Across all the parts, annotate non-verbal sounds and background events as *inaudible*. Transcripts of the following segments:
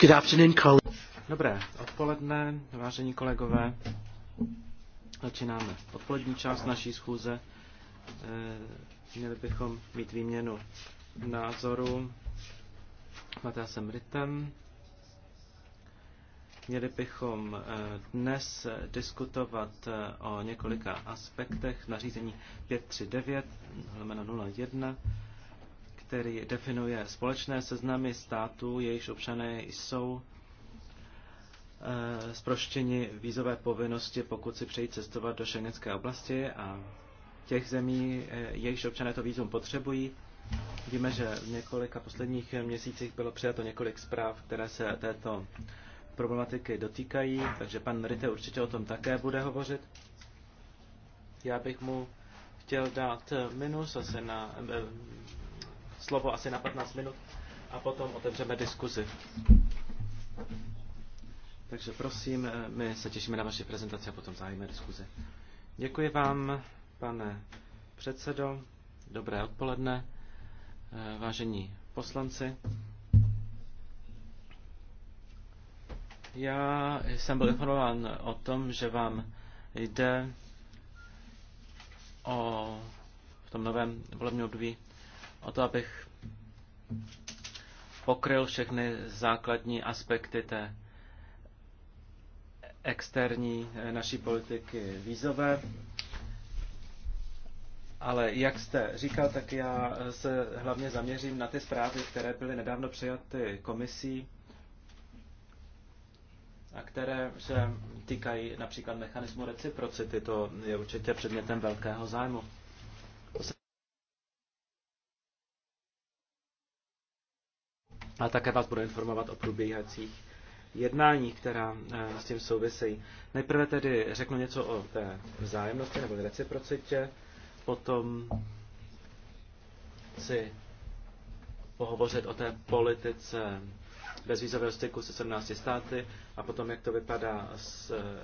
Good afternoon, Dobré odpoledne, vážení kolegové. Začínáme odpolední část naší schůze. Eh, měli bychom mít výměnu názoru Matásem Matášem Měli bychom eh, dnes diskutovat eh, o několika aspektech nařízení 539 01 který definuje společné seznamy států, jejichž občané jsou eh, zproštěni vízové povinnosti, pokud si přejí cestovat do šengenské oblasti a těch zemí, eh, jejichž občané to vízum potřebují. Víme, že v několika posledních měsících bylo přijato několik zpráv, které se této problematiky dotýkají, takže pan Rite určitě o tom také bude hovořit. Já bych mu chtěl dát minus asi na eh, slovo asi na 15 minut a potom otevřeme diskuzi. Takže prosím, eh, my se těšíme na vaši prezentaci a potom zahájíme diskuzi. Děkuji vám, pane předsedo. Dobré odpoledne, eh, vážení poslanci. Já jsem byl informován o tom, že vám jde o v tom novém volebním období o to, abych pokryl všechny základní aspekty té externí eh, naší politiky vízové. Ale jak jste říkal, tak já eh, se hlavně zaměřím na ty zprávy, které byly nedávno přijaty komisí a které se týkají například mechanismu reciprocity. To je určitě předmětem velkého zájmu. A také vás budu informovat o probíhajících jednání, která eh, s tím souvisejí. Nejprve tedy řeknu něco o té vzájemnosti nebo reciprocitě, potom si pohovořit o té politice bezvízového styku se 17 státy a potom, jak to vypadá s eh,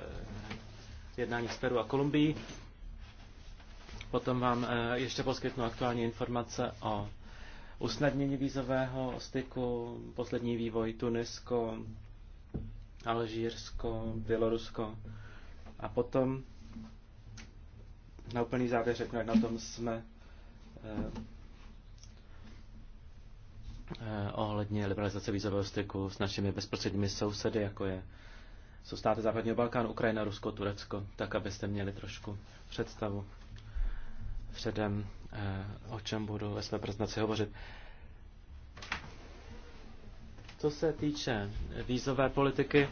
jednání s Peru a Kolumbií. Potom vám eh, ještě poskytnu aktuální informace o usnadnění vízového styku, poslední vývoj Tunisko, Alžírsko, Bělorusko. A potom na úplný závěr řeknu, jak na tom jsme eh, eh, ohledně liberalizace vízového styku s našimi bezprostředními sousedy, jako je jsou státy západního Balkánu, Ukrajina, Rusko, Turecko, tak abyste měli trošku představu předem, eh, o čem budu ve své prezentaci hovořit. Co se týče vízové politiky,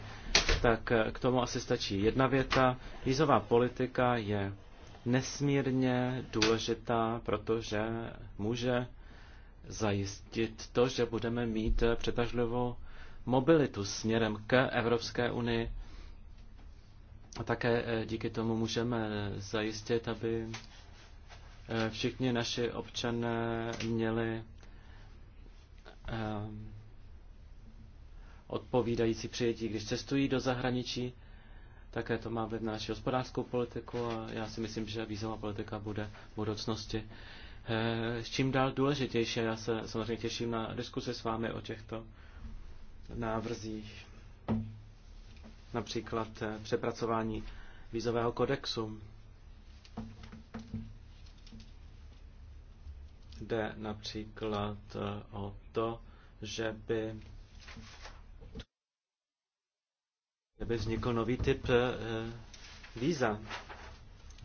tak eh, k tomu asi stačí jedna věta. Vízová politika je nesmírně důležitá, protože může zajistit to, že budeme mít eh, přetažlivou mobilitu směrem k Evropské unii. A také díky tomu můžeme zajistit, aby Eh, všichni naši občané měli ehm, odpovídající přijetí, když cestují do zahraničí. Také to má vliv na naši hospodářskou politiku a já si myslím, že vízová politika bude v budoucnosti s eh, čím dál důležitější. Já se samozřejmě těším na diskuse s vámi o těchto návrzích. Například eh, přepracování vízového kodexu Jde například eh, o to, že by, že by vznikl nový typ eh, eh, víza.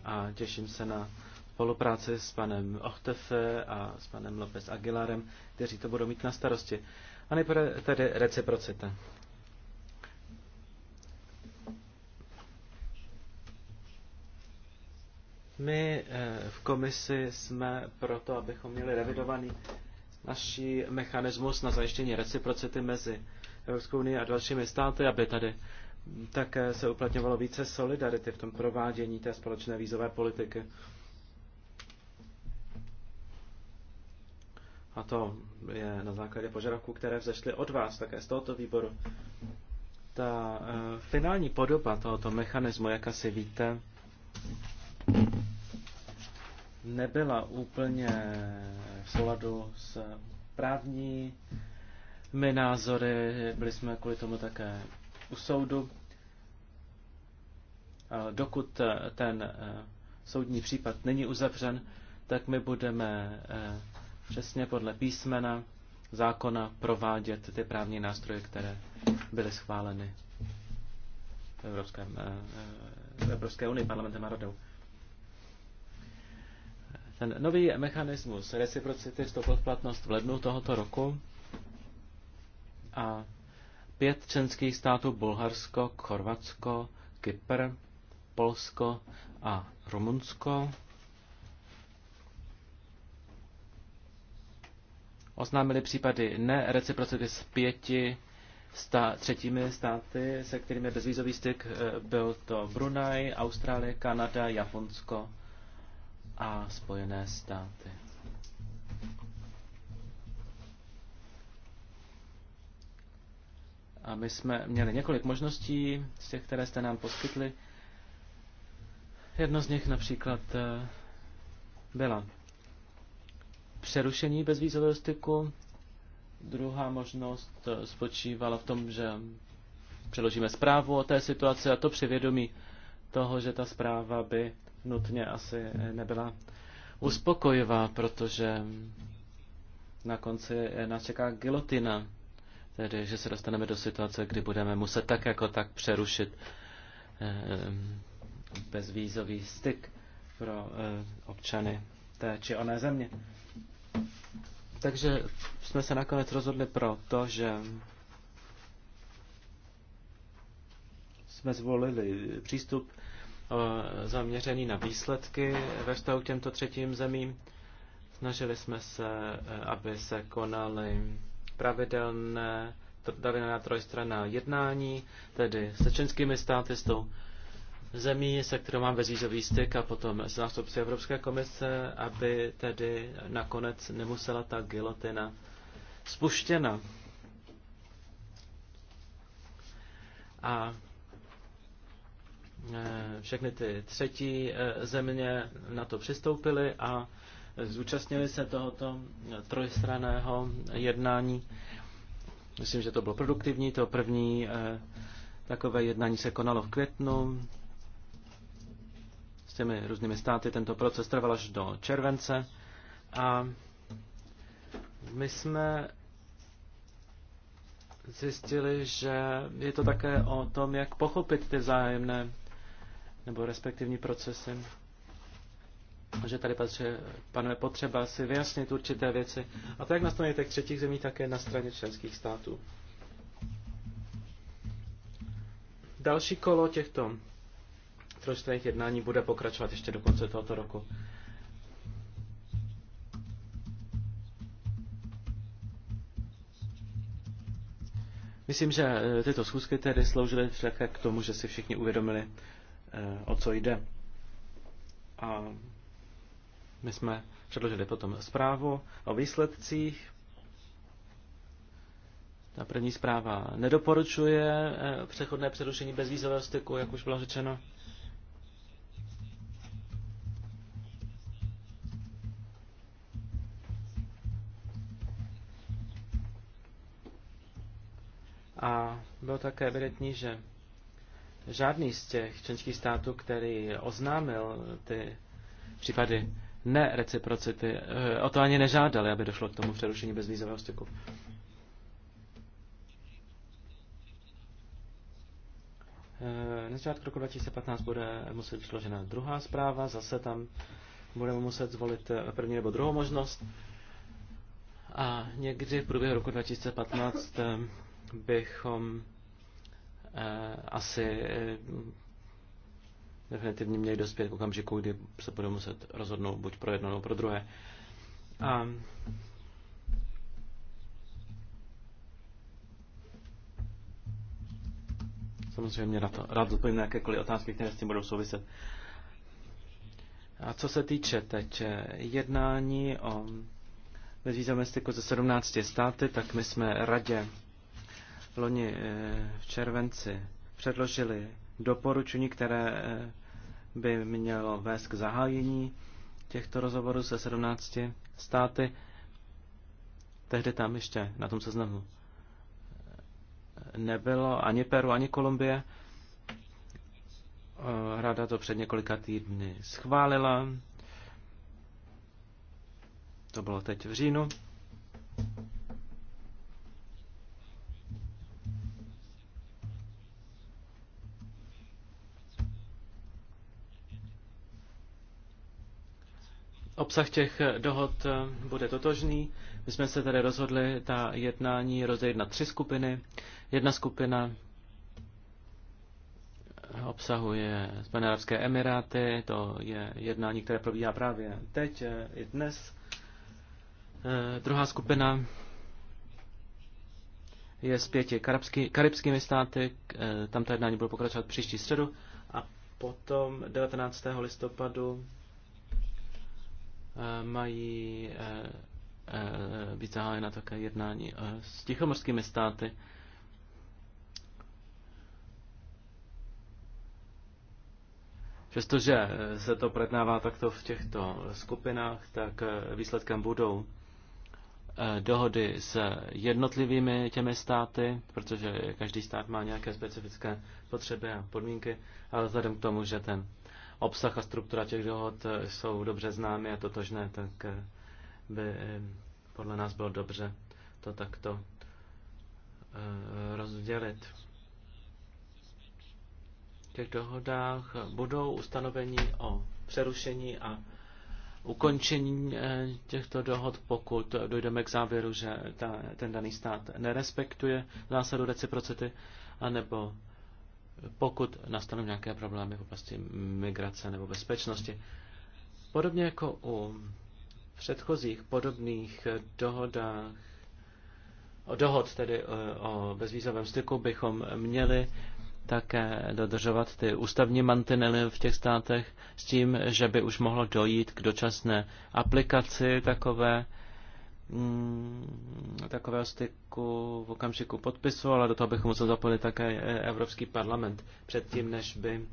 A těším se na spolupráci s panem Ochtefe a s panem López Aguilarem, kteří to budou mít na starosti. A nejprve tedy reciprocita. My eh, v komisi jsme proto, abychom měli revidovaný naší mechanismus na zajištění reciprocity mezi Evropskou unii a dalšími státy, aby tady také se uplatňovalo více solidarity v tom provádění té společné vízové politiky. A to je na základě požadavků, které vzešly od vás, také z tohoto výboru. Ta e, finální podoba tohoto mechanismu, jak asi víte, nebyla úplně v souladu s právními názory. Byli jsme kvůli tomu také u soudu. Dokud ten eh, soudní případ není uzavřen, tak my budeme eh, přesně podle písmena zákona provádět ty právní nástroje, které byly schváleny v Evropském, eh, v Evropské unii parlamentem a radou. Ten nový mechanismus reciprocity vstoupil v platnost v lednu tohoto roku a pět členských států Bulharsko, Chorvatsko, Kypr, Polsko a Rumunsko oznámili případy nereciprocity s pěti sta- třetími státy, se kterými bezvízový styk e, byl to Brunei, Austrálie, Kanada, Japonsko a Spojené státy. A my jsme měli několik možností z těch, které jste nám poskytli. Jedno z nich například eh, byla přerušení bezvízového styku. Druhá možnost eh, spočívala v tom, že přeložíme zprávu o té situaci a to při vědomí toho, že ta zpráva by nutně asi nebyla uspokojivá, protože na konci nás čeká gilotina, tedy že se dostaneme do situace, kdy budeme muset tak jako tak přerušit eh, bezvízový styk pro eh, občany té či oné země. Takže jsme se nakonec rozhodli pro to, že jsme zvolili přístup zaměřený na výsledky ve vztahu k těmto třetím zemím. Snažili jsme se, e, aby se konaly pravidelné na trojstranná jednání, tedy se členskými státy, s tou zemí, se kterou mám bezvízový styk a potom s zástupci Evropské komise, aby tedy nakonec nemusela ta gilotina spuštěna. A Eh, všechny ty třetí eh, země na to přistoupily a zúčastnili se tohoto eh, trojstraného jednání. Myslím, že to bylo produktivní. To první takové jednání se konalo v květnu s těmi různými státy. Tento proces trval až do července a my jsme zjistili, že je to také o tom, jak pochopit ty vzájemné nebo respektivní procesy. A že tady patře, panuje potřeba si vyjasnit určité věci. A to jak na straně těch třetích zemí, také na straně členských států. Další kolo těchto trojstranných jednání bude pokračovat ještě do konce tohoto roku. Myslím, že eh, tyto schůzky tedy sloužily také k tomu, že si všichni uvědomili, Eh, o co jde. A my jsme předložili potom zprávu o výsledcích. Ta první zpráva nedoporučuje eh, přechodné přerušení bezvízového styku, jak už bylo řečeno. A bylo také evidentní, že žádný z těch členských států, který oznámil ty případy nereciprocity, eh, o to ani nežádali, aby došlo k tomu přerušení bezvýzového styku. Eh, na začátku roku 2015 bude muset být složena druhá zpráva, zase tam budeme muset zvolit eh, první nebo druhou možnost. A někdy v průběhu roku 2015 bychom Eh, asi eh, definitivně měli dospět k okamžiku, kdy se budou muset rozhodnout buď pro jedno nebo pro druhé. A samozřejmě na to, rád zodpovím jakékoliv otázky, které s tím budou souviset. A co se týče teď eh, jednání o bezvýzovém styku ze 17 státy, tak my jsme radě loni eh, v červenci předložili doporučení, které eh, by mělo vést k zahájení těchto rozhovorů se 17 státy. Tehdy tam ještě na tom seznamu eh, nebylo ani Peru, ani Kolumbie. Rada to před několika týdny schválila. To bylo teď v říjnu. Obsah těch eh, dohod eh, bude totožný. My jsme se tady rozhodli ta jednání rozdělit na tři skupiny. Jedna skupina eh, obsahuje Spojené arabské emiráty, to je jednání, které probíhá právě teď, i dnes. Druhá skupina je z pěti karabský, karibskými státy, tam ta jednání bude pokračovat příští středu a potom 19. listopadu Eh, mají eh, eh, být zahájena také jednání s tichomorskými státy. Přestože se to projednává takto v těchto skupinách, tak výsledkem budou dohody s jednotlivými těmi státy, protože každý stát má nějaké specifické potřeby a podmínky, ale vzhledem k tomu, že ten obsah a struktura těch dohod eh, jsou dobře známy a totožné, tak eh, by eh, podle nás bylo dobře to takto rozdělit. V těch dohodách budou ustanovení o přerušení a ukončení těchto dohod, pokud dojdeme k závěru, že ta, ten daný stát nerespektuje zásadu reciprocity, anebo pokud nastanou nějaké problémy v oblasti migrace nebo bezpečnosti. Podobně jako u předchozích podobných dohodách, o dohod tedy o bezvízovém styku bychom měli také dodržovat ty ústavní mantinely v těch státech s tím, že by už mohlo dojít k dočasné aplikaci takové Mm, takového styku v okamžiku podpisu, ale do toho bychom museli zapojit také Evropský parlament předtím, než by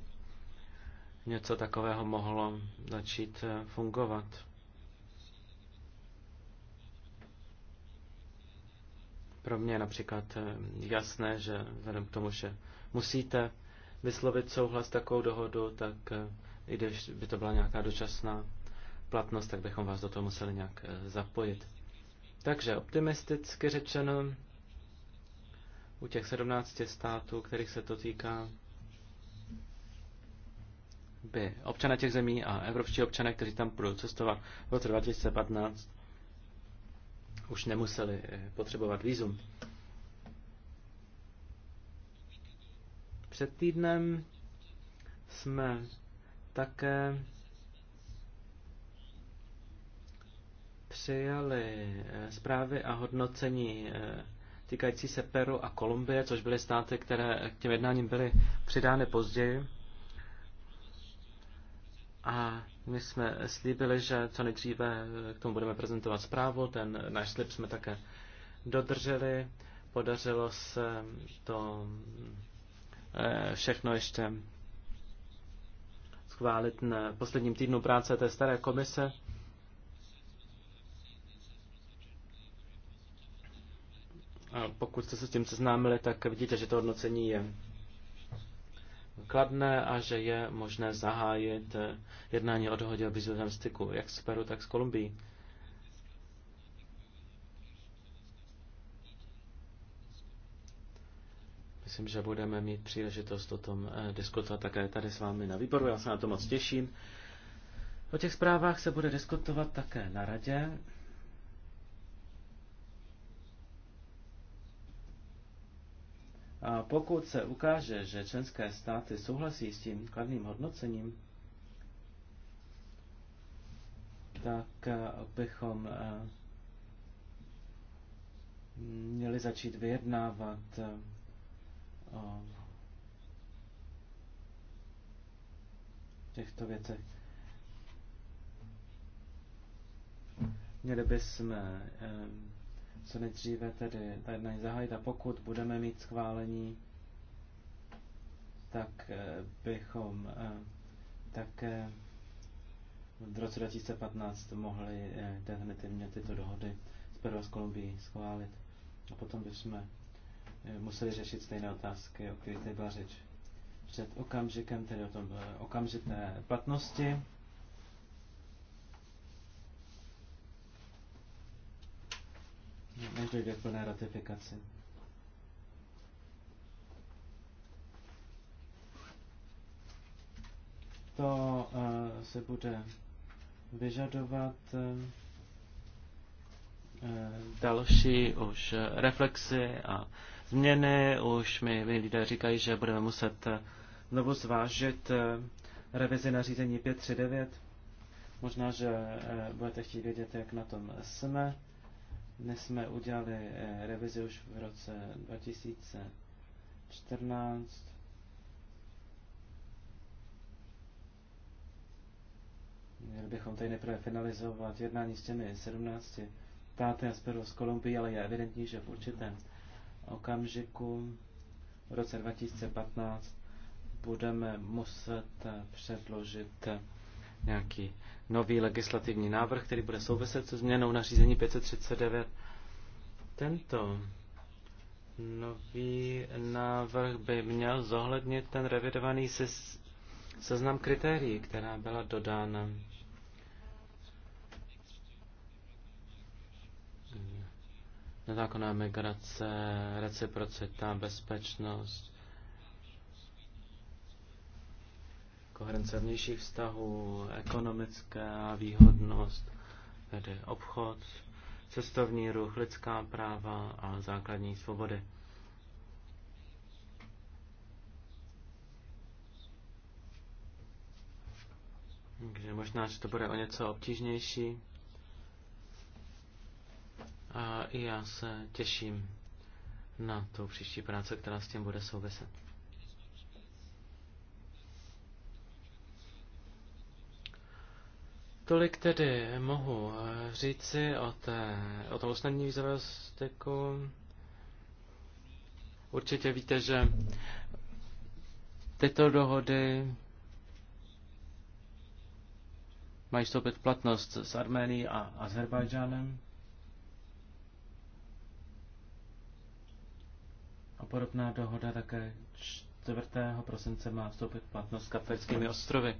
něco takového mohlo začít eh, fungovat. Pro mě je například eh, jasné, že vzhledem k tomu, že musíte vyslovit souhlas takovou dohodu, tak eh, i když by to byla nějaká dočasná platnost, tak bychom vás do toho museli nějak zapojit. Takže optimisticky řečeno, u těch 17 států, kterých se to týká, by občané těch zemí a evropští občané, kteří tam budou cestovat v roce 2015, už nemuseli eh, potřebovat výzum. Před týdnem jsme také přijali eh, zprávy a hodnocení eh, týkající se Peru a Kolumbie, což byly státy, které k těm jednáním byly přidány později. A my jsme slíbili, že co nejdříve eh, k tomu budeme prezentovat zprávu. Ten náš slib jsme také dodrželi. Podařilo se to všechno ještě schválit na posledním týdnu práce té staré komise. pokud jste se s tím seznámili, tak vidíte, že to hodnocení je kladné a že je možné zahájit eh, jednání o dohodě o vizuálním styku, jak s Peru, tak s Kolumbií. Myslím, že budeme mít příležitost o tom eh, diskutovat také tady s vámi na výboru. Já se na to moc těším. O těch zprávách se bude diskutovat také na radě. A pokud se ukáže, že členské státy souhlasí s tím kladným hodnocením, tak eh, bychom eh, měli začít vyjednávat eh, o těchto věcech. Měli bychom co nejdříve tedy ta jednání zahájit a pokud budeme mít schválení, tak eh, bychom eh, také v roce 2015 mohli eh, definitivně tyto dohody z Peru s Kolumbií schválit. A potom bychom museli řešit stejné otázky, o kterých tady byla řeč před okamžikem, tedy o tom okamžité platnosti. než dojde k plné ratifikaci. To uh, se bude vyžadovat uh, další už reflexy a změny. Už mi lidé říkají, že budeme muset znovu zvážit revizi nařízení 539. Možná, že budete chtít vědět, jak na tom jsme my jsme udělali eh, revizi už v roce 2014. Měli bychom tady nejprve finalizovat jednání s těmi 17 táty a Peru z Kolumbii, ale je evidentní, že v určitém okamžiku v roce 2015 budeme muset eh, předložit nějaký nový legislativní návrh, který bude souviset se změnou nařízení 539. Tento nový návrh by měl zohlednit ten revidovaný seznam kritérií, která byla dodána. Nezákonná migrace, reciprocita, bezpečnost, koherence vnějších vztahů, ekonomická výhodnost, tedy obchod, cestovní ruch, lidská práva a základní svobody. Takže možná, že to bude o něco obtížnější. A i já se těším na tu příští práci, která s tím bude souviset. Tolik tedy mohu eh, říci o, té, o tom usnadnění vízového styku. Určitě víte, že tyto dohody mají vstoupit platnost s Arménií a Azerbajdžánem. A podobná dohoda také 4. prosince má vstoupit platnost s katolickými ostrovy.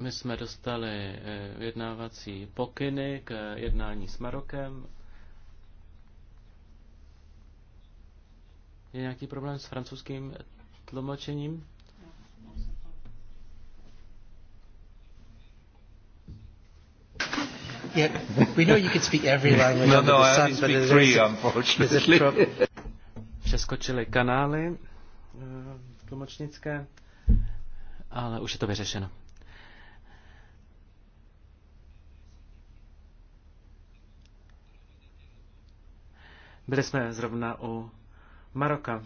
My jsme dostali eh, vyjednávací pokyny k eh, jednání s Marokem. Je nějaký problém s francouzským tlumočením? Yeah, we know you can speak every no, language no, no, I sun, speak three, unfortunately. Přeskočili kanály eh, tlumočnické, ale už je to vyřešeno. Byli jsme zrovna u Maroka.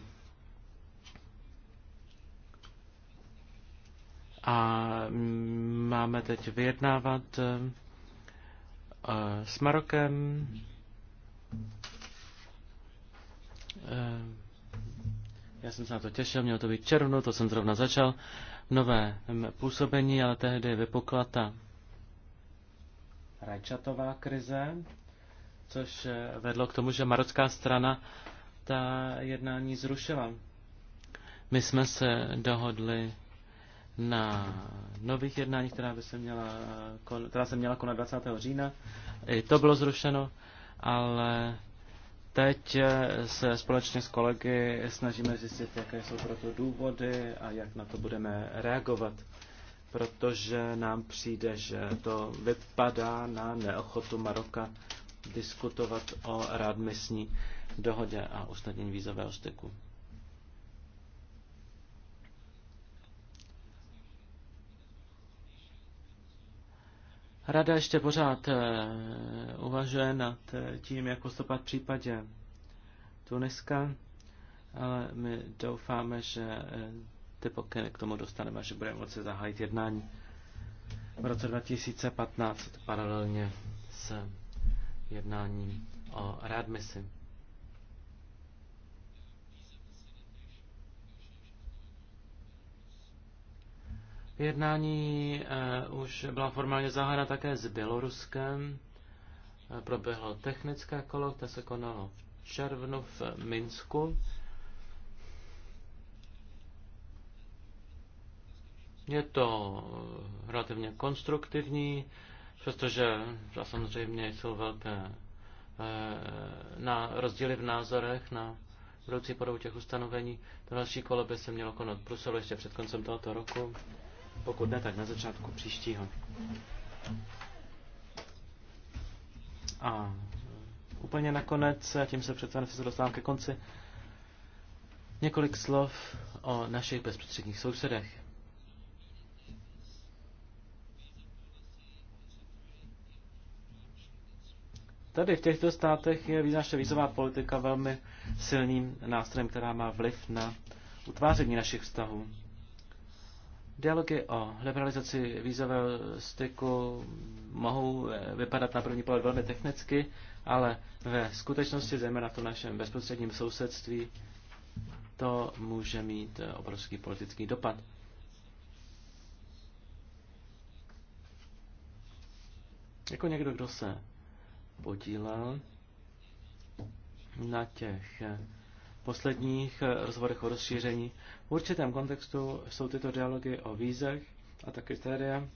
A máme teď vyjednávat eh, s Marokem. Eh, já jsem se na to těšil, mělo to být červnu, to jsem zrovna začal. Nové působení, ale tehdy vypukla ta rajčatová krize což eh, vedlo k tomu, že marocká strana ta jednání zrušila. My jsme se dohodli na nových jednáních, která, by se měla, eh, která se měla konat 20. října. I to bylo zrušeno, ale teď eh, se společně s kolegy snažíme zjistit, jaké jsou pro to důvody a jak na to budeme reagovat, protože nám přijde, že to vypadá na neochotu Maroka diskutovat o rádmisní dohodě a usnadnění vízového styku. Rada ještě pořád eh, uvažuje nad eh, tím, jak postupovat v případě Tuniska, ale my doufáme, že eh, ty pokyny k tomu dostaneme, že budeme moci zahájit jednání v roce 2015 paralelně s jednání o readmisi. Jednání eh, už byla formálně zahájena také s Běloruskem. Eh, proběhlo technické kolo, které se konalo v červnu v Minsku. Je to eh, relativně konstruktivní Přestože samozřejmě jsou velké eh, na rozdíly v názorech na budoucí podobu těch ustanovení. To další kolo by se mělo konat v Bruselu ještě před koncem tohoto roku. Pokud ne, tak na začátku příštího. A úplně nakonec, tím se přece se dostávám ke konci, několik slov o našich bezprostředních sousedech. Tady v těchto státech je naše vízová politika velmi silným nástrojem, která má vliv na utváření našich vztahů. Dialogy o liberalizaci vízového styku mohou eh, vypadat na první pohled velmi technicky, ale ve skutečnosti, zejména to tom našem bezprostředním sousedství, to může mít eh, obrovský politický dopad. Jako někdo, kdo se podílel na těch posledních rozhovorech o rozšíření. V určitém kontextu jsou tyto dialogy o vízech a ta kritéria.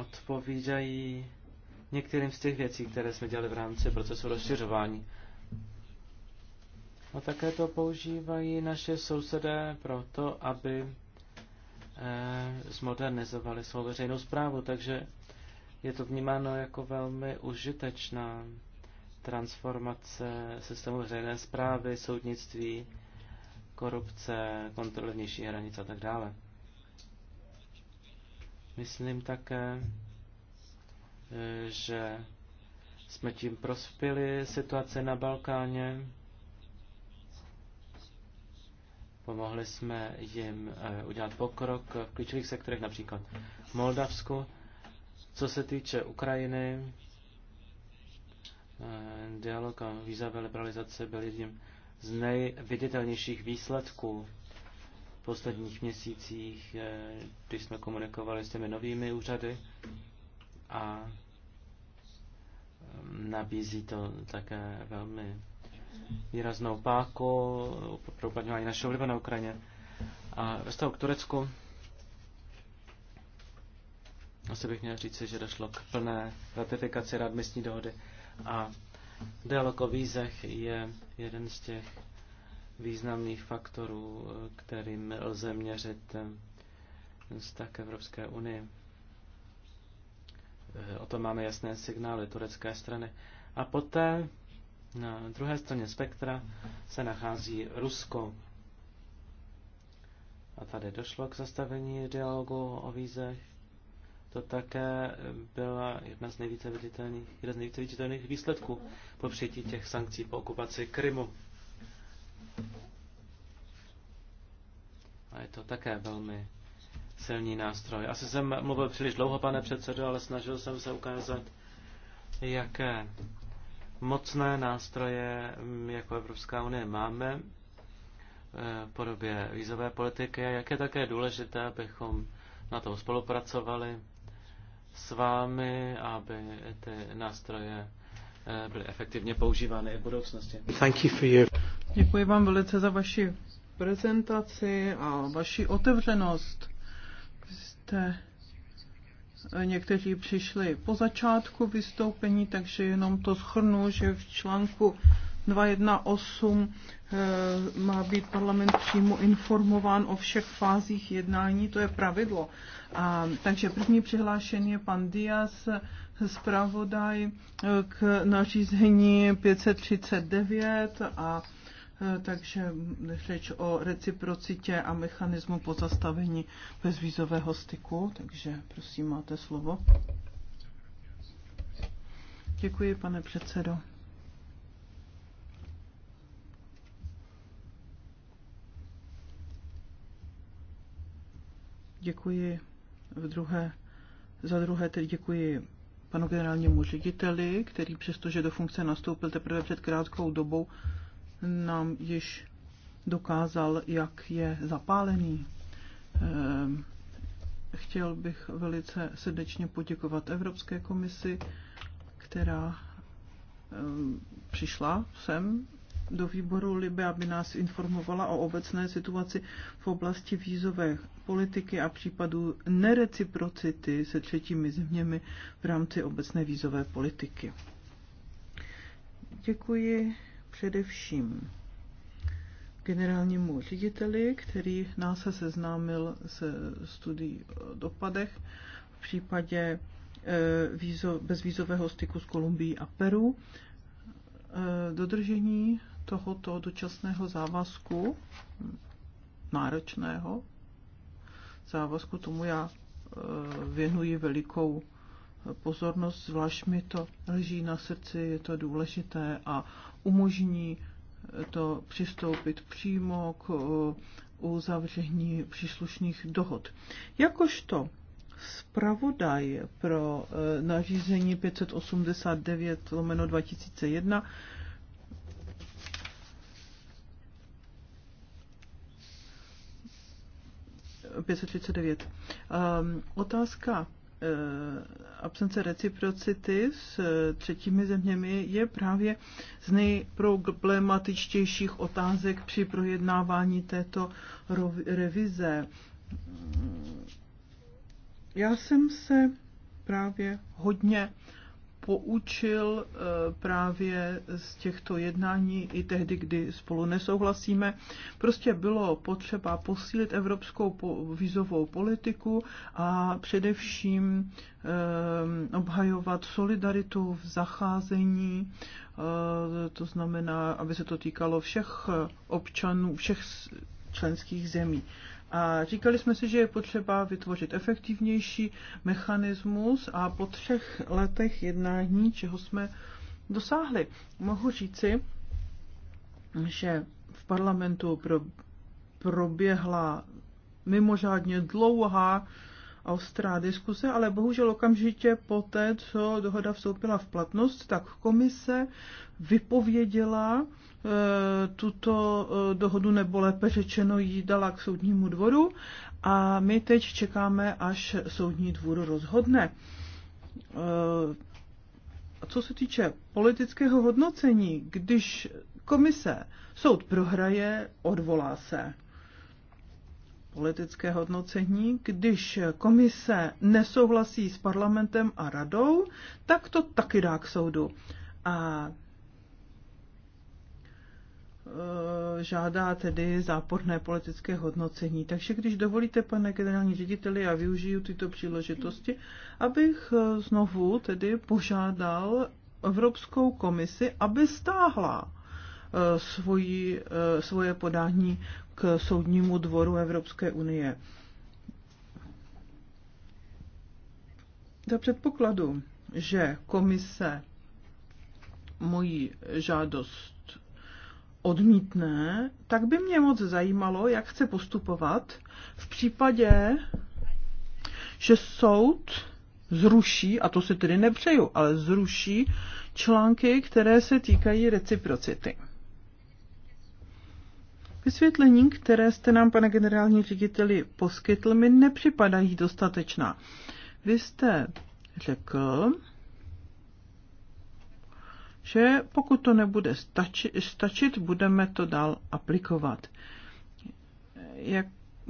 Odpovídají některým z těch věcí, které jsme dělali v rámci procesu rozšiřování. A také to používají naše sousedé proto, aby Eh, zmodernizovali svou veřejnou zprávu, takže je to vnímáno jako velmi užitečná transformace systému veřejné zprávy, soudnictví, korupce, kontroly vnější hranice a tak dále. Myslím také, eh, že jsme tím prospěli situace na Balkáně. Pomohli jsme jim eh, udělat pokrok v klíčových sektorech, například v Moldavsku. Co se týče Ukrajiny, eh, dialog a vízové liberalizace byl jedním z nejviditelnějších výsledků v posledních měsících, eh, když jsme komunikovali s těmi novými úřady a mm, nabízí to také velmi výraznou páku pro i našeho vlivu na Ukrajině. A ve vztahu k Turecku asi bych měl říci, že došlo k plné ratifikaci readmisní dohody a dialog o vízech je jeden z těch významných faktorů, kterým lze měřit vztah Evropské unii. O tom máme jasné signály turecké strany. A poté na druhé straně spektra se nachází Rusko. A tady došlo k zastavení dialogu o vízech. To také byla jedna z nejvíce viditelných, jedna z nejvíce viditelných výsledků po přijetí těch sankcí po okupaci Krymu. A je to také velmi silný nástroj. Asi jsem mluvil příliš dlouho, pane předsedo, ale snažil jsem se ukázat, jaké mocné nástroje mm, jako Evropská unie máme eh, v podobě vízové politiky a jak je také důležité, abychom na tom spolupracovali s vámi, aby ty nástroje eh, byly efektivně používány i v budoucnosti. Thank you for you. Děkuji vám velice za vaši prezentaci a vaši otevřenost. jste Někteří přišli po začátku vystoupení, takže jenom to schrnu, že v článku 218 eh, má být parlament přímo informován o všech fázích jednání, to je pravidlo. A, takže první přihlášený je pan Diaz, zpravodaj eh, k nařízení 539 a Eh, takže řeč o reciprocitě a mechanismu pozastavení bezvízového styku, takže prosím, máte slovo. Děkuji, pane předsedo. Děkuji v druhé, za druhé tedy děkuji panu generálnímu řediteli, který přestože do funkce nastoupil teprve před krátkou dobou, nám již dokázal, jak je zapálený. Ehm, chtěl bych velice srdečně poděkovat Evropské komisi, která ehm, přišla sem do výboru Libe, aby nás informovala o obecné situaci v oblasti vízové politiky a případů nereciprocity se třetími zeměmi v rámci obecné vízové politiky. Děkuji především generálnímu řediteli, který nás se seznámil se studií o dopadech v případě eh, vízo, bezvízového styku s Kolumbií a Peru. Eh, dodržení tohoto dočasného závazku, náročného závazku, tomu já eh, věnuji velikou pozornost, zvlášť mi to leží na srdci, je to důležité a umožní eh, to přistoupit přímo k eh, uzavření příslušných dohod. Jakožto zpravodaj pro eh, nařízení 589 lomeno 2001 539. Um, otázka Eh, absence reciprocity s eh, třetími zeměmi je právě z nejproblematičtějších otázek při projednávání této revize. Já jsem se právě hodně poučil eh, právě z těchto jednání i tehdy, kdy spolu nesouhlasíme. Prostě bylo potřeba posílit evropskou vízovou politiku a především eh, obhajovat solidaritu v zacházení, eh, to znamená, aby se to týkalo všech občanů, všech členských zemí. A říkali jsme si, že je potřeba vytvořit efektivnější mechanismus a po třech letech jednání, čeho jsme dosáhli. Mohu říci, že v parlamentu pro, proběhla mimořádně dlouhá ostrá diskuse, ale bohužel okamžitě po té, co dohoda vstoupila v platnost, tak komise vypověděla e, tuto e, dohodu, nebo lépe řečeno ji dala k soudnímu dvoru a my teď čekáme, až soudní dvůr rozhodne. E, co se týče politického hodnocení, když komise soud prohraje, odvolá se politické hodnocení, když komise nesouhlasí s parlamentem a radou, tak to taky dá k soudu. A e, žádá tedy záporné politické hodnocení. Takže když dovolíte, pane generální řediteli, já využiju tyto příležitosti, abych e, znovu tedy požádal Evropskou komisi, aby stáhla Eh, svoji, eh, svoje podání k Soudnímu dvoru Evropské unie. Za předpokladu, že komise moji žádost odmítne, tak by mě moc zajímalo, jak chce postupovat v případě, že soud zruší, a to si tedy nepřeju, ale zruší články, které se týkají reciprocity. Vysvětlení, které jste nám, pane generální řediteli, poskytl, mi nepřipadají dostatečná. Vy jste řekl, že pokud to nebude stači, stačit, budeme to dál aplikovat. Jak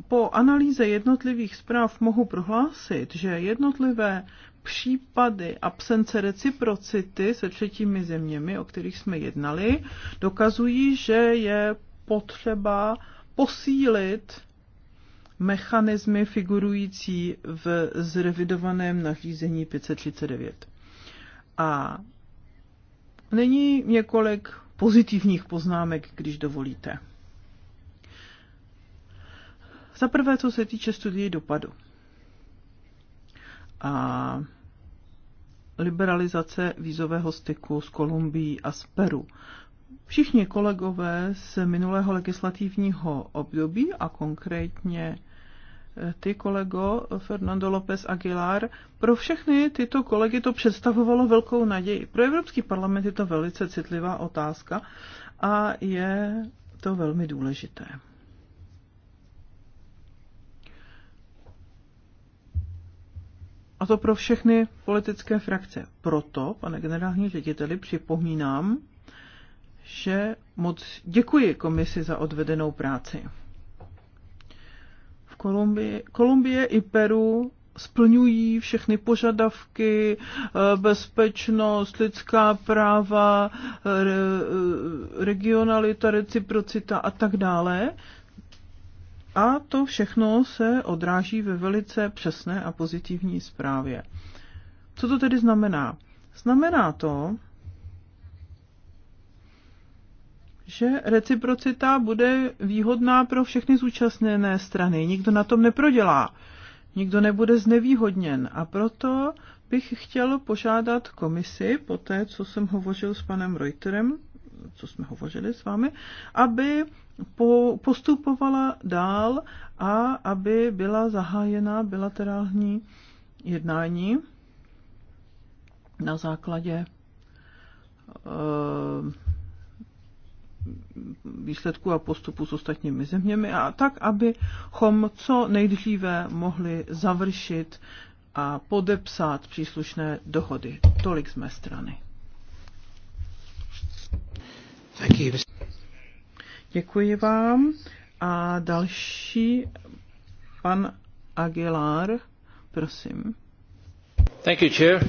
po analýze jednotlivých zpráv mohu prohlásit, že jednotlivé případy absence reciprocity se třetími zeměmi, o kterých jsme jednali, dokazují, že je potřeba posílit mechanismy figurující v zrevidovaném nařízení 539. A nyní několik pozitivních poznámek, když dovolíte. Za prvé, co se týče studií dopadu. A liberalizace vízového styku s Kolumbií a z Peru. Všichni kolegové z minulého legislativního období a konkrétně eh, ty kolego Fernando López Aguilar, pro všechny tyto kolegy to představovalo velkou naději. Pro Evropský parlament je to velice citlivá otázka a je to velmi důležité. A to pro všechny politické frakce. Proto, pane generální řediteli, připomínám, že moc děkuji komisi za odvedenou práci. V Kolumbii, Kolumbie i Peru splňují všechny požadavky, eh, bezpečnost, lidská práva, eh, eh, regionalita, reciprocita a tak dále. A to všechno se odráží ve velice přesné a pozitivní zprávě. Co to tedy znamená? Znamená to, že reciprocita bude výhodná pro všechny zúčastněné strany. Nikdo na tom neprodělá, nikdo nebude znevýhodněn a proto bych chtěl požádat komisi, po té, co jsem hovořil s panem Reuterem, co jsme hovořili s vámi, aby po, postupovala dál a aby byla zahájena bilaterální jednání na základě eh, výsledků a postupů s ostatními zeměmi a tak, abychom co nejdříve mohli završit a podepsat příslušné dohody. Tolik z mé strany. Děkuji vám. A další, pan Aguilar, prosím. Thank you, Chair.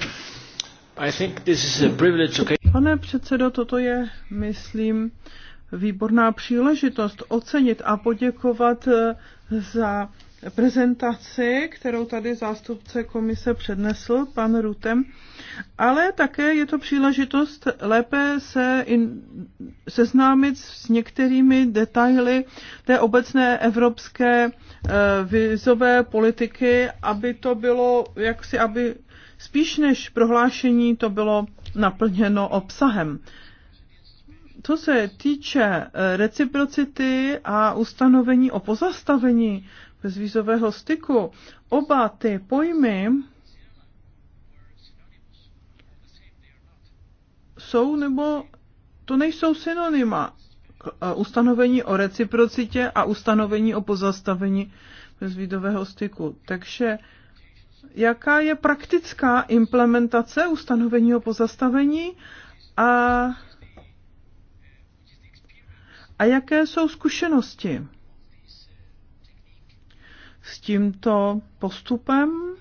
I think this is a privilege, okay? Pane předsedo, toto je, myslím, výborná příležitost ocenit a poděkovat eh, za prezentaci, kterou tady zástupce komise přednesl, pan Rutem, ale také je to příležitost lépe se in, seznámit s některými detaily té obecné evropské e, vizové politiky, aby to bylo, jaksi, aby spíš než prohlášení to bylo naplněno obsahem. Co se týče eh, reciprocity a ustanovení o pozastavení bezvízového styku, oba ty pojmy jsou nebo to nejsou synonyma eh, ustanovení o reciprocitě a ustanovení o pozastavení bezvízového styku. Takže jaká je praktická implementace ustanovení o pozastavení a, a jaké jsou zkušenosti s tímto postupem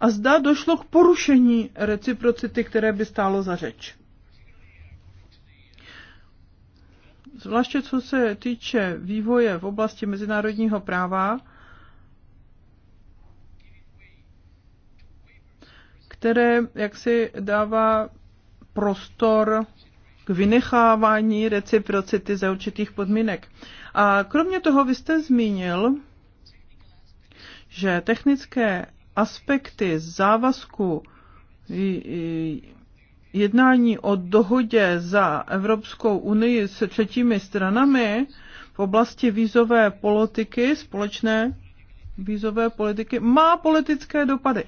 a zda došlo k porušení reciprocity, které by stálo za řeč. Zvláště co se týče vývoje v oblasti mezinárodního práva, které jaksi dává prostor k vynechávání reciprocity za určitých podmínek. A kromě toho vy jste zmínil, že technické aspekty závazku jednání o dohodě za Evropskou unii s třetími stranami v oblasti vízové politiky, společné vízové politiky, má politické dopady.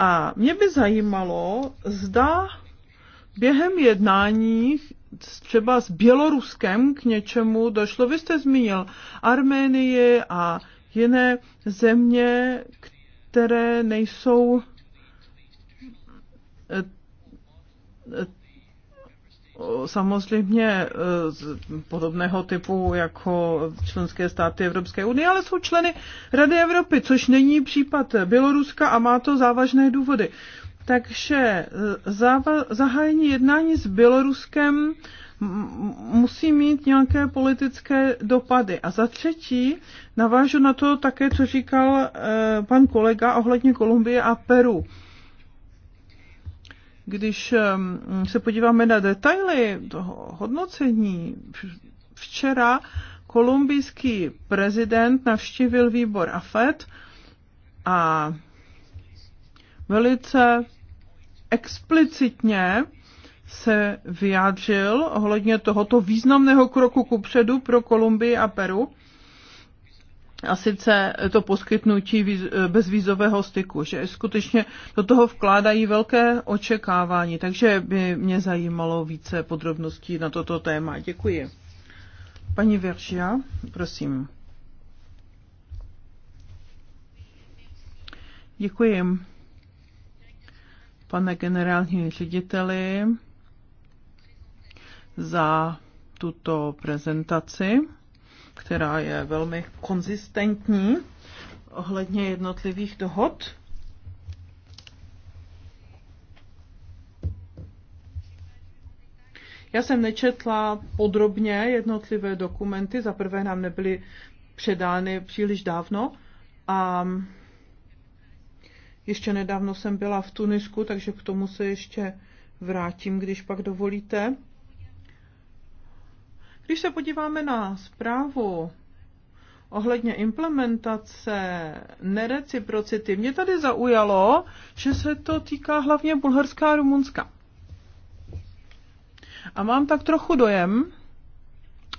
A mě by zajímalo, zda během jednání třeba s Běloruskem k něčemu došlo. Vy jste zmínil Arménii a jiné země, které nejsou eh, samozřejmě e, podobného typu jako členské státy Evropské unie, ale jsou členy Rady Evropy, což není případ Běloruska a má to závažné důvody. Takže e, zahájení jednání s Běloruskem musí mít nějaké politické dopady. A za třetí navážu na to také, co říkal e, pan kolega ohledně Kolumbie a Peru. Když se podíváme na detaily toho hodnocení, včera kolumbijský prezident navštívil výbor AFED a velice explicitně se vyjádřil ohledně tohoto významného kroku kupředu pro Kolumbii a Peru a sice to poskytnutí eh, bezvízového styku, že skutečně do toho vkládají velké očekávání, takže by mě zajímalo více podrobností na toto téma. Děkuji. Paní Veržia, prosím. Děkuji. Pane generální řediteli, za tuto prezentaci která je velmi konzistentní ohledně jednotlivých dohod. Já jsem nečetla podrobně jednotlivé dokumenty, za prvé nám nebyly předány příliš dávno a ještě nedávno jsem byla v Tunisku, takže k tomu se ještě vrátím, když pak dovolíte. Když se podíváme na zprávu ohledně implementace nereciprocity, mě tady zaujalo, že se to týká hlavně Bulharska a Rumunska. A mám tak trochu dojem,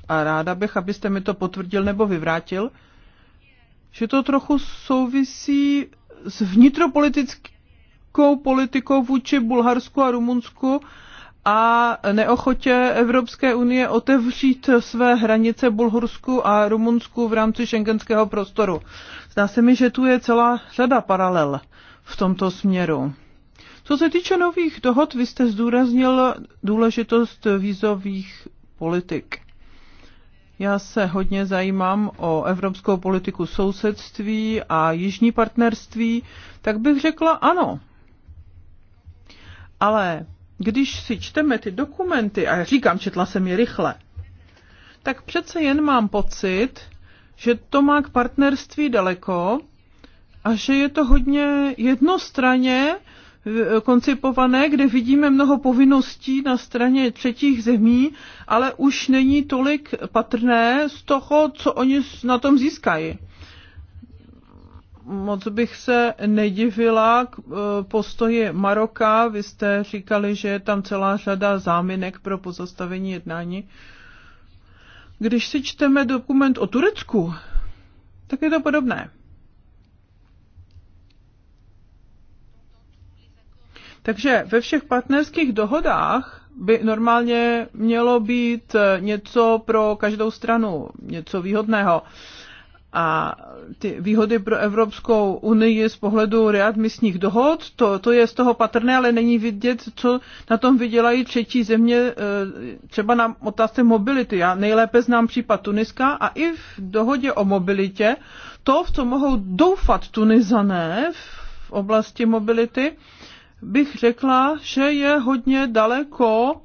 a ráda bych, abyste mi to potvrdil nebo vyvrátil, že to trochu souvisí s vnitropolitickou politikou vůči Bulharsku a Rumunsku a neochotě Evropské unie otevřít své hranice Bulhorsku a Rumunsku v rámci šengenského prostoru. Zdá se mi, že tu je celá řada paralel v tomto směru. Co se týče nových dohod, vy jste zdůraznil důležitost vízových politik. Já se hodně zajímám o evropskou politiku sousedství a jižní partnerství, tak bych řekla ano. Ale když si čteme ty dokumenty, a já říkám, četla jsem je rychle, tak přece jen mám pocit, že to má k partnerství daleko a že je to hodně jednostraně eh, koncipované, kde vidíme mnoho povinností na straně třetích zemí, ale už není tolik patrné z toho, co oni na tom získají moc bych se nedivila k e, postoji Maroka. Vy jste říkali, že je tam celá řada záminek pro pozastavení jednání. Když si čteme dokument o Turecku, tak je to podobné. Takže ve všech partnerských dohodách by normálně mělo být e, něco pro každou stranu, něco výhodného. Uh, a ty výhody pro Evropskou unii z pohledu readmisních dohod, to, to je z toho patrné, ale není vidět, co na tom vydělají třetí země, e, třeba na otázce mobility. Já nejlépe znám případ Tuniska a i v dohodě o mobilitě, to, v co mohou doufat Tunizané v oblasti mobility, bych řekla, že je hodně daleko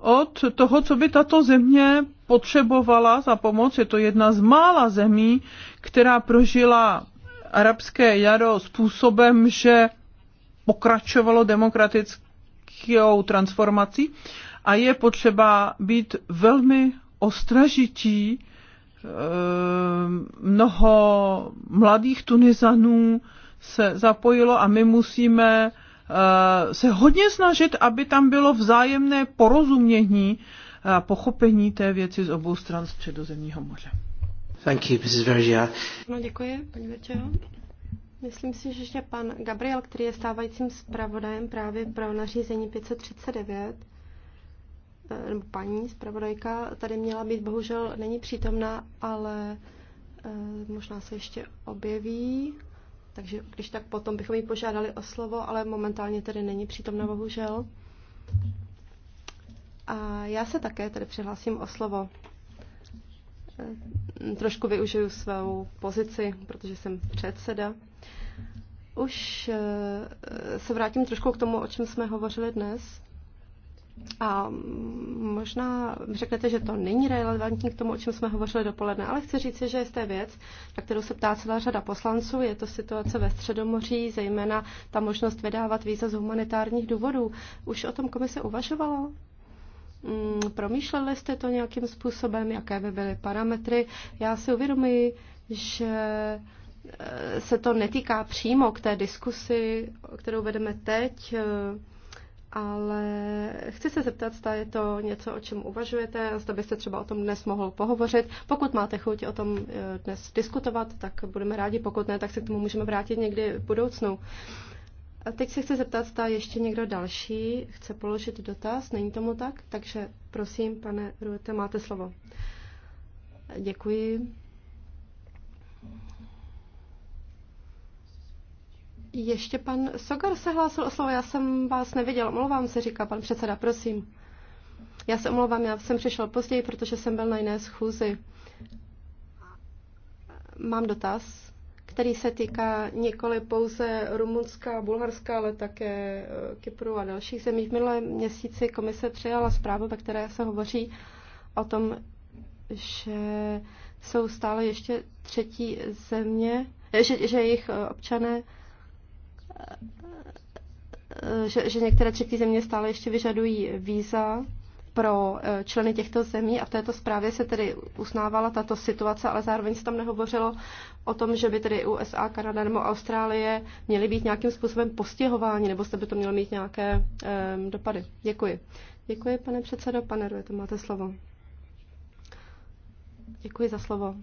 od toho, co by tato země potřebovala za pomoc. Je to jedna z mála zemí, která prožila arabské jaro způsobem, že pokračovalo demokratickou transformací a je potřeba být velmi ostražití. Eh, mnoho mladých Tunizanů se zapojilo a my musíme Eh, se hodně snažit, aby tam bylo vzájemné porozumění a pochopení té věci z obou stran Středozemního moře. Thank you, Mrs. Vergia. No, děkuji, paní Večeho. Myslím si, že ještě pan Gabriel, který je stávajícím zpravodajem právě pro nařízení 539, eh, nebo paní zpravodajka, tady měla být, bohužel není přítomná, ale eh, možná se ještě objeví takže když tak potom bychom ji požádali o slovo, ale momentálně tedy není přítomna, bohužel. A já se také tedy přihlásím o slovo. Eh, trošku využiju svou pozici, protože jsem předseda. Už eh, se vrátím trošku k tomu, o čem jsme hovořili dnes. A možná řeknete, že to není relevantní k tomu, o čem jsme hovořili dopoledne, ale chci říct, že je té věc, na kterou se ptá celá řada poslanců. Je to situace ve Středomoří, zejména ta možnost vydávat víza z humanitárních důvodů. Už o tom komise uvažovalo? Mm, promýšleli jste to nějakým způsobem, jaké by byly parametry? Já si uvědomuji, že eh, se to netýká přímo k té diskusi, kterou vedeme teď, eh, ale chci se zeptat, zda je to něco, o čem uvažujete, zda byste třeba o tom dnes mohl pohovořit. Pokud máte chuť o tom eh, dnes diskutovat, tak budeme rádi, pokud ne, tak se k tomu můžeme vrátit někdy v budoucnu. A teď se chci zeptat, zda ještě někdo další chce položit dotaz, není tomu tak? Takže prosím, pane Ruete, máte slovo. Děkuji. Ještě pan Sogar se hlásil o slovo, já jsem vás neviděl, omlouvám se, říká pan předseda, prosím. Já se omlouvám, já jsem přišel později, protože jsem byl na jiné schůzi. Mám dotaz, který se týká nikoli pouze Rumunska Bulharská, Bulharska, ale také eh, Kypru a dalších zemí. V minulém měsíci komise přijala zprávu, ve které se hovoří o tom, že jsou stále ještě třetí země, eh, že, že jejich eh, občané že, že některé třetí země stále ještě vyžadují víza pro eh, členy těchto zemí a v této zprávě se tedy usnávala tato situace, ale zároveň se tam nehovořilo o tom, že by tedy USA, Kanada nebo Austrálie měly být nějakým způsobem postihováni, nebo se by to mělo mít nějaké um, dopady. Děkuji. Děkuji, pane předsedo. Pane Rue, to máte slovo. Děkuji za slovo.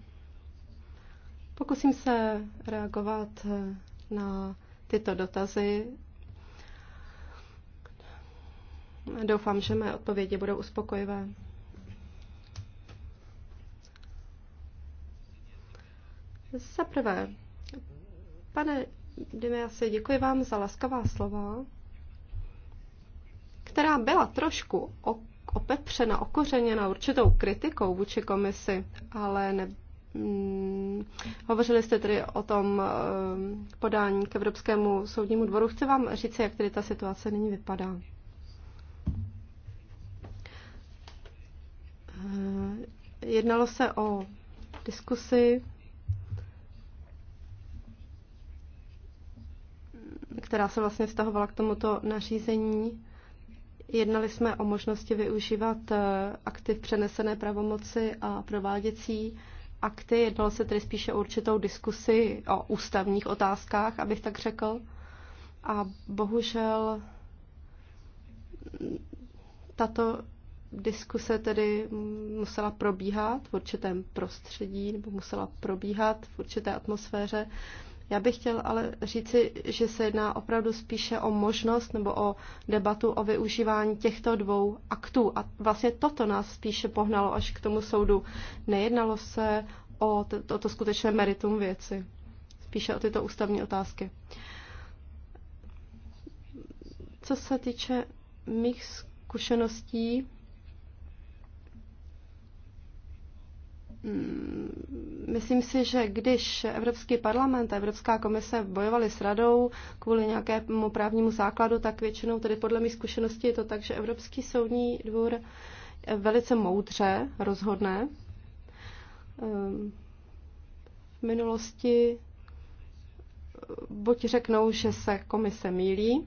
Pokusím se reagovat eh, na tyto dotazy. Doufám, že mé odpovědi budou uspokojivé. Za prvé, pane Dimiasi, děkuji vám za laskavá slova, která byla trošku opepřena, okořeněna určitou kritikou vůči komisi, ale ne, Mm, hovořili jste tedy o tom eh, podání k Evropskému soudnímu dvoru. Chci vám říct, jak tedy ta situace nyní vypadá. Eh, jednalo se o diskusi, která se vlastně vztahovala k tomuto nařízení. Jednali jsme o možnosti využívat eh, aktiv přenesené pravomoci a prováděcí akty, jednalo se tedy spíše o určitou diskusi o ústavních otázkách, abych tak řekl. A bohužel tato diskuse tedy musela probíhat v určitém prostředí nebo musela probíhat v určité atmosféře, já bych chtěl ale říci, že se jedná opravdu spíše o možnost nebo o debatu o využívání těchto dvou aktů. A vlastně toto nás spíše pohnalo až k tomu soudu. Nejednalo se o toto to skutečné meritum věci, spíše o tyto ústavní otázky. Co se týče mých zkušeností, Mm, myslím si, že když Evropský parlament a Evropská komise bojovali s radou kvůli nějakému právnímu základu, tak většinou tedy podle mých zkušeností je to tak, že Evropský soudní dvůr velice moudře rozhodne. Ehm, v minulosti buď řeknou, že se komise mílí,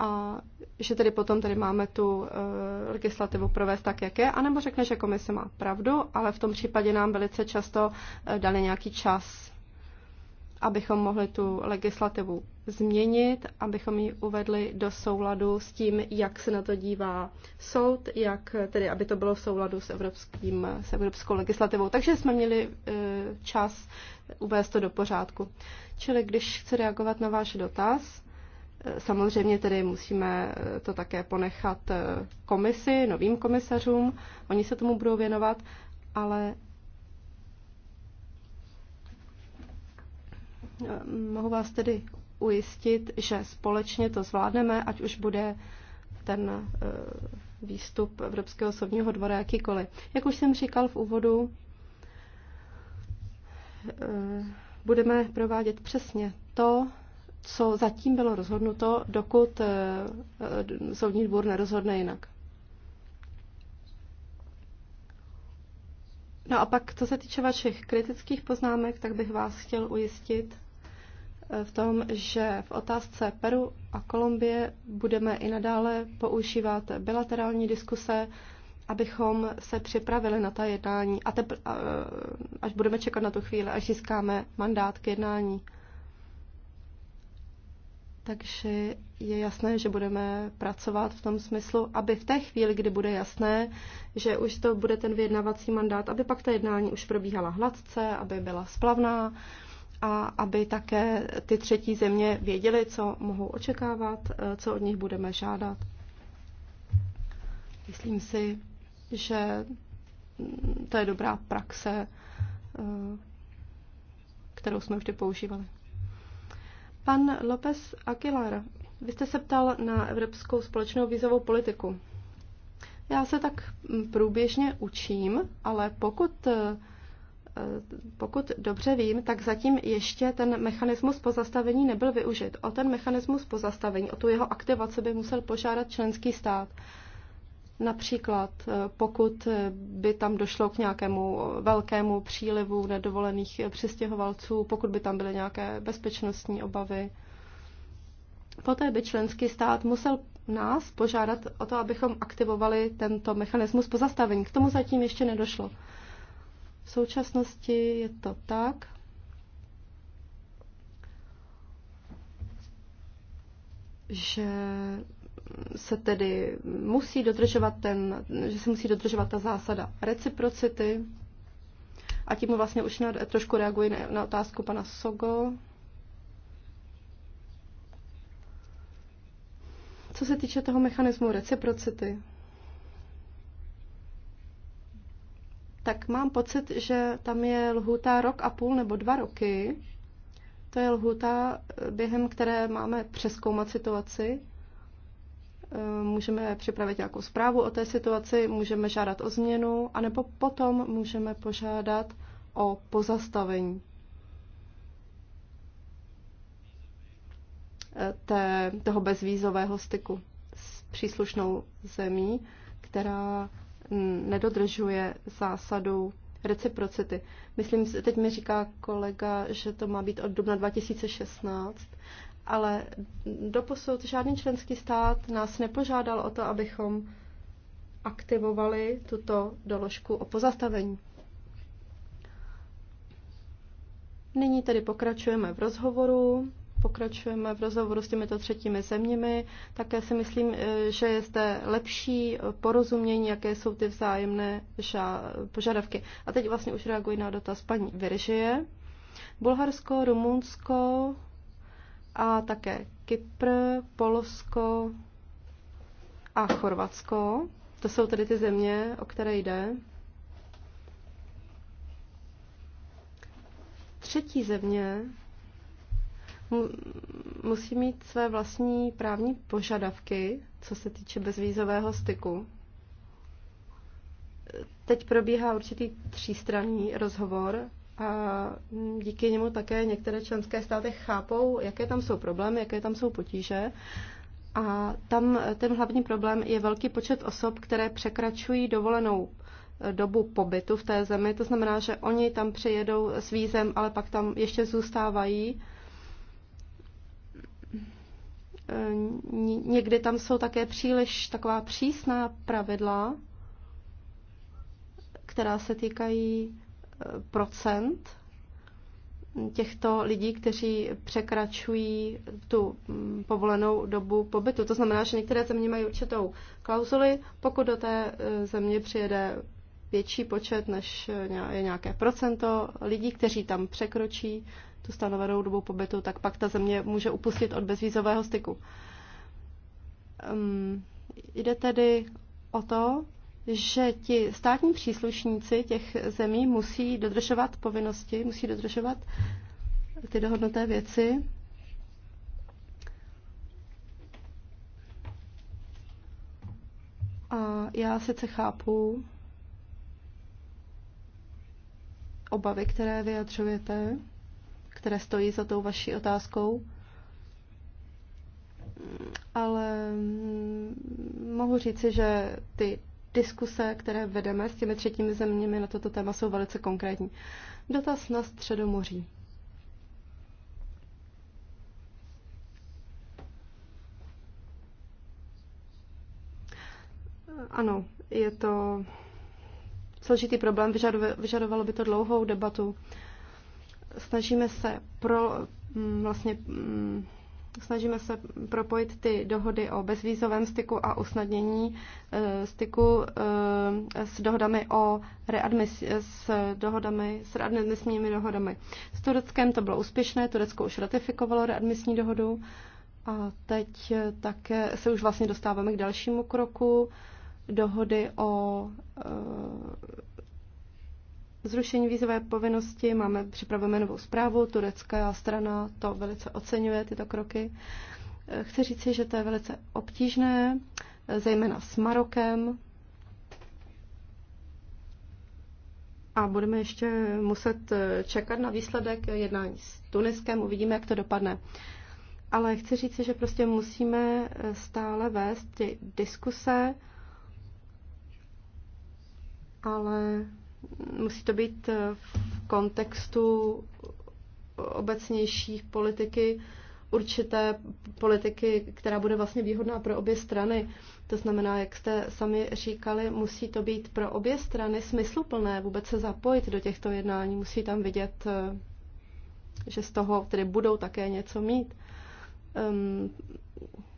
a že tedy potom tady máme tu eh, legislativu provést tak, jak je, anebo řekne, že komise má pravdu, ale v tom případě nám velice často eh, dali nějaký čas, abychom mohli tu legislativu změnit, abychom ji uvedli do souladu s tím, jak se na to dívá soud, jak eh, tedy, aby to bylo v souladu s, evropským, s evropskou legislativou. Takže jsme měli čas uvést to do pořádku. Čili když chci reagovat na váš dotaz, Samozřejmě tedy musíme eh, to také ponechat eh, komisi, novým komisařům, oni se tomu budou věnovat, ale eh, mohu vás tedy ujistit, že společně to zvládneme, ať už bude ten výstup Evropského soudního dvora jakýkoliv. Jak už jsem říkal v úvodu, budeme provádět přesně to, co zatím bylo rozhodnuto, dokud eh, eh, soudní dvůr nerozhodne jinak. No a pak, co se týče vašich kritických poznámek, tak bych vás chtěl ujistit eh, v tom, že v otázce Peru a Kolumbie budeme i nadále používat bilaterální diskuse, abychom se připravili na ta jednání, a tepr- až budeme čekat na tu chvíli, až získáme mandát k jednání. Takže je jasné, že budeme pracovat v tom smyslu, aby v té chvíli, kdy bude jasné, že už to bude ten vyjednavací mandát, aby pak ta jednání už probíhala hladce, aby byla splavná a aby také ty třetí země věděly, co mohou očekávat, eh, co od nich budeme žádat. Myslím si, že mm, to je dobrá praxe, eh, kterou jsme vždy používali. Pan López Aguilar, vy jste se ptal na evropskou společnou vízovou politiku. Já se tak průběžně učím, ale pokud, eh, pokud dobře vím, tak zatím ještě ten mechanismus pozastavení nebyl využit. O ten mechanismus pozastavení, o tu jeho aktivaci by musel požádat členský stát. Například eh, pokud eh, by tam došlo k nějakému eh, velkému přílivu nedovolených přistěhovalců, pokud by tam byly nějaké bezpečnostní obavy, poté by členský stát musel nás požádat o to, abychom aktivovali tento mechanismus pozastavení. K tomu zatím ještě nedošlo. V současnosti je to tak, že se tedy musí dodržovat ten, že se musí dodržovat ta zásada reciprocity. A tím vlastně už na, trošku reaguji na, na otázku pana Sogo. Co se týče toho mechanismu reciprocity, tak mám pocit, že tam je lhůta rok a půl nebo dva roky. To je lhůta, eh, během které máme přeskoumat situaci Eh, můžeme připravit nějakou zprávu o té situaci, můžeme žádat o změnu, anebo potom můžeme požádat o pozastavení eh, té, toho bezvízového styku s příslušnou zemí, která nedodržuje zásadu reciprocity. Myslím, teď mi říká kolega, že to má být od dubna 2016 ale doposud žádný členský stát nás nepožádal o to, abychom aktivovali tuto doložku o pozastavení. Nyní tedy pokračujeme v rozhovoru, pokračujeme v rozhovoru s těmito třetími zeměmi. Také si myslím, eh, že je zde lepší porozumění, jaké jsou ty vzájemné požadavky. A teď vlastně už reaguji na dotaz paní Viržie. Bulharsko, Rumunsko, a také Kypr, Polsko a Chorvatsko. To jsou tedy ty země, o které jde. Třetí země musí mít své vlastní právní požadavky, co se týče bezvízového styku. Teď probíhá určitý třístranný rozhovor a mm, díky němu také některé členské státy chápou, jaké tam jsou problémy, jaké tam jsou potíže. A tam e, ten hlavní problém je velký počet osob, které překračují dovolenou e, dobu pobytu v té zemi. To znamená, že oni tam přijedou s vízem, ale pak tam ještě zůstávají. E, někdy tam jsou také příliš taková přísná pravidla, která se týkají procent těchto lidí, kteří překračují tu mm, povolenou dobu pobytu. To znamená, že některé země mají určitou klauzuli, pokud do té e, země přijede větší počet než e, je nějaké procento lidí, kteří tam překročí tu stanovenou dobu pobytu, tak pak ta země může upustit od bezvízového styku. Um, jde tedy o to, že ti státní příslušníci těch zemí musí dodržovat povinnosti, musí dodržovat ty dohodnuté věci. A já sice chápu obavy, které vyjadřujete, které stojí za tou vaší otázkou, ale mohu říci, že ty diskuse, které vedeme s těmi třetími zeměmi na toto téma, jsou velice konkrétní. Dotaz na Středomoří. Ano, je to složitý problém, vyžadovalo by to dlouhou debatu. Snažíme se pro, mm, vlastně mm, Snažíme se propojit ty dohody o bezvízovém styku a usnadnění eh, styku eh, s dohodami o readmis, s dohodami, s readmisními dohodami. S Tureckem to bylo úspěšné, Turecko už ratifikovalo readmisní dohodu a teď eh, také se už vlastně dostáváme k dalšímu kroku dohody o zrušení vízové povinnosti, máme připravujeme novou zprávu, turecká strana to velice oceňuje, tyto kroky. Eh, chci říci, že to je velice obtížné, eh, zejména s Marokem. A budeme ještě muset eh, čekat na výsledek jednání s Tuniskem, uvidíme, jak to dopadne. Ale chci říci, že prostě musíme stále vést ty diskuse, ale musí to být eh, v kontextu obecnější politiky, určité politiky, která bude vlastně výhodná pro obě strany. To znamená, jak jste sami říkali, musí to být pro obě strany smysluplné vůbec se zapojit do těchto jednání. Musí tam vidět, eh, že z toho tedy budou také něco mít. Um,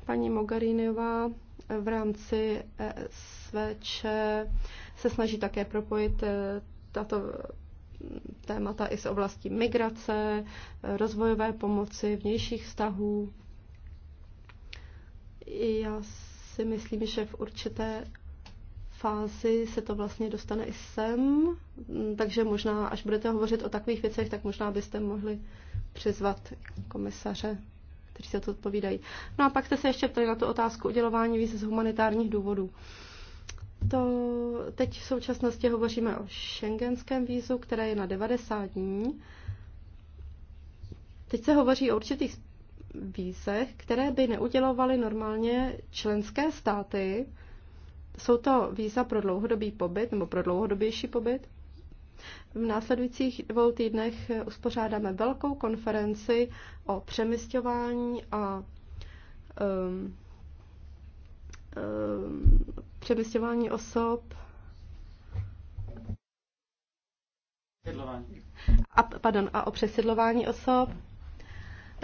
paní Mogariniová v rámci e SVČ se snaží také propojit eh, tato témata i s oblastí migrace, eh, rozvojové pomoci, vnějších vztahů. Já si myslím, že v určité fázi se to vlastně dostane i sem, mm, takže možná, až budete hovořit o takových věcech, tak možná byste mohli přizvat komisaře, kteří se to odpovídají. No a pak jste se ještě ptali na tu otázku udělování víz z humanitárních důvodů. Uh, to teď v současnosti hovoříme o šengenském vízu, které je na 90 dní. Teď se hovoří o určitých vízech, které by neudělovaly normálně členské státy. Jsou to víza pro dlouhodobý pobyt nebo pro dlouhodobější pobyt. V následujících dvou týdnech uspořádáme velkou konferenci o přemysťování a um, um, přemysťování osob. A, pardon, a o přesidlování osob,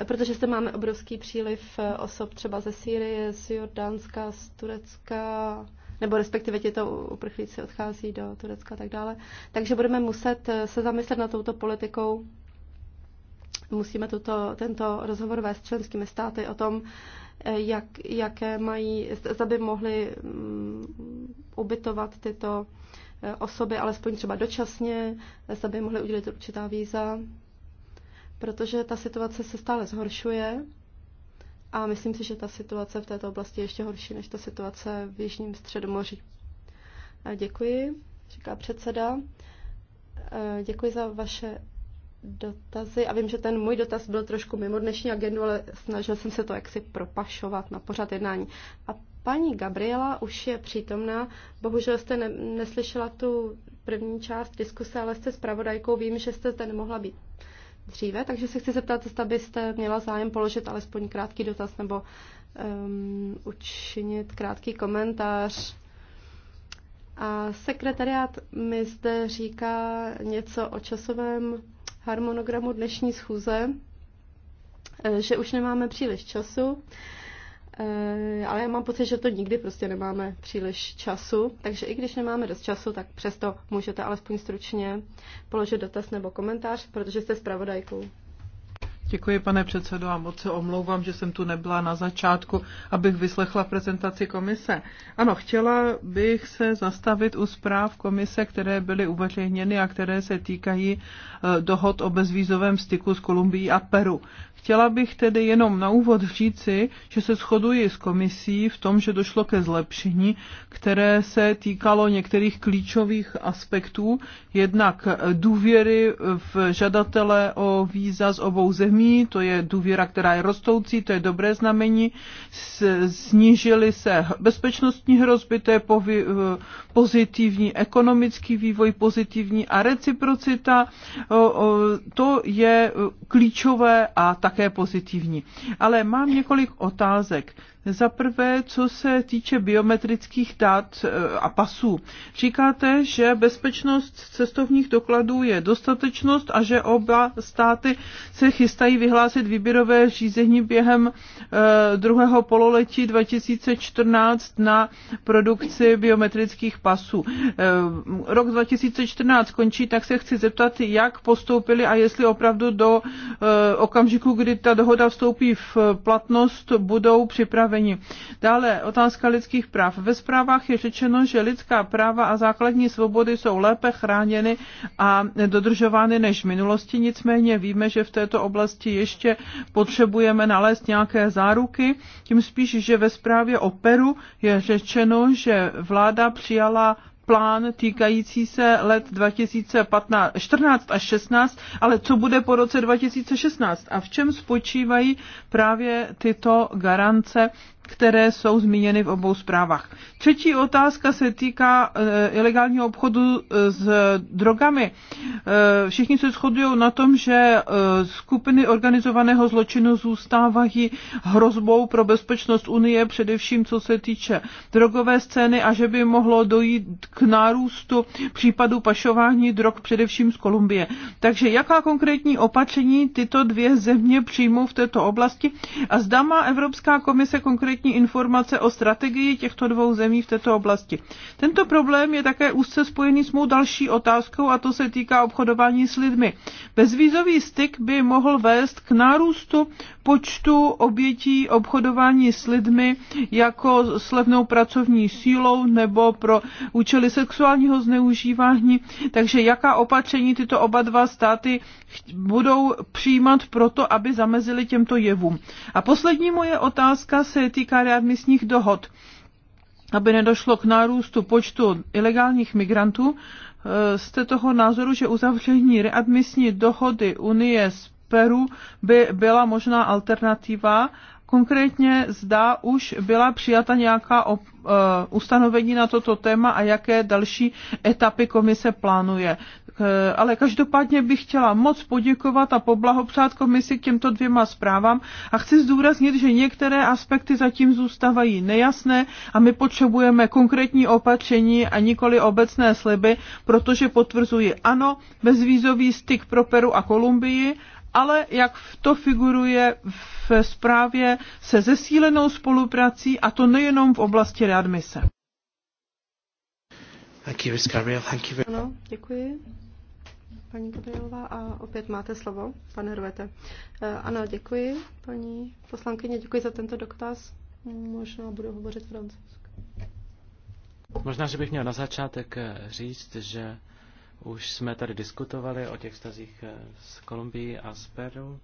protože zde máme obrovský příliv eh, osob třeba ze Sýrie, z Jordánska, z Turecka, nebo respektive těto uprchlíci odchází do Turecka a tak dále. Takže budeme muset eh, se zamyslet na touto politikou. Musíme tuto, tento rozhovor vést s členskými státy o tom, jak, jaké mají, zda by mohly mm, ubytovat tyto eh, osoby, alespoň třeba dočasně, zda by mohly udělit určitá víza, protože ta situace se stále zhoršuje a myslím si, že ta situace v této oblasti je ještě horší než ta situace v Jižním středomoří. Eh, děkuji, říká předseda. Eh, děkuji za vaše dotazy a vím, že ten můj dotaz byl trošku mimo dnešní agendu, ale snažil jsem se to jaksi propašovat na pořad jednání. A paní Gabriela už je přítomná. Bohužel jste ne- neslyšela tu první část diskuse, ale jste pravodajkou. Vím, že jste zde nemohla být dříve, takže se chci zeptat, zda byste měla zájem položit alespoň krátký dotaz nebo um, učinit krátký komentář. A sekretariát mi zde říká něco o časovém harmonogramu dnešní schůze, eh, že už nemáme příliš času, eh, ale já mám pocit, že to nikdy prostě nemáme příliš času, takže i když nemáme dost času, tak přesto můžete alespoň stručně položit dotaz nebo komentář, protože jste zpravodajkou. Děkuji, pane předsedo, a moc se omlouvám, že jsem tu nebyla na začátku, abych vyslechla prezentaci komise. Ano, chtěla bych se zastavit u zpráv komise, které byly uveřejněny a které se týkají eh, dohod o bezvízovém styku s Kolumbií a Peru. Chtěla bych tedy jenom na úvod říci, že se shoduji s komisí v tom, že došlo ke zlepšení, které se týkalo některých klíčových aspektů, jednak eh, důvěry v žadatele o víza z obou zemí, lidmi, to je důvěra, která je rostoucí, to je dobré znamení. Snížily se bezpečnostní hrozby, to je eh, pozitivní, ekonomický vývoj pozitivní a reciprocita, to je eh, klíčové a také pozitivní. Ale mám několik otázek. Za prvé, co se týče biometrických dat eh, a pasů. Říkáte, že bezpečnost cestovních dokladů je dostatečnost a že oba státy se chystají vyhlásit výběrové řízení během eh, druhého pololetí 2014 na produkci biometrických pasů. Eh, rok 2014 končí, tak se chci zeptat, jak postoupili a jestli opravdu do okamžiku, kdy ta dohoda vstoupí v platnost, budou připraveni pochopení. Dále otázka lidských práv. Ve zprávách je řečeno, že lidská práva a základní svobody jsou lépe chráněny a dodržovány než v minulosti, nicméně víme, že v této oblasti ještě potřebujeme nalézt nějaké záruky, tím spíš, že ve zprávě o Peru je řečeno, že vláda přijala plán týkající se let 2014 až 16, ale co bude po roce 2016 a v čem spočívají právě tyto garance které jsou zmíněny v obou zprávách. Třetí otázka se týká eh, ilegálního obchodu eh, s drogami. Eh, všichni se shodují na tom, že skupiny organizovaného zločinu zůstávají hrozbou pro bezpečnost Unie, především co se týče drogové scény a že by mohlo dojít k nárůstu případů pašování drog především z Kolumbie. Takže jaká konkrétní opatření tyto dvě země přijmou v této oblasti a zda má Evropská komise konkrétní konkrétní informace o strategii těchto dvou zemí v této oblasti. Tento problém je také úzce spojený s mou další otázkou a to se týká obchodování s lidmi. Bezvízový styk by mohl vést k nárůstu počtu obětí obchodování s lidmi jako levnou pracovní sílou nebo pro účely sexuálního zneužívání. Takže jaká opatření tyto oba dva státy budou přijímat proto, aby zamezili těmto jevům? A poslední moje otázka se týká týká readmisních dohod, aby nedošlo k nárůstu počtu ilegálních migrantů, eh, jste toho názoru, že uzavření readmisní dohody Unie s Peru by byla možná alternativa konkrétně zda už byla přijata nějaká op, uh, ustanovení na toto téma a jaké další etapy komise plánuje. Uh, ale každopádně bych chtěla moc poděkovat a poblahopřát komisi k těmto dvěma zprávám a chci zdůraznit, že některé aspekty zatím zůstávají nejasné a my potřebujeme konkrétní opatření a nikoli obecné sliby, protože potvrzuji ano, bezvízový styk pro Peru a Kolumbii ale jak to figuruje v zprávě se zesílenou spoluprací a to nejenom v oblasti readmise. Ano, děkuji. Paní Gabrielová, a opět máte slovo, pane Hrvete. Eh, ano, děkuji, paní poslankyně, děkuji za tento dotaz. Možná budu hovořit francouzsky. Možná, že bych měl na začátek eh, říct, že už jsme tady diskutovali o těch vztazích eh, s Kolumbií a s Peru.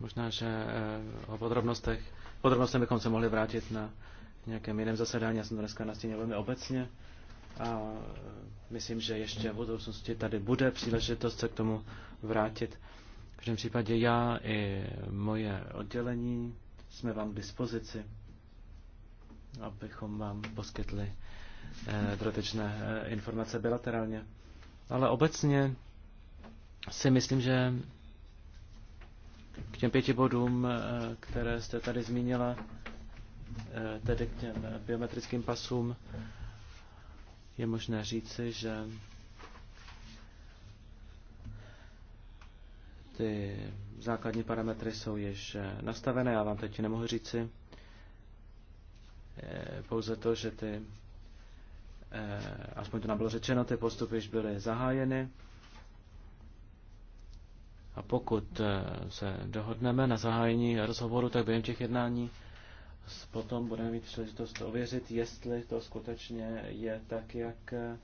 Možná, že eh, o podrobnostech, podrobnostech bychom se mohli vrátit na nějakém jiném zasedání. Já jsem to dneska nastínil velmi obecně a eh, myslím, že ještě v budoucnosti tady bude příležitost se k tomu vrátit. V každém případě já i moje oddělení jsme vám k dispozici, abychom vám poskytli Eh, dodatečné eh, informace bilaterálně. Ale obecně si myslím, že k těm pěti bodům, eh, které jste tady zmínila, tedy k těm biometrickým pasům, je možné říci, že ty základní parametry jsou již nastavené. Já vám teď nemohu říci pouze to, že ty Eh, aspoň to nám bylo řečeno, ty postupy již byly zahájeny. A pokud eh, se dohodneme na zahájení rozhovoru, tak během těch jednání potom budeme mít příležitost ověřit, jestli to skutečně je tak, jak eh,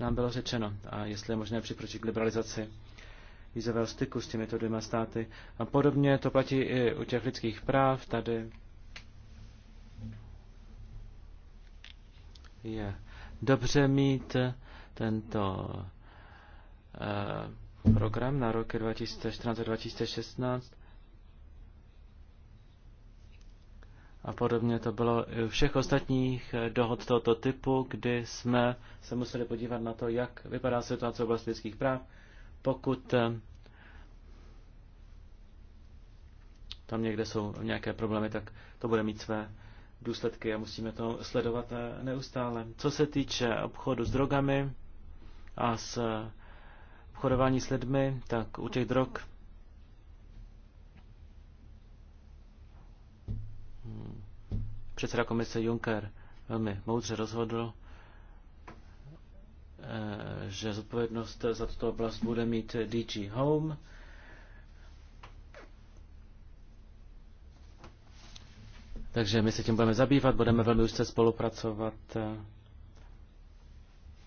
nám bylo řečeno a jestli je možné přikročit k liberalizaci vízového styku s těmito dvěma státy. A podobně to platí i u těch lidských práv. Tady je dobře mít tento eh, program na roky 2014-2016. A podobně to bylo u všech ostatních eh, dohod tohoto typu, kdy jsme se museli podívat na to, jak vypadá situace v oblasti lidských práv, pokud eh, tam někde jsou nějaké problémy, tak to bude mít své důsledky a musíme to sledovat eh, neustále. Co se týče obchodu s drogami a s eh, obchodování s lidmi, tak u těch drog hmm. předseda komise Juncker velmi moudře rozhodl, eh, že zodpovědnost za tuto oblast bude mít DG Home, Takže my se tím budeme zabývat, budeme velmi úzce spolupracovat eh,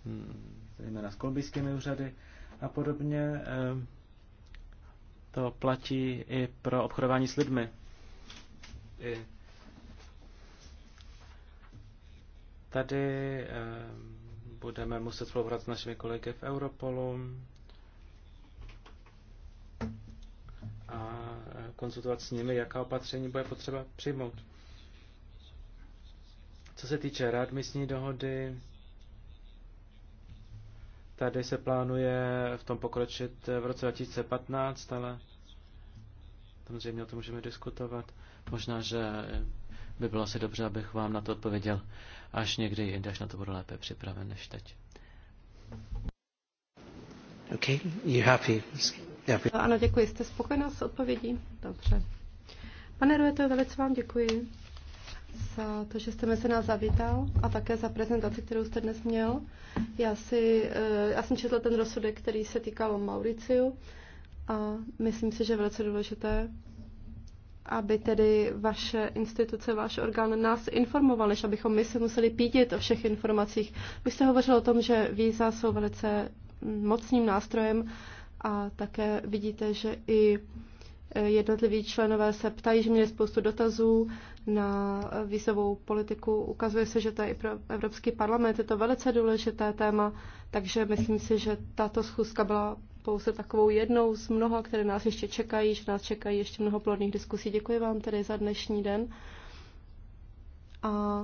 hm, zejména s kolbijskými úřady a podobně. Eh, to platí i pro obchodování s lidmi. I tady eh, budeme muset spolupracovat s našimi kolegy v Europolu a konzultovat s nimi, jaká opatření bude potřeba přijmout. Co se týče readmisní dohody, tady se plánuje v tom pokročit v roce 2015, ale samozřejmě o tom můžeme diskutovat. Možná, že by bylo asi dobře, abych vám na to odpověděl až někdy jinde, až na to budu lépe připraven než teď. Okay, you happy? happy. Ano, děkuji. Jste spokojená s odpovědí? Dobře. Pane Ruje, to velice vám děkuji za to, že jste mezi nás zavítal a také za prezentaci, kterou jste dnes měl. Já, si, eh, já jsem četla ten rozsudek, který se týkal Mauriciu a myslím si, že je velice důležité, aby tedy vaše instituce, váš orgán nás informoval, než abychom my se museli pídit o všech informacích. Vy jste hovořil o tom, že víza jsou velice mm, mocným nástrojem a také vidíte, že i Jednotliví členové se ptají, že měli spoustu dotazů na výzovou politiku. Ukazuje se, že to je i pro Evropský parlament je to velice důležité téma, takže myslím si, že tato schůzka byla pouze takovou jednou z mnoha, které nás ještě čekají, že nás čekají ještě mnoho plodných diskusí. Děkuji vám tedy za dnešní den. A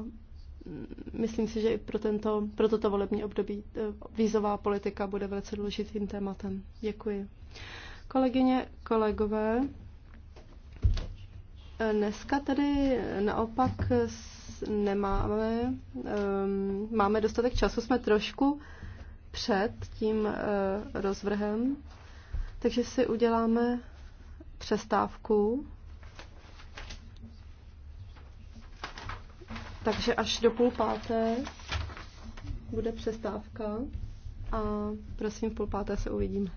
myslím si, že i pro, tento, pro toto volební období eh, vízová politika bude velice důležitým tématem. Děkuji. Kolegyně, kolegové, dneska tedy naopak nemáme, ehm, máme dostatek času, jsme trošku před tím eh, rozvrhem, takže si uděláme přestávku. Takže až do půl páté bude přestávka a prosím v půl páté se uvidíme.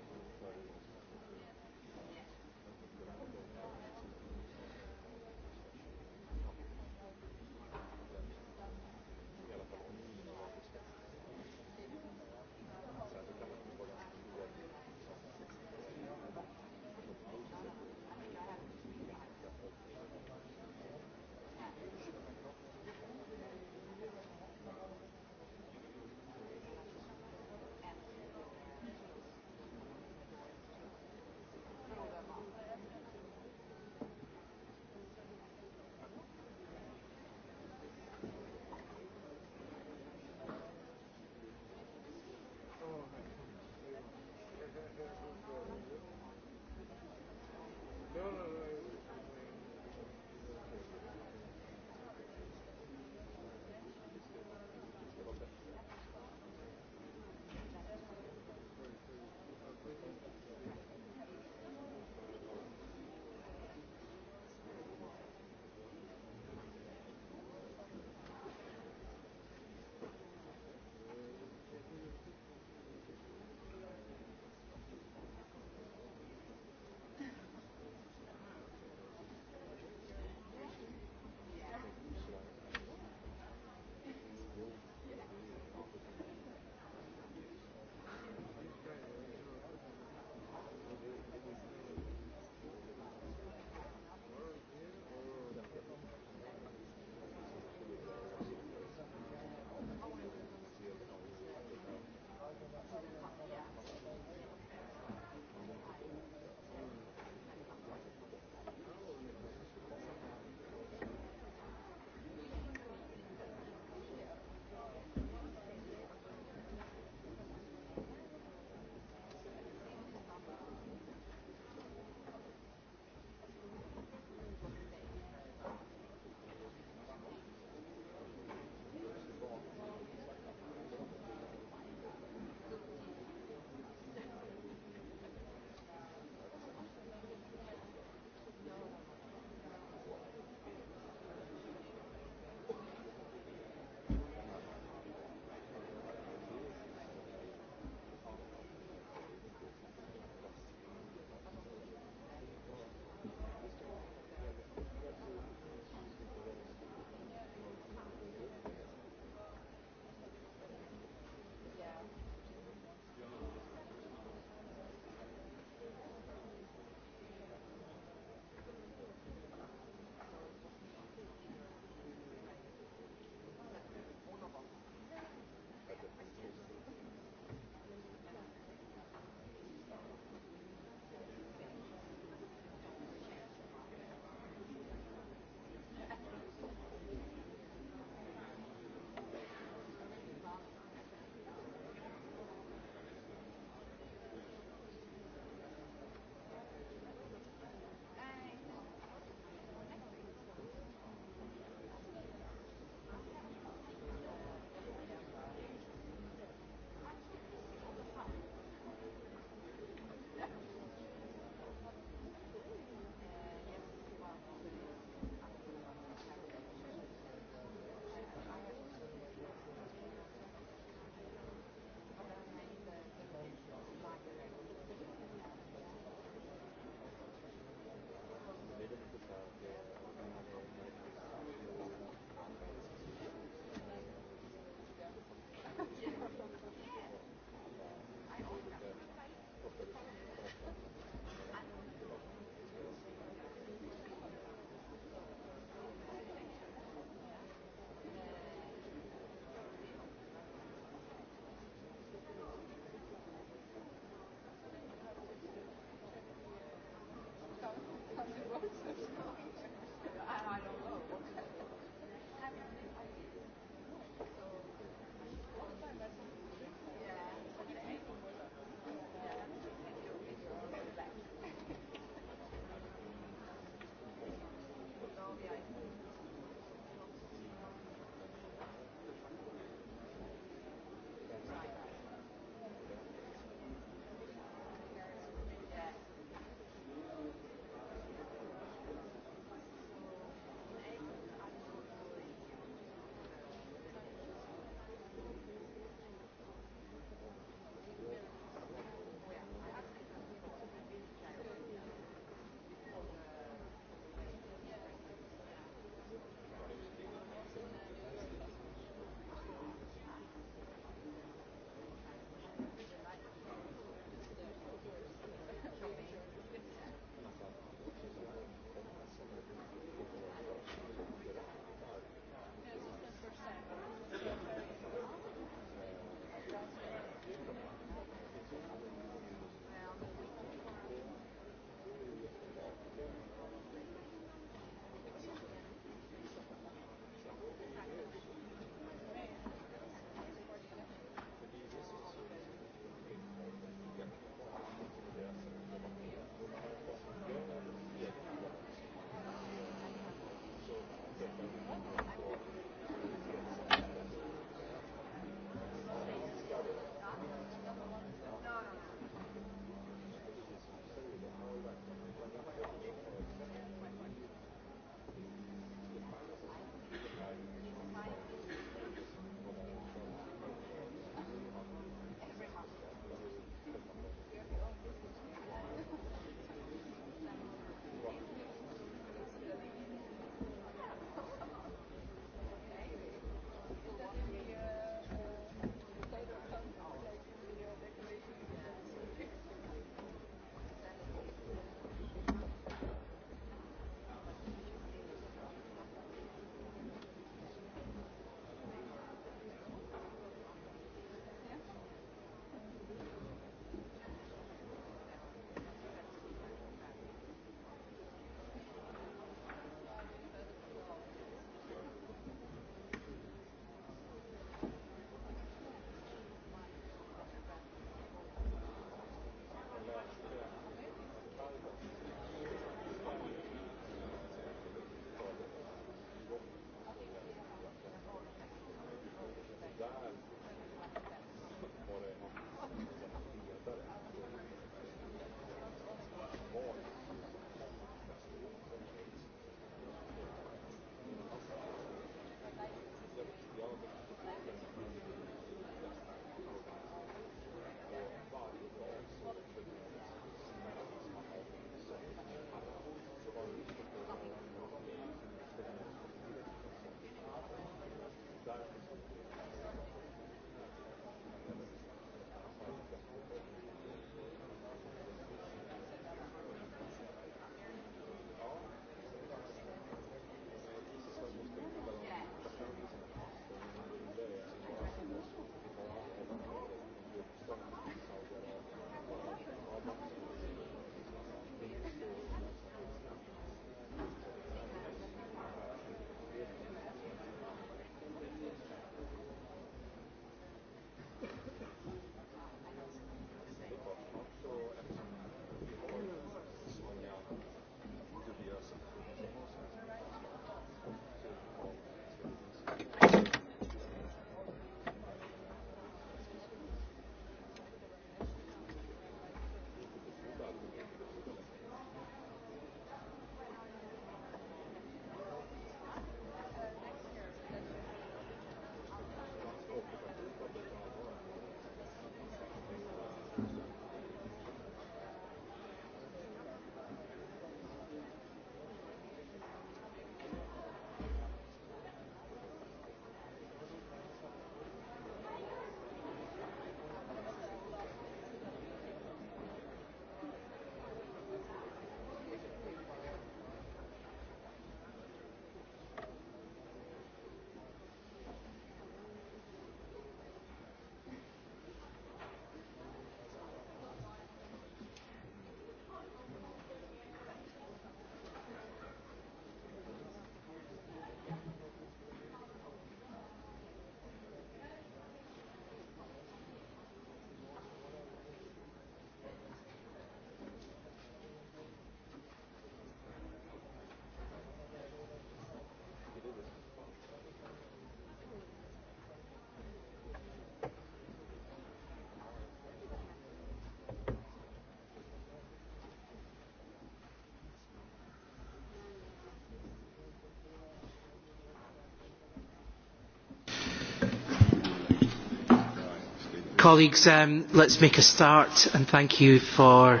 colleagues, um, let's make a start and thank you for...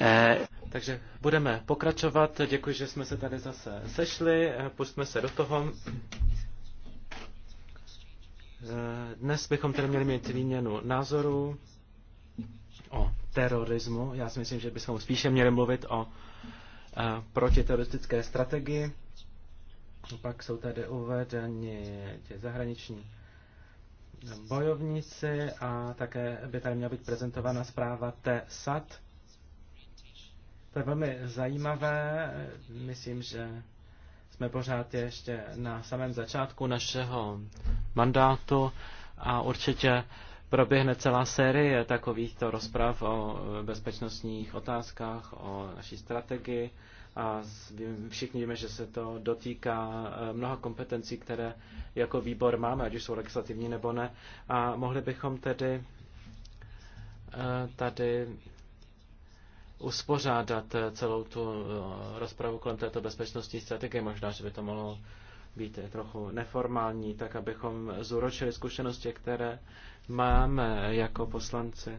Uh... Takže budeme pokračovat. Děkuji, že jsme se tady zase sešli. Pustme se do toho. Eh, dnes bychom tedy měli mít výměnu názorů o terorismu. Já si myslím, že bychom spíše měli mluvit o eh, protiteroristické strategii. Pak jsou tady uvedeni zahraniční bojovníci a také by tady měla být prezentována zpráva TSAT. To je velmi zajímavé. Myslím, že jsme pořád ještě na samém začátku našeho mandátu a určitě proběhne celá série takovýchto rozprav o bezpečnostních otázkách, o naší strategii a všichni víme, že se to dotýká eh, mnoha kompetencí, které jako výbor máme, ať už jsou legislativní nebo ne. A mohli bychom tedy eh, tady uspořádat eh, celou tu rozpravu kolem této bezpečnostní strategie. Možná, že by to mohlo být trochu neformální, tak abychom zúročili zkušenosti, které máme jako poslanci.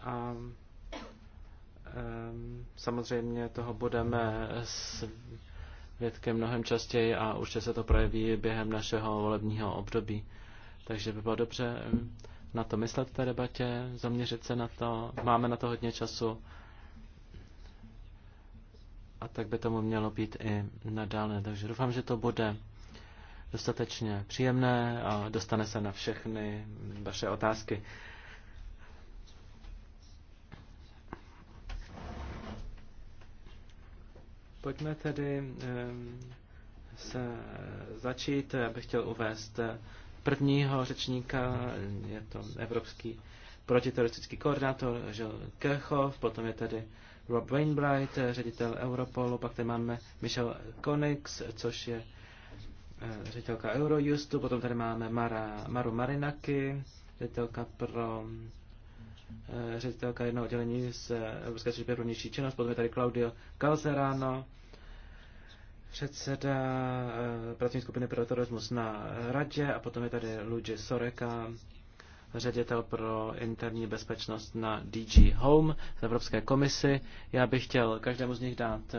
A Ehm, samozřejmě toho budeme svědkem mnohem častěji a určitě se to projeví během našeho volebního období. Takže by bylo dobře ehm, na to myslet v té debatě, zaměřit se na to, máme na to hodně času a tak by tomu mělo být i nadále. Takže doufám, že to bude dostatečně příjemné a dostane se na všechny vaše otázky. Pojďme tedy se eh, začít. Já bych chtěl uvést eh, prvního řečníka, je to evropský protiteroristický koordinátor Žil Kirchhoff, potom je tady Rob Wainbright, eh, ředitel Europolu, pak tady máme Michel Konix, což je ředitelka Eurojustu, potom tady máme Mara, Maru Marinaki, ředitelka pro Eh, ředitelka jednoho oddělení z eh, Evropské služby pro vnější činnost, potom je tady Claudio Calzerano, předseda eh, pracovní skupiny pro terorismus na radě a potom je tady Luigi Soreka, ředitel pro interní bezpečnost na DG Home z Evropské komisi. Já bych chtěl každému z nich dát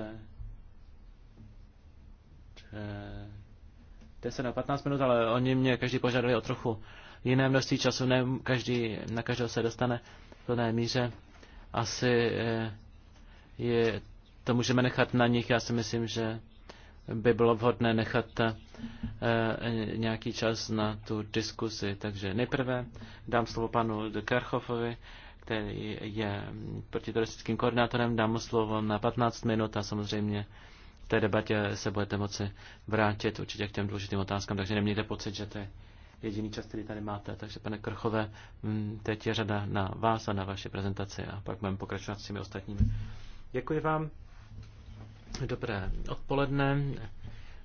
10 na 15 minut, ale oni mě každý požadují o trochu jiné množství času, ne každý, na každého se dostane plné míře. Asi eh, je, to můžeme nechat na nich. Já si myslím, že by bylo vhodné nechat eh, nějaký čas na tu diskusi. Takže nejprve dám slovo panu Karchovovi, který je protiteroristickým koordinátorem. Dám mu slovo na 15 minut a samozřejmě v té debatě se budete moci vrátit určitě k těm důležitým otázkám, takže nemějte pocit, že je jediný čas, který tady máte. Takže, pane Krchové, mm, teď je řada na vás a na vaše prezentaci a pak budeme pokračovat s těmi ostatními. Děkuji vám. Dobré odpoledne,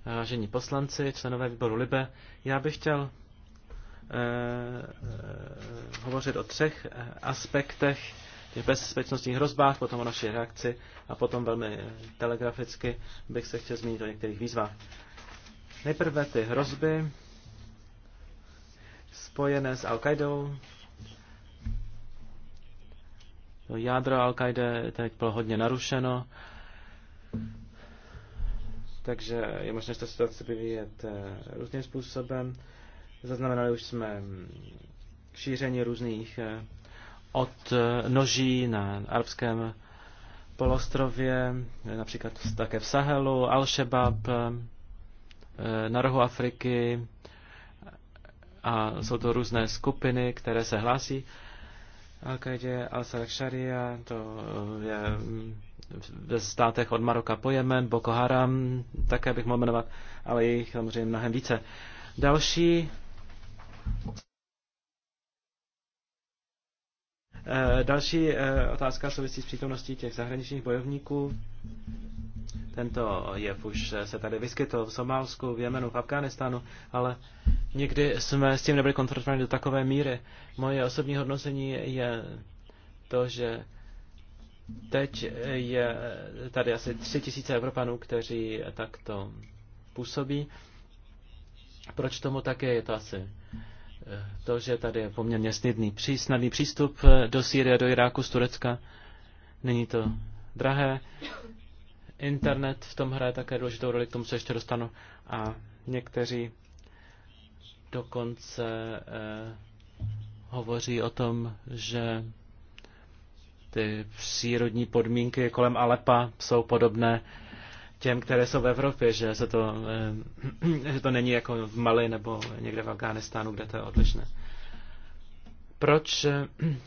vážení poslanci, členové výboru Libe. Já bych chtěl eh, eh hovořit o třech eh, aspektech těch bezpečnostních hrozbách, potom o naší reakci a potom velmi eh, telegraficky bych se chtěl zmínit o některých výzvách. Nejprve ty hrozby spojené s Al-Qaidou. To jádro Al-Qaide teď bylo hodně narušeno. Takže je možné, že ta situace vyvíjet eh, různým způsobem. Zaznamenali už jsme mm, šíření různých eh, od eh, noží na arabském polostrově, například také v Sahelu, Al-Shabaab, na rohu Afriky, a jsou to různé skupiny, které se hlásí. Al-Qaidě, Al-Salakšaria, to eh, je mm, ve státech od Maroka po Jemen, Boko Haram, také bych mohl jmenovat, ale je jich samozřejmě mnohem více. Další eh, Další eh, otázka souvisí s přítomností těch zahraničních bojovníků. Tento jev už se tady vyskytl v Somálsku, v Jemenu, v Afganistánu, ale nikdy jsme s tím nebyli konfrontováni do takové míry. Moje osobní hodnocení je to, že teď je tady asi tři tisíce Evropanů, kteří takto působí. Proč tomu tak je, je to asi eh, to, že tady je poměrně snadný, snadný přístup do Sýrie, do Iráku, z Turecka. Není to drahé, Internet v tom hraje také důležitou roli, k tomu se ještě dostanu. A někteří dokonce eh, hovoří o tom, že ty přírodní podmínky kolem Alepa jsou podobné těm, které jsou v Evropě, že, se to, eh, *clears throat* že to není jako v Mali nebo někde v Afghánistánu, kde to je odlišné. Proč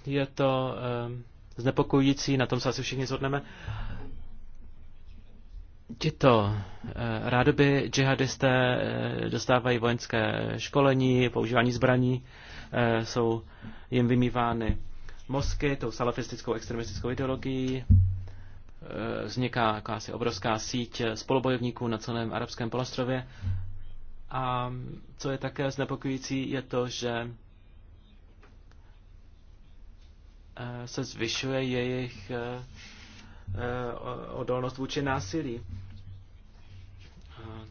je to eh, znepokojující, na tom se asi všichni zhodneme. Eh, Tito eh, rádoby džihadisté eh, dostávají vojenské školení, používání zbraní, eh, jsou jim vymývány mozky tou salafistickou extremistickou ideologií, vzniká jakási obrovská síť spolubojovníků na celém arabském polostrově. A co je také znepokojící, je to, že se zvyšuje jejich odolnost vůči násilí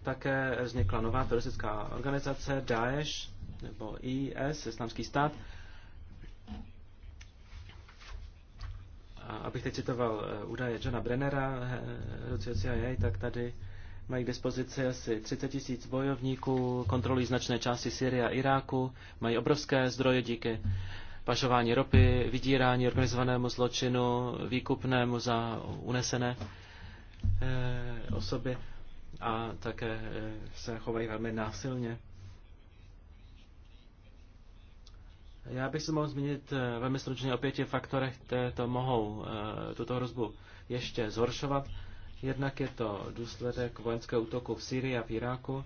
také vznikla nová teroristická organizace Daesh, nebo IS, Islámský stát. A abych teď citoval eh, údaje Johna Brennera, eh, Lucio CIA, tak tady mají k dispozici asi 30 tisíc bojovníků, kontrolují značné části Syrie a Iráku, mají obrovské zdroje díky pašování ropy, vydírání organizovanému zločinu, výkupnému za unesené e, eh, osoby a také eh, se chovají velmi násilně. Já bych se mohl zmínit eh, velmi stručně o pěti faktorech, které to mohou eh, tuto hrozbu ještě zhoršovat. Jednak je to důsledek vojenského útoku v Syrii a v Iráku.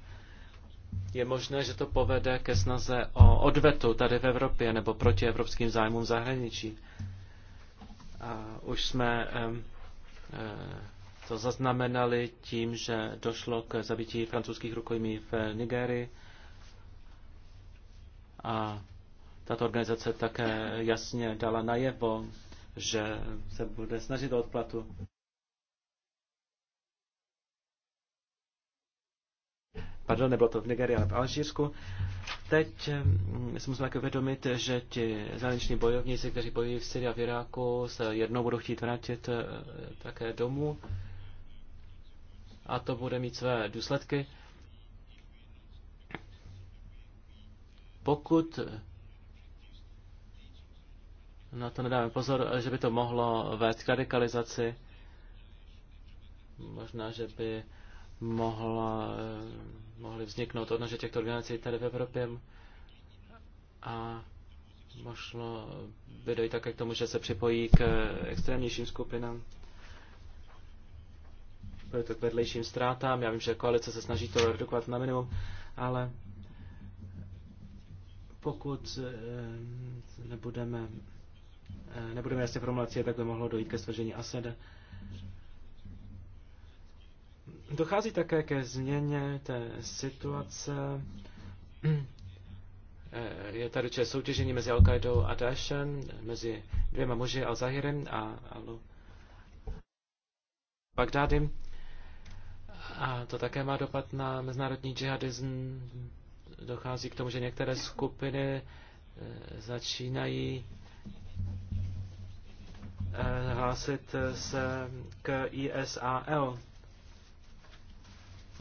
Je možné, že to povede ke snaze o odvetu tady v Evropě nebo proti evropským zájmům v zahraničí. A už jsme co zaznamenali tím, že došlo k zabití francouzských rukojmí v Nigérii. A tato organizace také jasně dala najevo, že se bude snažit o odplatu. Pardon, nebylo to v Nigerii, ale v Alžírsku. Teď mm, si musíme také uvědomit, že ti zahraniční bojovníci, kteří bojují v Syrii a v Iráku, se jednou budou chtít vrátit eh, také domů a to bude mít své důsledky. Pokud na to nedáme pozor, že by to mohlo vést k radikalizaci, možná, že by mohla, mohly vzniknout odnože těchto organizací tady v Evropě a možno by dojít také k tomu, že se připojí k extrémnějším skupinám. Bude to k vedlejším ztrátám. Já vím, že koalice se snaží to redukovat na minimum, ale pokud eh, nebudeme, eh, nebudeme jasně formulaci, tak by mohlo dojít ke svržení Asada. Dochází také ke změně té situace. Eh, je tady určitě soutěžení mezi al a Daeshem, mezi dvěma muži, Al-Zahirem a al Bagdádym. A to také má dopad na mezinárodní džihadism. Dochází k tomu, že některé skupiny eh, začínají eh, hlásit eh, se k ISAL.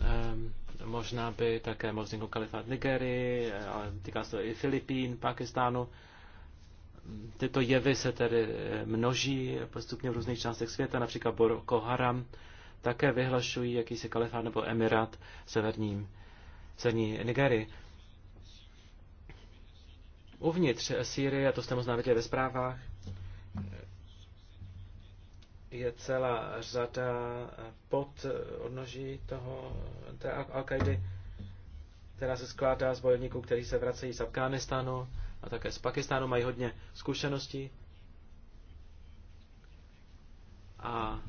Ehm, možná by také mohl vzniknout kalifát Nigerii, ale týká se to i Filipín, Pakistánu. Tyto jevy se tedy množí postupně v různých částech světa, například Boko Haram také vyhlašují jakýsi kalifát nebo emirát v severním, severní Nigerii. Uvnitř Sýrie, a to jste možná viděli ve zprávách, je celá řada pod odnoží toho, té al qaidi která se skládá z bojovníků, kteří se vracejí z Afghánistánu a také z Pakistánu, mají hodně zkušeností. A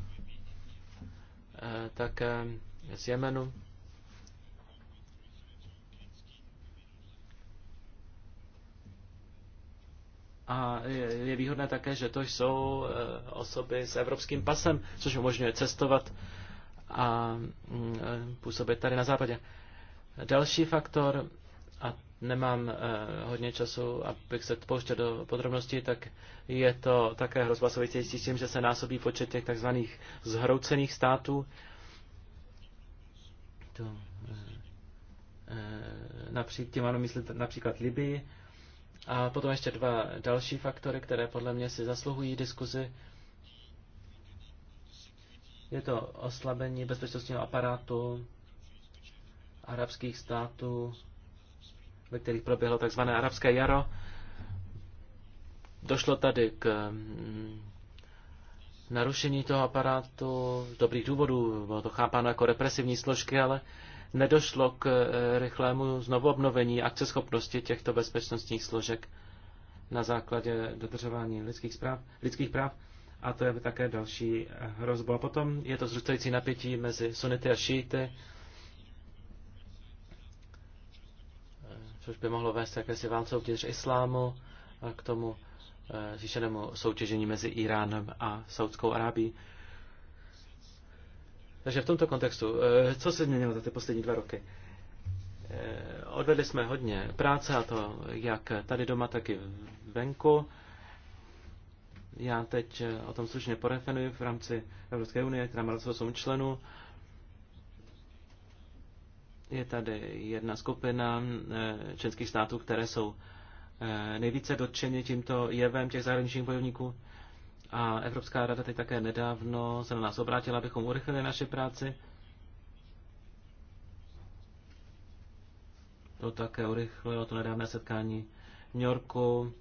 Eh, také eh, z Jemenu. A je výhodné také, že to jsou eh, osoby s evropským pasem, což umožňuje cestovat a mm, působit tady na západě. Další faktor, a nemám eh, hodně času, abych se pouštěl do podrobností, tak je to také hrozba související s tím, že se násobí počet těch takzvaných zhroucených států. To, eh, například, tím ano myslet například Libii. A potom ještě dva další faktory, které podle mě si zasluhují diskuzi. Je to oslabení bezpečnostního aparátu arabských států ve kterých proběhlo tzv. arabské jaro. Došlo tady k mm, narušení toho aparátu z dobrých důvodů, bylo to chápáno jako represivní složky, ale nedošlo k e, rychlému znovuobnovení akceschopnosti těchto bezpečnostních složek na základě dodržování lidských, práv, lidských práv a to je také další hrozba. Potom je to zrůstající napětí mezi sunity a šíty, což by mohlo vést k si válce uvnitř islámu a k tomu eh, zvýšenému soutěžení mezi Iránem a Saudskou Arábií. Takže v tomto kontextu, eh, co se změnilo za ty poslední dva roky? Eh, odvedli jsme hodně práce, a to jak tady doma, tak i venku. Já teď o tom slušně porefenuji v rámci Evropské unie, která má 28 členů je tady jedna skupina eh, členských států, které jsou eh, nejvíce dotčeny tímto jevem těch zahraničních bojovníků. A Evropská rada teď také nedávno se na nás obrátila, abychom urychlili naši práci. To také urychlilo to nedávné setkání v New Yorku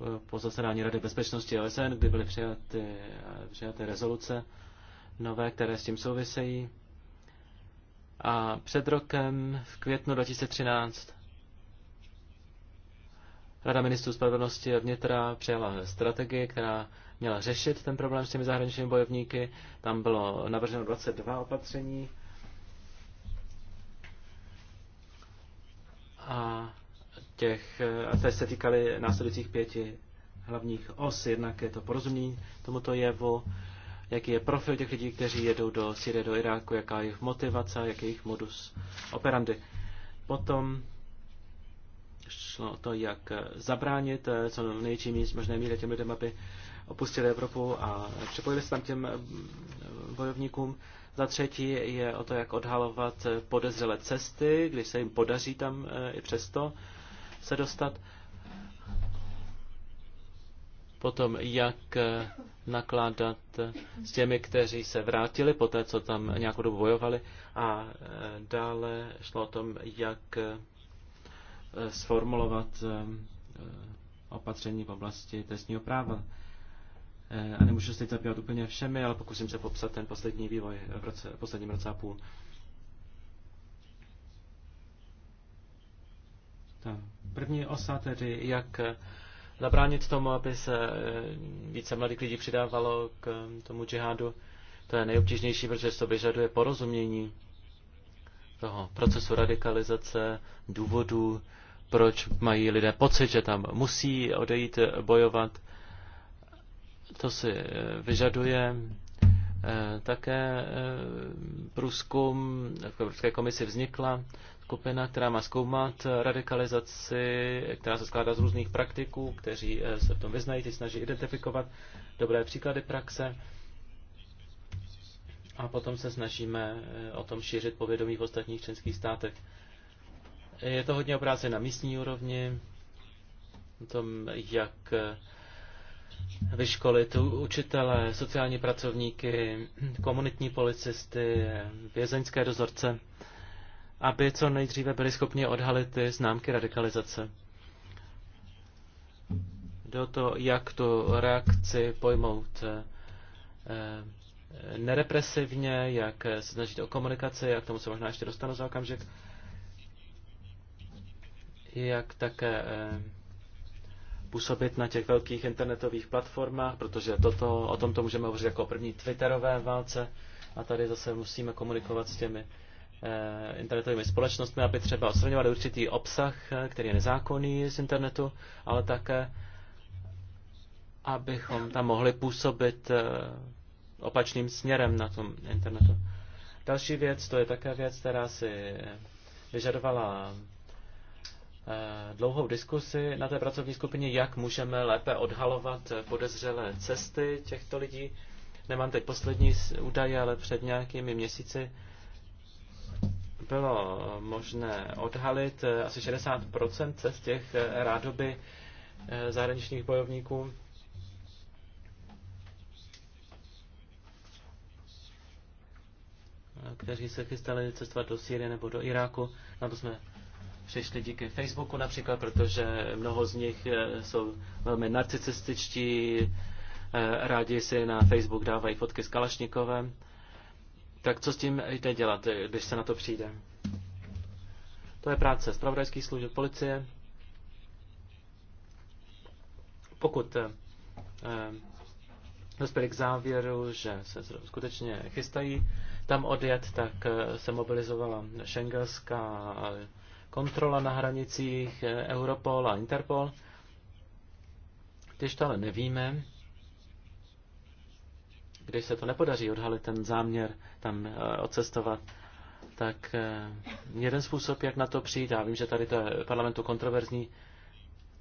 eh, po zasedání Rady bezpečnosti OSN, kdy byly přijaty, přijaty rezoluce nové, které s tím souvisejí. A před rokem, v květnu 2013, Rada ministrů spravedlnosti a vnitra přijala strategii, která měla řešit ten problém s těmi zahraničními bojovníky. Tam bylo navrženo 22 opatření. A, těch, a té se týkaly následujících pěti hlavních os. Jednak je to porozumění tomuto jevu, jaký je profil těch lidí, kteří jedou do Syrie, do Iráku, jaká je jejich motivace, jaký je jejich modus operandi. Potom šlo o to, jak zabránit eh, co největší možné míry těm lidem, aby opustili Evropu a připojili se tam těm eh, bojovníkům. Za třetí je o to, jak odhalovat podezřelé cesty, když se jim podaří tam eh, i přesto se dostat. Potom, jak nakládat s těmi, kteří se vrátili po té, co tam nějakou dobu bojovali. A e, dále šlo o tom, jak e, sformulovat e, opatření v oblasti trestního práva. A nemůžu se teď zabývat úplně všemi, ale pokusím se popsat ten poslední vývoj v roce, v posledním roce a půl. Ta první osa tedy, jak zabránit tomu, aby se eh, více mladých lidí přidávalo k eh, tomu džihádu. To je nejobtížnější, protože to vyžaduje porozumění toho procesu radikalizace, důvodů, proč mají lidé pocit, že tam musí odejít bojovat. To si eh, vyžaduje Eh, také eh, průzkum v Evropské komisi vznikla skupina, která má zkoumat radikalizaci, která se skládá z různých praktiků, kteří eh, se v tom vyznají, ty snaží identifikovat dobré příklady praxe a potom se snažíme o tom šířit povědomí v ostatních členských státech. Je to hodně o práci na místní úrovni, o tom, jak vyškolit učitele, sociální pracovníky, komunitní policisty, vězeňské dozorce, aby co nejdříve byli schopni odhalit ty známky radikalizace. Do to, jak tu reakci pojmout eh, eh, nerepresivně, jak se snažit o komunikaci, jak tomu se možná ještě dostanu za okamžik, jak také eh, působit na těch velkých internetových platformách, protože toto, o tomto můžeme hovořit jako o první Twitterové válce a tady zase musíme komunikovat s těmi eh, internetovými společnostmi, aby třeba odstraňovali určitý obsah, eh, který je nezákonný z internetu, ale také, abychom tam mohli působit eh, opačným směrem na tom internetu. Další věc, to je také věc, která si eh, vyžadovala Eh, dlouhou diskusi na té pracovní skupině, jak můžeme lépe odhalovat podezřelé cesty těchto lidí. Nemám teď poslední údaje, ale před nějakými měsíci bylo možné odhalit eh, asi 60% cest těch eh, rádoby zahraničních bojovníků. kteří se chystali cestovat do Sýrie nebo do Iráku. Na to jsme přišli díky Facebooku například, protože mnoho z nich eh, jsou velmi narcisističtí, eh, rádi si na Facebook dávají fotky s Kalašnikovem. Tak co s tím jde dělat, eh, když se na to přijde? To je práce zpravodajských služeb policie. Pokud dospěli k závěru, že se skutečně chystají tam odjet, tak se mobilizovala šengelská kontrola na hranicích eh, Europol a Interpol. Když to ale nevíme, když se to nepodaří odhalit ten záměr tam eh, odcestovat, tak eh, jeden způsob, jak na to přijít, já vím, že tady to je parlamentu kontroverzní,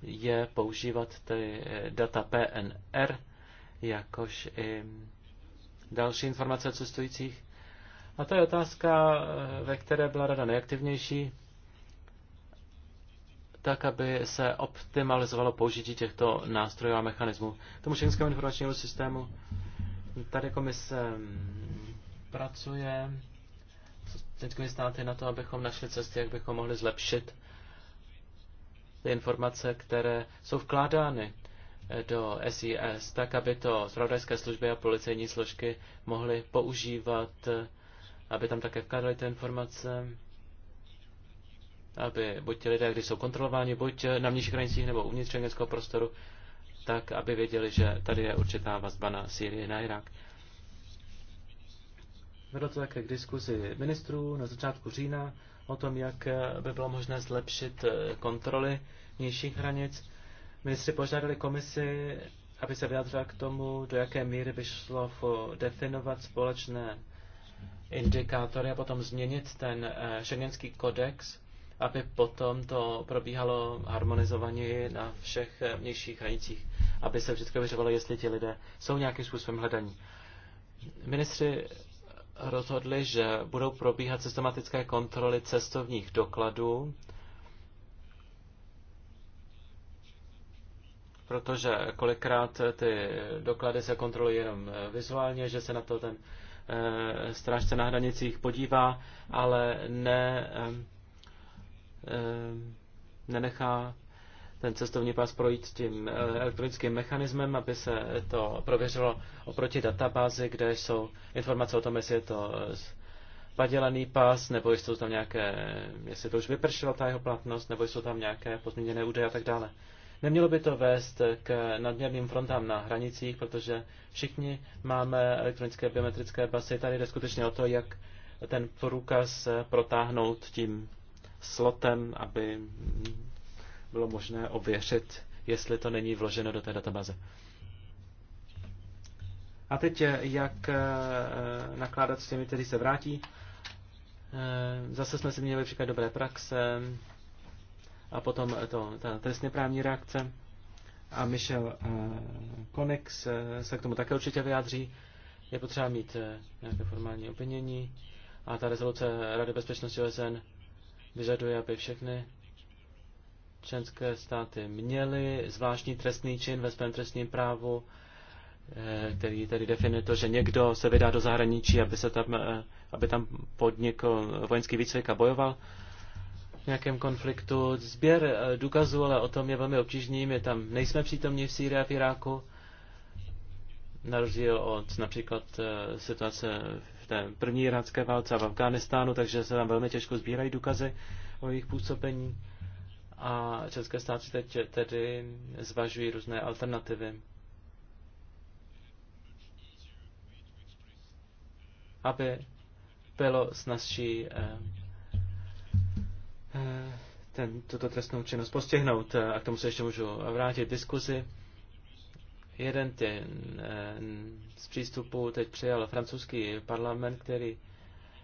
je používat ty data PNR, jakož i další informace o cestujících. A to je otázka, ve které byla rada nejaktivnější tak aby se optimalizovalo použití těchto nástrojů a mechanismů. K tomu šengenskému informačnímu systému tady komise mm, pracuje členskými státy na to, abychom našli cesty, jak bychom mohli zlepšit ty informace, které jsou vkládány eh, do SIS, tak aby to zpravodajské služby a policejní složky mohly používat, eh, aby tam také vkládaly ty informace aby buď ti lidé, když jsou kontrolováni, buď na vnějších hranicích nebo uvnitř šengenského prostoru, tak aby věděli, že tady je určitá vazba na Syrii, na Irák. Vedlo to také k diskuzi ministrů na začátku října o tom, jak by bylo možné zlepšit eh, kontroly vnějších hranic. Ministři požádali komisi, aby se vyjádřila k tomu, do jaké míry by šlo definovat společné indikátory a potom změnit ten šengenský eh, kodex aby potom to probíhalo harmonizovaně na všech eh, vnějších hranicích, aby se vždycky vyřevalo, jestli ti lidé jsou nějakým způsobem hledaní. Ministři rozhodli, že budou probíhat systematické kontroly cestovních dokladů, protože kolikrát ty doklady se kontrolují jenom eh, vizuálně, že se na to ten eh, strážce na hranicích podívá, ale ne Eh, nenechá ten cestovní pas projít tím eh, elektronickým mechanismem, aby se to prověřilo oproti databázi, kde jsou informace o tom, jestli je to eh, padělaný pas, nebo jestli jsou tam nějaké, jestli to už vypršilo ta jeho platnost, nebo jsou tam nějaké pozměněné údaje a tak dále. Nemělo by to vést k nadměrným frontám na hranicích, protože všichni máme elektronické biometrické basy. Tady jde skutečně o to, jak ten průkaz protáhnout tím slotem, aby bylo možné ověřit, jestli to není vloženo do té databáze. A teď, eh, jak eh, nakládat s těmi, kteří se vrátí. Eh, zase jsme si měli příklad dobré praxe a potom to, ta trestně právní reakce. A Michel Konex se k tomu také určitě vyjádří. Je potřeba mít nějaké formální opinění a ta rezoluce Rady bezpečnosti OSN vyžaduje, aby všechny členské státy měly zvláštní trestný čin ve svém trestním právu, eh, který tedy definuje to, že někdo se vydá do zahraničí, aby, se tam, eh, aby tam podnikl vojenský výcvik a bojoval v nějakém konfliktu. Sběr eh, důkazů, ale o tom je velmi obtížný. My tam nejsme přítomní v Sýrii a v Iráku, na rozdíl od například situace té první iránské válce a v Afghánistánu, takže se tam velmi těžko sbírají důkazy o jejich působení. A české státy teď tedy zvažují různé alternativy. Aby bylo snazší eh, eh ten, tuto trestnou činnost postihnout. A k tomu se ještě můžu vrátit diskuzi. Jeden ten eh, z přístupů teď přijal francouzský parlament, který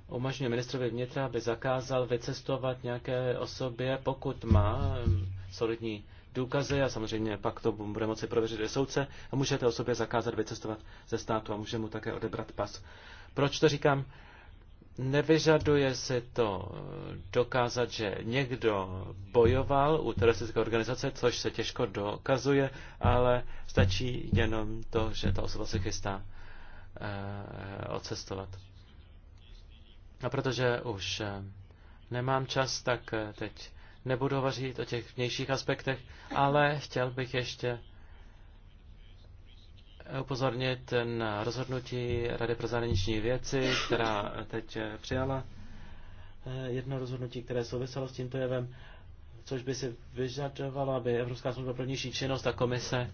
umožňuje ministrovi vnitra, aby zakázal vycestovat nějaké osobě, pokud má eh, solidní důkazy a samozřejmě pak to bude moci prověřit i soudce a můžete osobě zakázat vycestovat ze státu a může mu také odebrat pas. Proč to říkám? Nevyžaduje se to eh, dokázat, že někdo bojoval u teroristické organizace, což se těžko dokazuje, ale stačí jenom to, že ta osoba se chystá uh, odcestovat. A protože už uh, nemám čas, tak uh, teď nebudu hovořit o těch vnějších aspektech, ale chtěl bych ještě upozornit na rozhodnutí Rady pro zahraniční věci, která teď přijala eh, jedno rozhodnutí, které souviselo s tímto jevem, což by si vyžadovalo, aby Evropská služba pro nižší činnost a komise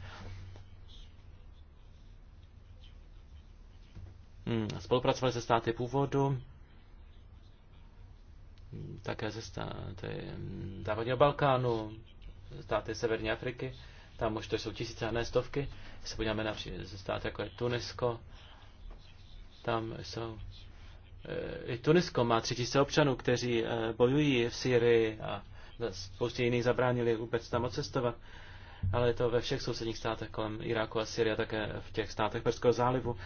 hmm, spolupracovali se státy původu, také se státy hmm, Západního Balkánu, státy Severní Afriky, tam už to jsou tisíce a ne stovky se podíváme na stát jako je Tunisko, tam jsou eh, i Tunisko má tři tisíce občanů, kteří eh, bojují v Syrii a spoustě jiných zabránili vůbec tam odcestovat. Ale je to ve všech sousedních státech kolem Iráku a Syrie a také v těch státech Perského zálivu.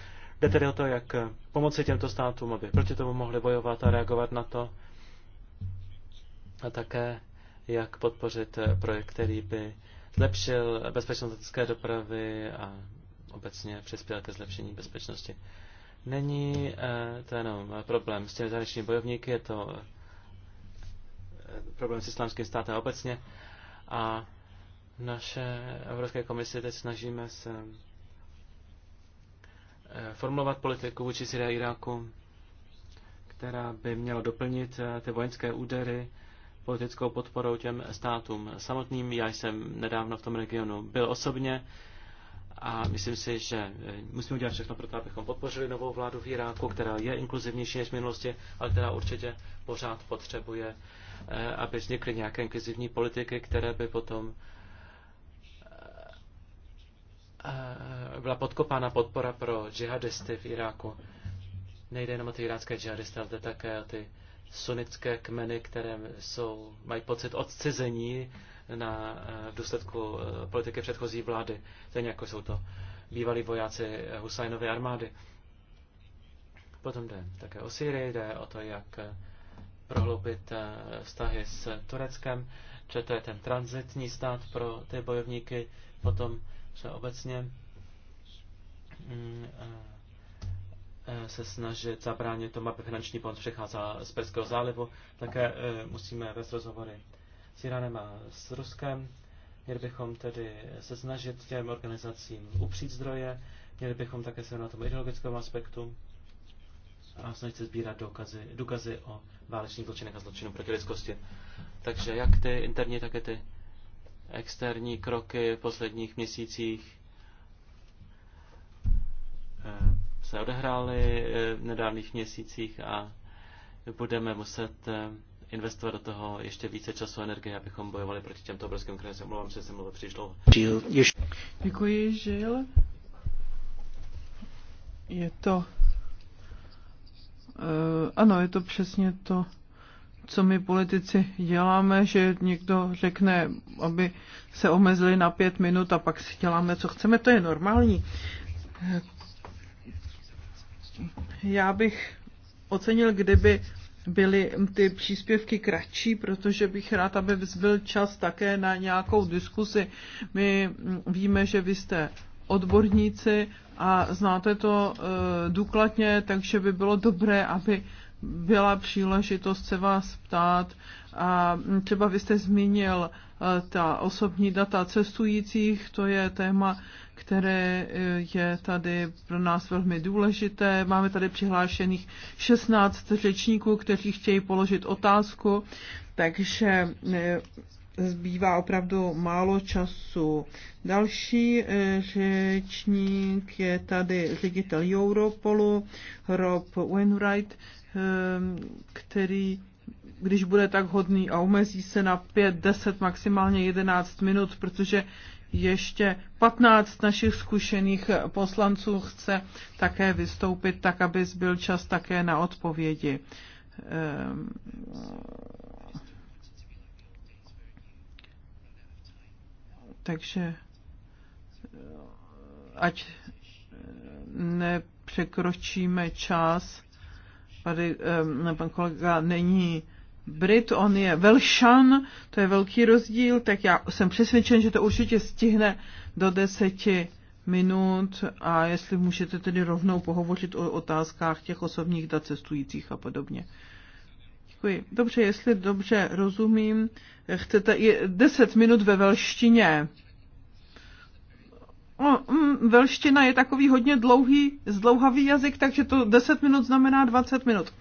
Jde tedy o to, jak eh, pomoci těmto státům, aby proti tomu mohli bojovat a reagovat na to. A také, jak podpořit projekt, který by zlepšil bezpečnost letecké dopravy a obecně přispěl ke zlepšení bezpečnosti. Není eh, to jenom problém s těmi zahraničními bojovníky, je to eh, problém s islámským státem obecně. A naše Evropské komisi teď snažíme se eh, formulovat politiku vůči Syrii a Iráku, která by měla doplnit ty vojenské údery politickou podporou těm státům samotným. Já jsem nedávno v tom regionu byl osobně a myslím si, že eh, musíme udělat všechno pro to, abychom podpořili novou vládu v Iráku, která je inkluzivnější než v minulosti, ale která určitě pořád potřebuje, eh, aby vznikly nějaké inkluzivní politiky, které by potom eh, byla podkopána podpora pro džihadisty v Iráku. Nejde jenom o ty irácké džihadisty, ale také o ty sunnické kmeny, které jsou, mají pocit odcizení na eh, v důsledku eh, politiky předchozí vlády, stejně jako jsou to bývalí vojáci husajnové armády. Potom jde také o Syrii, jde o to, jak eh, prohloubit vztahy s Tureckem, že to je ten transitní stát pro ty bojovníky, potom se obecně mm, Eh, se snažit zabránit tomu, aby finanční pomoc přecházela z Perského zálivu. Také eh, musíme vést rozhovory s Iránem a s Ruskem. Měli bychom tedy se snažit těm organizacím upřít zdroje, měli bychom také se na tom ideologickém aspektu a snažit se sbírat důkazy, důkazy o válečných zločinech a zločinu proti lidskosti. Takže jak ty interní, tak i ty externí kroky v posledních měsících eh, se odehrály eh, v nedávných měsících a budeme muset eh, investovat do toho ještě více času a energie, abychom bojovali proti těmto obrovským krizem. Omlouvám se, že jsem mluvil příliš dlouho. Děkuji, Žil. Je to... Uh, ano, je to přesně to, co my politici děláme, že někdo řekne, aby se omezili na pět minut a pak si děláme, co chceme, to je normální. Já bych ocenil, kdyby byly ty příspěvky kratší, protože bych rád, aby byl čas také na nějakou diskusi. My mm, víme, že vy jste odborníci a znáte to e, důkladně, takže by bylo dobré, aby byla příležitost se vás ptát a mm, třeba vy jste zmínil eh, ta osobní data cestujících, to je téma, které eh, je tady pro nás velmi důležité. Máme tady přihlášených 16 řečníků, kteří chtějí položit otázku, takže eh, zbývá opravdu málo času. Další eh, řečník je tady ředitel Europolu Rob Wainwright, který když bude tak hodný a omezí se na 5, 10, maximálně 11 minut, protože ještě 15 našich zkušených poslanců chce také vystoupit, tak aby zbyl čas také na odpovědi. Ehm, takže eh, ať nepřekročíme čas, tady ehm, pan kolega není Brit, on je Velšan, to je velký rozdíl, tak já jsem přesvědčen, že to určitě stihne do deseti minut a jestli můžete tedy rovnou pohovořit o otázkách těch osobních dat cestujících a podobně. Děkuji. Dobře, jestli dobře rozumím, chcete je 10 minut ve velštině. O, no, mm, velština je takový hodně dlouhý, zdlouhavý jazyk, takže to 10 minut znamená 20 minut. Uh,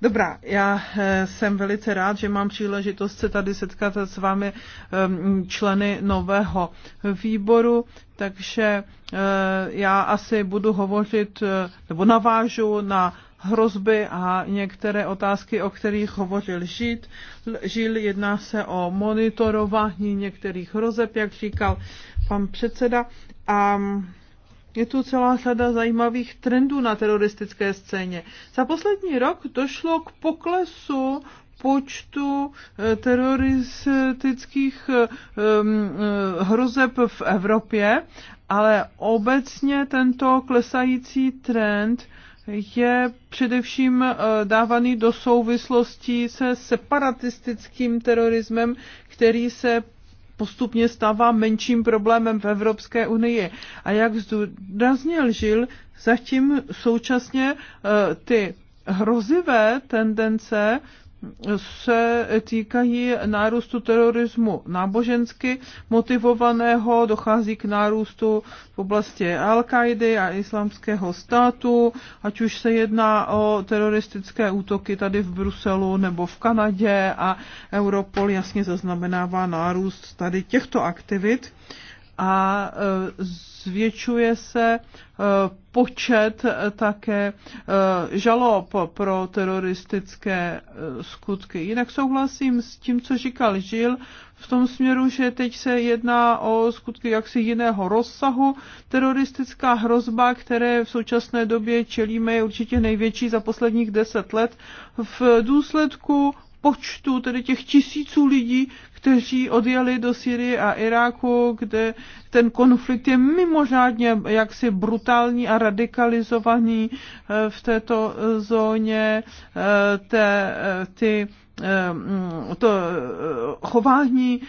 Dobrá, já eh, jsem velice rád, že mám příležitost se tady setkat s vámi ehm, členy nového výboru, takže eh, já asi budu hovořit eh, nebo navážu na hrozby a některé otázky, o kterých hovořil Žid. Žil jedná se o monitorování některých hrozeb, jak říkal pan předseda. A je tu celá sada zajímavých trendů na teroristické scéně. Za poslední rok došlo k poklesu počtu eh, teroristických eh, eh, hrozeb v Evropě, ale obecně tento klesající trend je především dávaný do souvislostí se separatistickým terorismem, který se postupně stává menším problémem v Evropské unii. A jak zdůraznil Žil, zatím současně eh, ty hrozivé tendence se týkají nárůstu terorismu nábožensky motivovaného, dochází k nárůstu v oblasti al kaidy a islamského státu, ať už se jedná o teroristické útoky tady v Bruselu nebo v Kanadě a Europol jasně zaznamenává nárůst tady těchto aktivit a e, zvětšuje se e, počet také e, žalob pro teroristické skutky. Jinak souhlasím s tím, co říkal Žil, v tom směru, že teď se jedná o skutky jaksi jiného rozsahu. Teroristická hrozba, které v současné době čelíme, je určitě největší za posledních deset let v důsledku počtu tedy těch tisíců lidí, kteří odjeli do Syrie a Iráku, kde ten konflikt je mimořádně jaksi brutální a radikalizovaný eh, v této eh, zóně. Eh, Te, ty to chování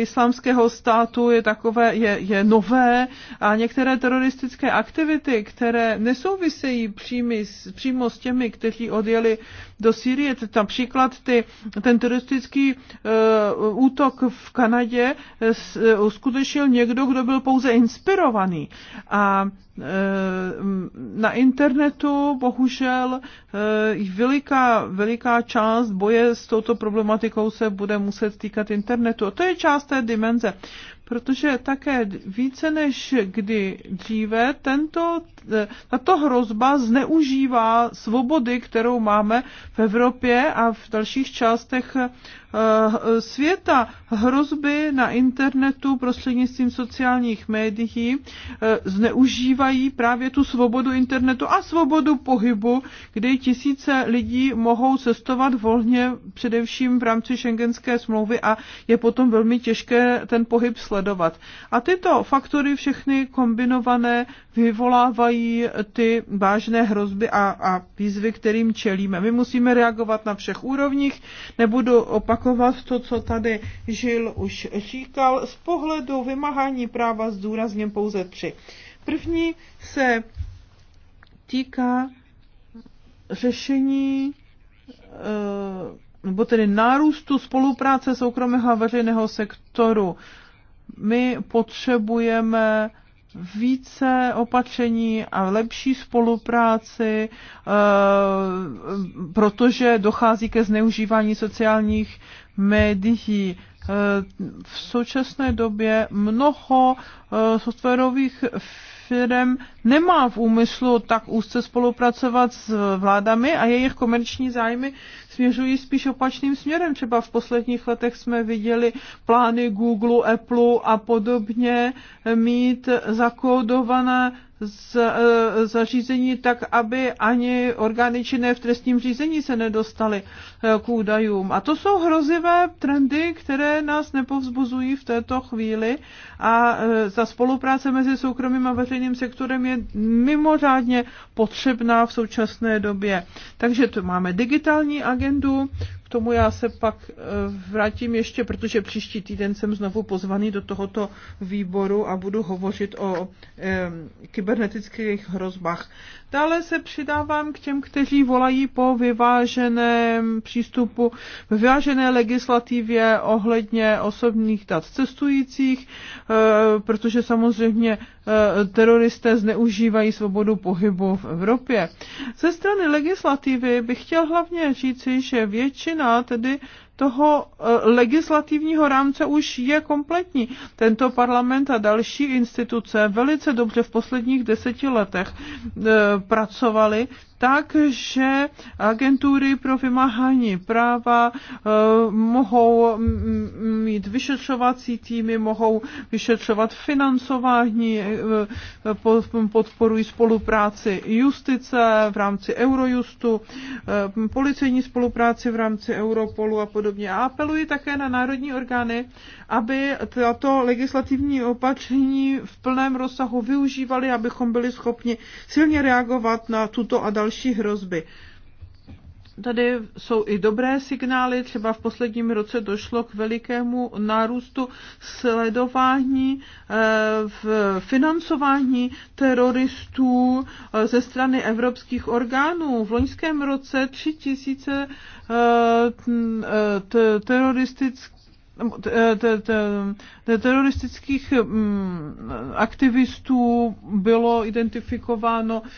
islámského státu je takové, je, je nové a některé teroristické aktivity, které nesouvisejí přímo s těmi, kteří odjeli do Sýrie. Například ty, ten teroristický e, útok v Kanadě eh, uskutečnil někdo, kdo byl pouze inspirovaný. A eh, na internetu bohužel veliká, veliká část boje s touto problematikou se bude muset týkat internetu. A to je část té dimenze protože také více než kdy dříve tento, tato hrozba zneužívá svobody, kterou máme v Evropě a v dalších částech eh, světa. Hrozby na internetu prostřednictvím sociálních médií eh, zneužívají právě tu svobodu internetu a svobodu pohybu, kdy tisíce lidí mohou cestovat volně, především v rámci šengenské smlouvy a je potom velmi těžké ten pohyb sledovat sledovat. A tyto faktory všechny kombinované vyvolávají ty vážné hrozby a, a výzvy, kterým čelíme. My musíme reagovat na všech úrovních, nebudu opakovat to, co tady Žil už říkal. Z pohledu vymáhání práva zdůrazněm pouze tři. První se týká řešení eh, nebo tedy nárůstu spolupráce soukromého a veřejného sektoru my potřebujeme více opatření a lepší spolupráci, eh, protože dochází ke zneužívání sociálních médií. Eh, v současné době mnoho eh, softwarových firm nemá v úmyslu tak úzce spolupracovat s vládami a jejich komerční zájmy směřují spíš opačným směrem. Třeba v posledních letech jsme viděli plány Google, Apple a podobně mít zakódované z, e, zařízení tak, aby ani orgány činné v trestním řízení se nedostaly e, k údajům. A to jsou hrozivé trendy, které nás nepovzbuzují v této chvíli a e, za spolupráce mezi soukromým a veřejným sektorem je mimořádně potřebná v současné době. Takže tu máme digitální agendu, tomu já se pak e, vrátím ještě, protože příští týden jsem znovu pozvaný do tohoto výboru a budu hovořit o e, kybernetických hrozbách. Dále se přidávám k těm, kteří volají po vyváženém přístupu, vyvážené legislativě ohledně osobních dat cestujících, eh, protože samozřejmě eh, teroristé zneužívají svobodu pohybu v Evropě. Ze strany legislativy bych chtěl hlavně říci, že většina tedy toho eh, legislativního rámce už je kompletní. Tento parlament a další instituce velice dobře v posledních deseti letech eh, pracovali tak, že agentury pro vymáhání práva eh, mohou mít vyšetřovací týmy, mohou vyšetřovat financování, eh, podporují spolupráci justice v rámci Eurojustu, eh, policejní spolupráci v rámci Europolu a podobně. A apeluji také na národní orgány, aby tato legislativní opatření v plném rozsahu využívali, abychom byli schopni silně reagovat na tuto a další další hrozby. Tady jsou i dobré signály, třeba v posledním roce došlo k velikému nárůstu sledování eh, v financování teroristů eh, ze strany evropských orgánů. V loňském roce 3000 eh, teroristických teroristických mm, aktivistů bylo identifikováno eh,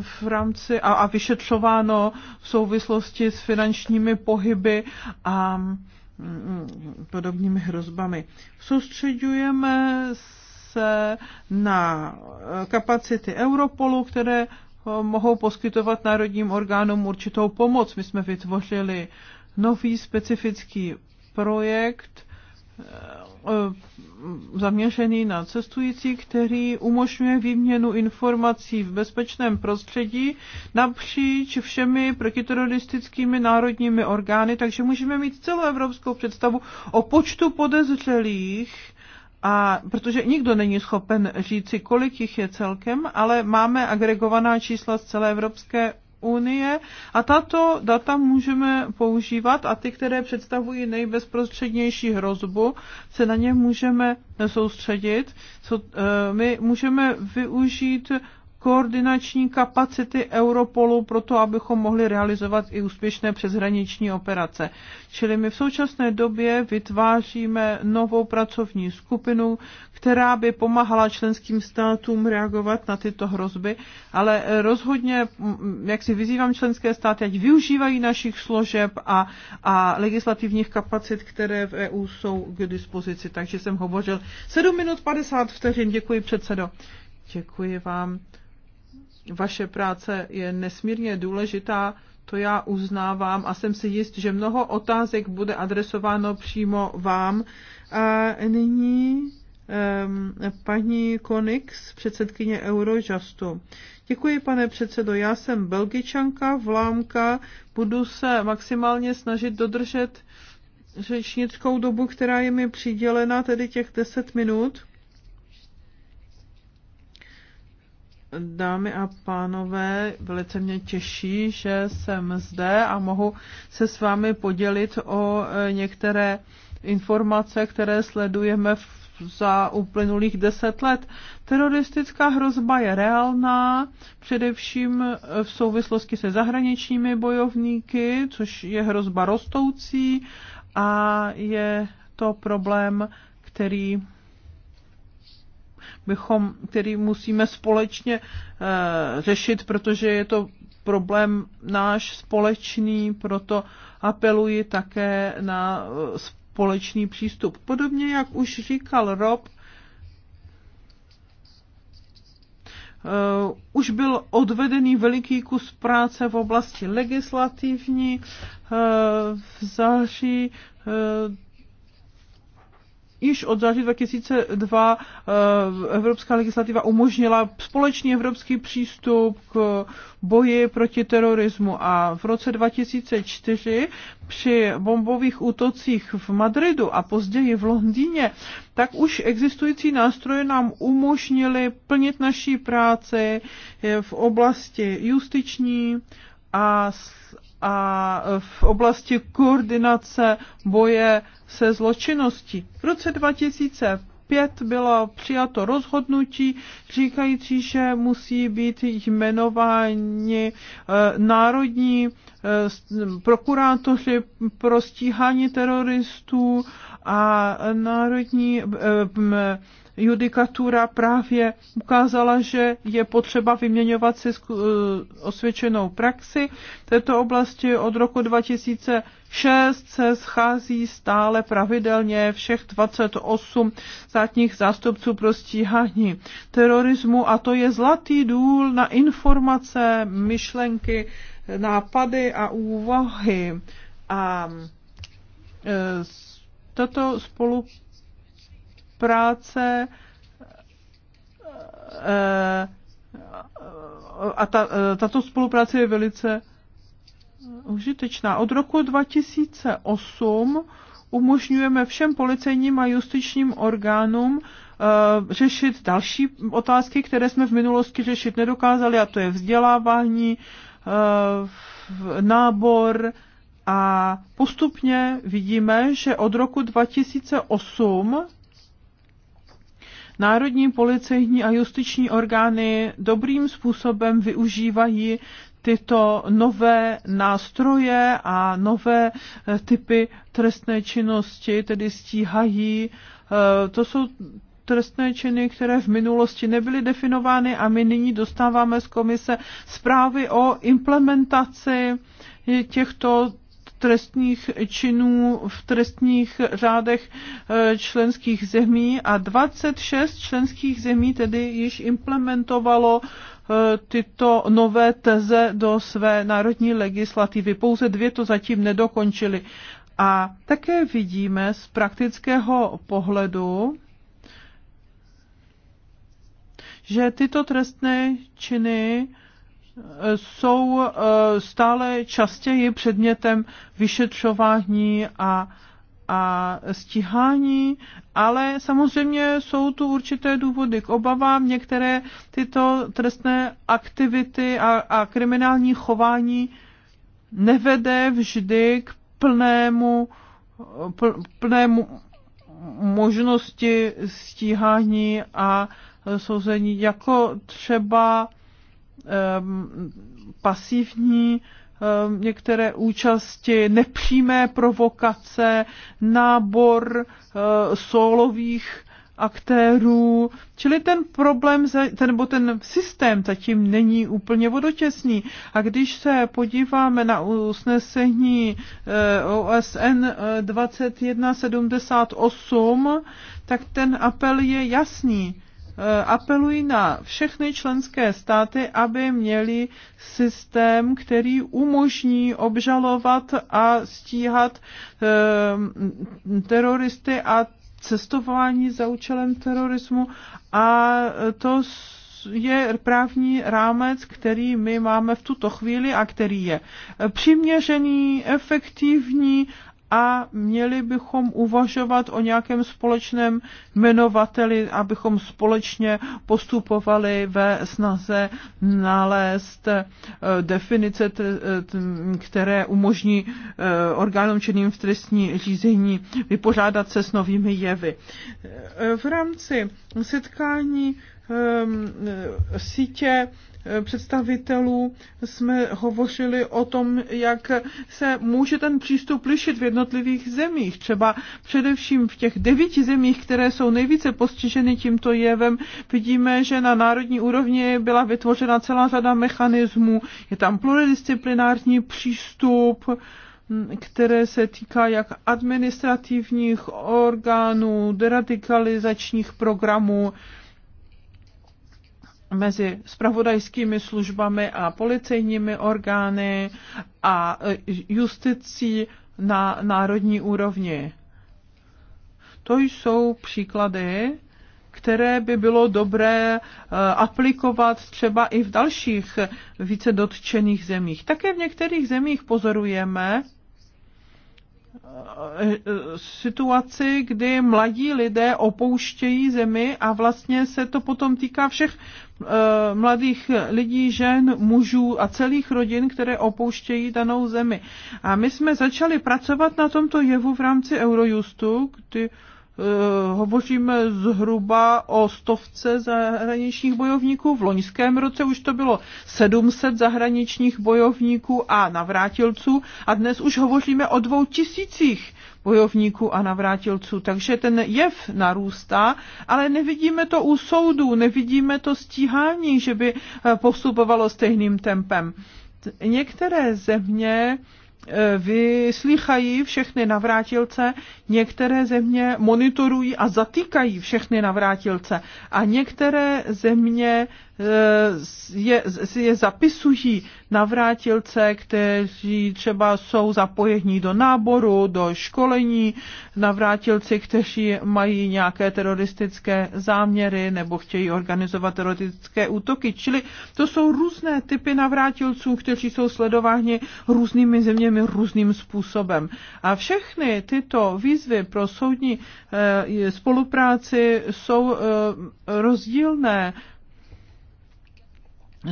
v rámci a, a vyšetřováno v souvislosti s finančními pohyby a mm, podobnými hrozbami. Soustředujeme se na eh, kapacity Europolu, které eh, mohou poskytovat národním orgánům určitou pomoc. My jsme vytvořili nový specifický projekt eh, zaměřený na cestující, který umožňuje výměnu informací v bezpečném prostředí napříč všemi protiteroristickými národními orgány, takže můžeme mít celoevropskou představu o počtu podezřelých, a protože nikdo není schopen říci, kolik jich je celkem, ale máme agregovaná čísla z celé Evropské unie a tato data můžeme používat a ty, které představují nejbezprostřednější hrozbu, se na ně můžeme soustředit. Eh, my můžeme využít koordinační kapacity Europolu pro to, abychom mohli realizovat i úspěšné přeshraniční operace. Čili my v současné době vytváříme novou pracovní skupinu, která by pomáhala členským státům reagovat na tyto hrozby, ale rozhodně, mm, mm, jak si vyzývám členské státy, ať využívají našich složeb a, a legislativních kapacit, které v EU jsou k dispozici. Takže jsem hovořil 7 minut 50 vteřin. Děkuji předsedo. Děkuji vám. Vaše práce je nesmírně důležitá, to já uznávám a jsem si jist, že mnoho otázek bude adresováno přímo vám. A nyní paní Konix, předsedkyně Eurojustu. Děkuji, pane předsedo. Já jsem belgičanka, vlámka, budu se maximálně snažit dodržet řečnickou dobu, která je mi přidělena, tedy těch 10 minut. Dámy a pánové, velice mě těší, že jsem zde a mohu se s vámi podělit o e, některé informace, které sledujeme v, za uplynulých deset let. Teroristická hrozba je reálná, především e, v souvislosti se zahraničními bojovníky, což je hrozba rostoucí a je to problém, který bychom, který musíme společně eh, řešit, protože je to problém náš společný, proto apeluji také na eh, společný přístup. Podobně jak už říkal Rob, Uh, už byl odvedený veliký kus práce v oblasti legislativní. Uh, v září uh, již od září 2002 eh, evropská legislativa umožnila společný evropský přístup k boji proti terorismu a v roce 2004 při bombových útocích v Madridu a později v Londýně, tak už existující nástroje nám umožnili plnit naší práci eh, v oblasti justiční a a v oblasti koordinace boje se zločinností. V roce 2005 bylo přijato rozhodnutí říkající, že musí být jmenováni eh, národní eh, prokurátoři pro stíhání teroristů a národní eh, judikatura právě ukázala, že je potřeba vyměňovat si eh, osvědčenou praxi. V této oblasti od roku 2006 se schází stále pravidelně všech 28 státních zástupců pro stíhání terorismu a to je zlatý důl na informace, myšlenky, nápady a úvahy. A eh, tato spolupráce práce eh, a ta, eh, tato spolupráce je velice užitečná. Od roku 2008 umožňujeme všem policejním a justičním orgánům eh, řešit další otázky, které jsme v minulosti řešit nedokázali, a to je vzdělávání, nábor a postupně vidíme, že od roku 2008 národní policejní a justiční orgány dobrým způsobem využívají tyto nové nástroje a nové e, typy trestné činnosti, tedy stíhají. E, to jsou trestné činy, které v minulosti nebyly definovány a my nyní dostáváme z komise zprávy o implementaci těchto trestních činů v trestních řádech eh, členských zemí a 26 členských zemí tedy již implementovalo eh, tyto nové teze do své národní legislativy. Pouze dvě to zatím nedokončily. A také vidíme z praktického pohledu, že tyto trestné činy jsou eh, stále častěji předmětem vyšetřování a, a stíhání, ale samozřejmě jsou tu určité důvody k obavám. Některé tyto trestné aktivity a, a kriminální chování nevede vždy k plnému, plnému možnosti stíhání a souzení, jako třeba Um, pasivní um, některé účasti, nepřímé provokace, nábor uh, solových aktérů, čili ten problém, ten, nebo ten systém zatím není úplně vodotěsný. A když se podíváme na usnesení eh, eh, OSN 2178, tak ten apel je jasný. Eh, apelují na všechny členské státy, aby měli systém, který umožní obžalovat a stíhat eh, teroristy a cestování za účelem terorismu a to je právní rámec, který my máme v tuto chvíli a který je přiměřený, efektivní a měli bychom uvažovat o nějakém společném jmenovateli, abychom společně postupovali ve snaze nalézt eh, definice, eh, které umožní eh, orgánům činným v trestní řízení vypořádat se s novými jevy. V rámci setkání ehm, sítě představitelů jsme hovořili o tom, jak se může ten přístup lišit v jednotlivých zemích. Třeba především v těch devíti zemích, které jsou nejvíce postiženy tímto jevem, vidíme, že na národní úrovni byla vytvořena celá řada mechanismů. Je tam pluridisciplinární přístup, které se týká jak administrativních orgánů, deradikalizačních programů, mezi spravodajskými službami a policejními orgány a e, justicí na národní úrovni. To jsou příklady, které by bylo dobré e, aplikovat třeba i v dalších více dotčených zemích. Také v některých zemích pozorujeme e, situaci, kdy mladí lidé opouštějí zemi a vlastně se to potom týká všech Eh, mladých lidí, žen, mužů a celých rodin, které opouštějí danou zemi. A my jsme začali pracovat na tomto jevu v rámci Eurojustu, kdy eh, hovoříme zhruba o stovce zahraničních bojovníků. V loňském roce už to bylo 700 zahraničních bojovníků a navrátilců a dnes už hovoříme o dvou tisících bojovníků a navrátilců. Takže ten jev narůstá, ale nevidíme to u soudů, nevidíme to stíhání, že by eh, postupovalo stejným tempem. Některé země eh, vyslýchají všechny navrátilce, některé země monitorují a zatýkají všechny navrátilce a některé země Eh, je, je zapisují navrátilce, kteří třeba jsou zapojení do náboru, do školení, navrátilci, kteří mají nějaké teroristické záměry nebo chtějí organizovat teroristické útoky. Čili to jsou různé typy navrátilců, kteří jsou sledováni různými zeměmi různým způsobem. A všechny tyto výzvy pro soudní eh, spolupráci jsou eh, rozdílné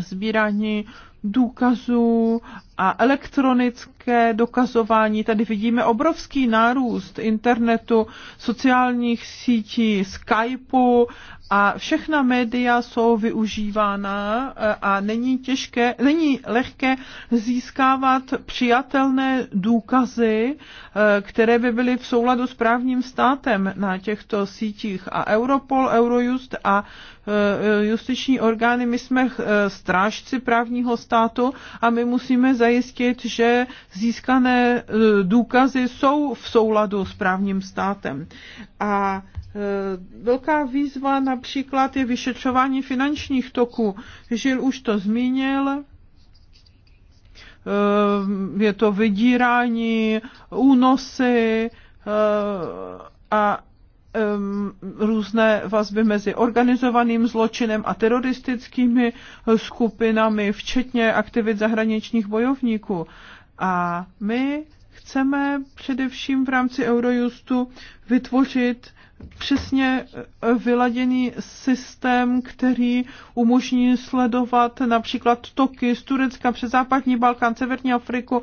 sbírání důkazů a elektronické dokazování. Tady vidíme obrovský nárůst internetu, sociálních sítí, Skypeu a všechna média jsou využívána e, a není těžké, není lehké získávat přijatelné důkazy, e, které by byly v souladu s právním státem na těchto sítích. A Europol, Eurojust a e, justiční orgány, my jsme strážci právního státu, státu a my musíme zajistit, že získané e, důkazy jsou v souladu s právním státem. A e, Velká výzva například je vyšetřování finančních toků. Žil už to zmínil, e, je to vydírání, únosy a um, různé vazby mezi organizovaným zločinem a teroristickými skupinami, včetně aktivit zahraničních bojovníků. A my chceme především v rámci Eurojustu vytvořit přesně eh, vyladěný systém, který umožní sledovat například toky z Turecka přes západní Balkán, severní Afriku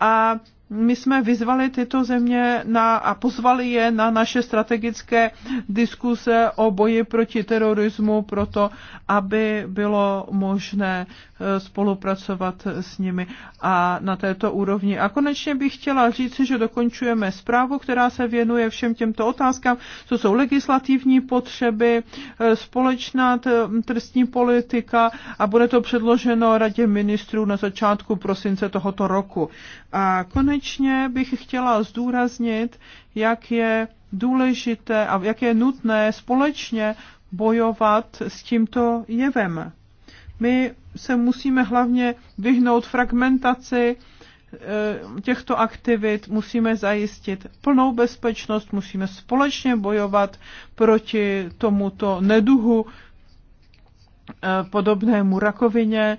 a my jsme vyzvali tyto země na, a pozvali je na naše strategické diskuse o boji proti terorismu proto, aby bylo možné Eh, spolupracovat s nimi a na této úrovni. A konečně bych chtěla říct, že dokončujeme zprávu, která se věnuje všem těmto otázkám, co jsou legislativní potřeby, eh, společná trestní politika a bude to předloženo Radě ministrů na začátku prosince tohoto roku. A konečně bych chtěla zdůraznit, jak je důležité a jak je nutné společně bojovat s tímto jevem. My se musíme hlavně vyhnout fragmentaci eh, těchto aktivit, musíme zajistit plnou bezpečnost, musíme společně bojovat proti tomuto neduhu, eh, podobnému rakovině.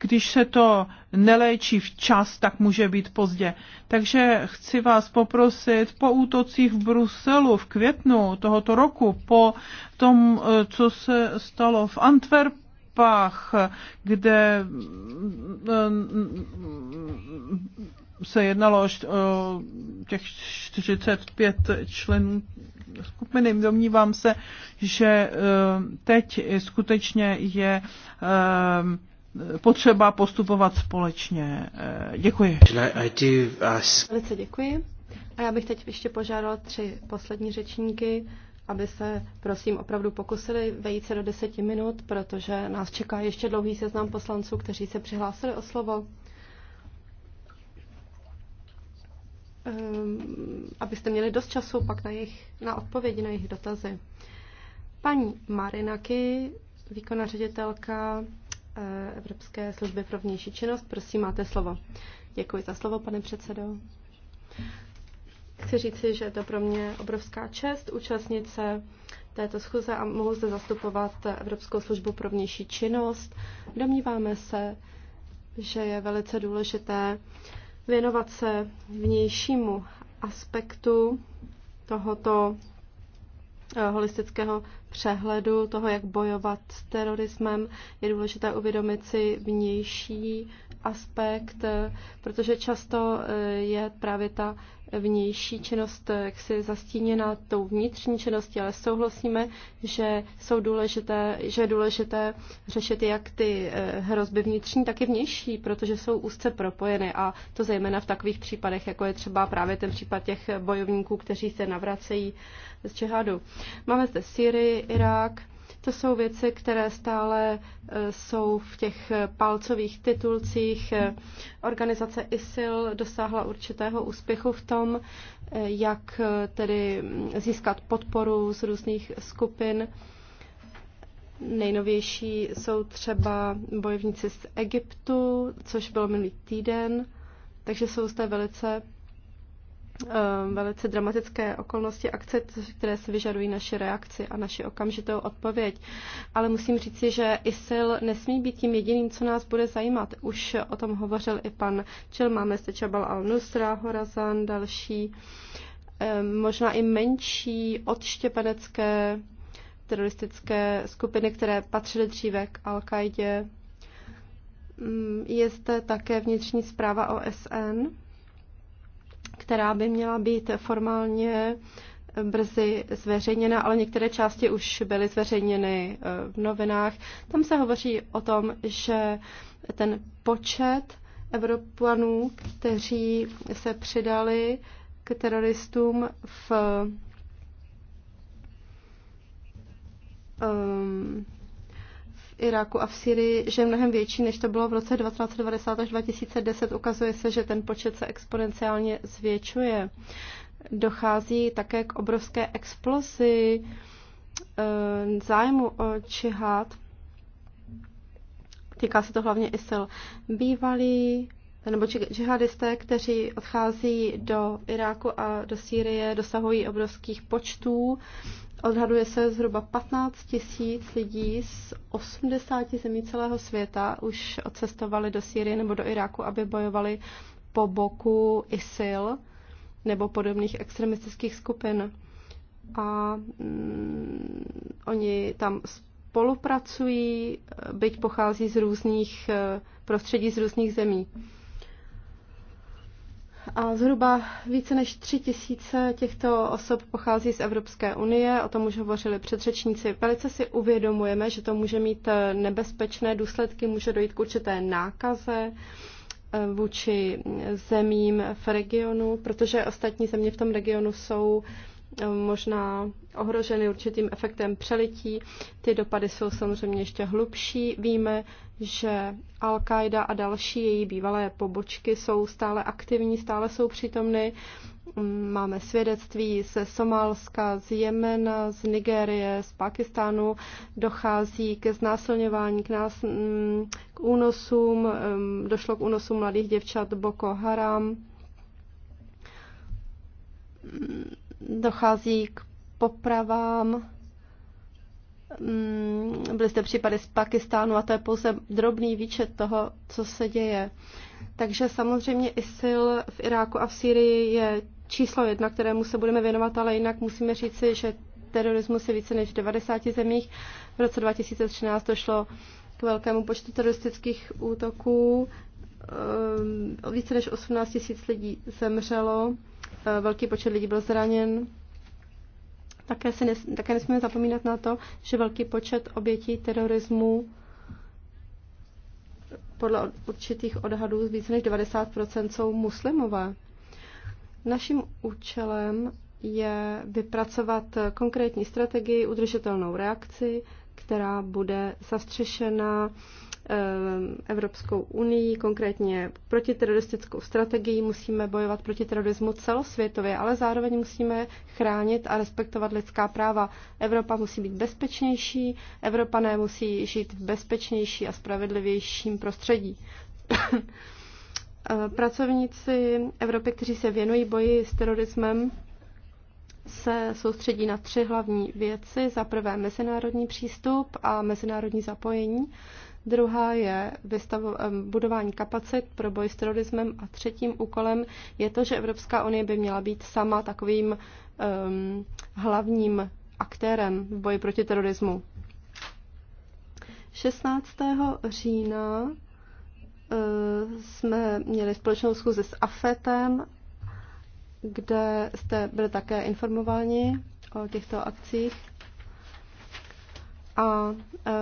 Když se to neléčí včas, tak může být pozdě. Takže chci vás poprosit po útocích v Bruselu v květnu tohoto roku, po tom, eh, co se stalo v Antwerp, Alpách, kde eh, se jednalo o těch 45 členů skupiny. Domnívám se, že eh, teď skutečně je eh, potřeba postupovat společně. Děkuji. Velice děkuji. A já bych teď ještě požádal tři poslední řečníky, aby se, prosím, opravdu pokusili vejít se do deseti minut, protože nás čeká ještě dlouhý seznam poslanců, kteří se přihlásili o slovo. Ehm, abyste měli dost času pak na, jejich, na odpovědi na jejich dotazy. Paní Marinaky, výkonná ředitelka eh, Evropské služby pro vnější činnost, prosím, máte slovo. Děkuji za slovo, pane předsedo. Chci říci, že je to pro mě obrovská čest účastnit se této schůze a mohu zde zastupovat Evropskou službu pro vnější činnost. Domníváme se, že je velice důležité věnovat se vnějšímu aspektu tohoto eh, holistického přehledu toho, jak bojovat s terorismem, je důležité uvědomit si vnější aspekt, eh, protože často eh, je právě ta vnější činnost eh, jaksi zastíněna tou vnitřní činností, ale souhlasíme, že jsou důležité, že je důležité řešit jak ty eh, hrozby vnitřní, tak i vnější, protože jsou úzce propojeny a to zejména v takových případech, jako je třeba právě ten případ těch bojovníků, kteří se navracejí z Čehadu. Máme zde Syrii, Irák, to jsou věci, které stále e, jsou v těch palcových titulcích. E, organizace ISIL dosáhla určitého úspěchu v tom, e, jak tedy získat podporu z různých skupin. Nejnovější jsou třeba bojovníci z Egyptu, což bylo minulý týden, takže jsou zde velice Eh, velice dramatické okolnosti akce, které se vyžadují naši reakci a naši okamžitou odpověď. Ale musím říci, že ISIL nesmí být tím jediným, co nás bude zajímat. Už o tom hovořil i pan Čel, máme se Čabal al-Nusra, Horazan, další, eh, možná i menší odštěpenecké teroristické skupiny, které patřily dříve k Al-Kaidě. Mm, je zde také vnitřní zpráva OSN, která by měla být formálně brzy zveřejněna, ale některé části už byly zveřejněny eh, v novinách. Tam se hovoří o tom, že ten počet Evropanů, kteří se přidali k teroristům v um, Iráku a v Syrii, že je mnohem větší, než to bylo v roce 1990 až 2010. Ukazuje se, že ten počet se exponenciálně zvětšuje. Dochází také k obrovské explosi eh, zájmu o čihad. Týká se to hlavně ISIL. Bývalí nebo džihadisté, kteří odchází do Iráku a do Sýrie, dosahují obrovských počtů Odhaduje se zhruba 15 tisíc lidí z 80 zemí celého světa už odcestovali do Sýrie nebo do Iráku, aby bojovali po boku ISIL nebo podobných extremistických skupin. A mm, oni tam spolupracují, byť pochází z různých eh, prostředí, z různých zemí. A zhruba více než tři tisíce těchto osob pochází z Evropské unie, o tom už hovořili předřečníci. Velice si uvědomujeme, že to může mít eh, nebezpečné důsledky, může dojít k určité nákaze eh, vůči zemím v regionu, protože ostatní země v tom regionu jsou možná ohroženy určitým efektem přelití. Ty dopady jsou samozřejmě ještě hlubší. Víme, že Al-Qaida a další její bývalé pobočky jsou stále aktivní, stále jsou přítomny. Mm, máme svědectví ze Somálska, z Jemena, z Nigérie, z Pakistánu. Dochází ke znásilňování, k, nás, mm, k únosům. Mm, došlo k únosům mladých děvčat Boko Haram dochází k popravám. Mm, byly jste případy z Pakistánu a to je pouze drobný výčet toho, co se děje. Takže samozřejmě ISIL v Iráku a v Sýrii je číslo jedna, kterému se budeme věnovat, ale jinak musíme říci, že terorismus je více než v 90 zemích. V roce 2013 došlo k velkému počtu teroristických útoků. Ehm, více než 18 tisíc lidí zemřelo. Eh, velký počet lidí byl zraněn. Také, si nes, také nesmíme zapomínat na to, že velký počet obětí terorismu podle určitých odhadů více než 90 jsou muslimové. Naším účelem je vypracovat konkrétní strategii, udržitelnou reakci, která bude zastřešena Ehm, Evropskou unii, konkrétně protiteroristickou strategii. Musíme bojovat proti terorismu celosvětově, ale zároveň musíme chránit a respektovat lidská práva. Evropa musí být bezpečnější, Evropané musí žít v bezpečnější a spravedlivějším prostředí. Ehm, pracovníci Evropy, kteří se věnují boji s terorismem, se soustředí na tři hlavní věci. Za prvé mezinárodní přístup a mezinárodní zapojení druhá je vystavo, budování kapacit pro boj s terorismem a třetím úkolem je to, že Evropská unie by měla být sama takovým um, hlavním aktérem v boji proti terorismu. 16. října uh, jsme měli společnou schůzi s AFETem, kde jste byli také informováni o těchto akcích a e,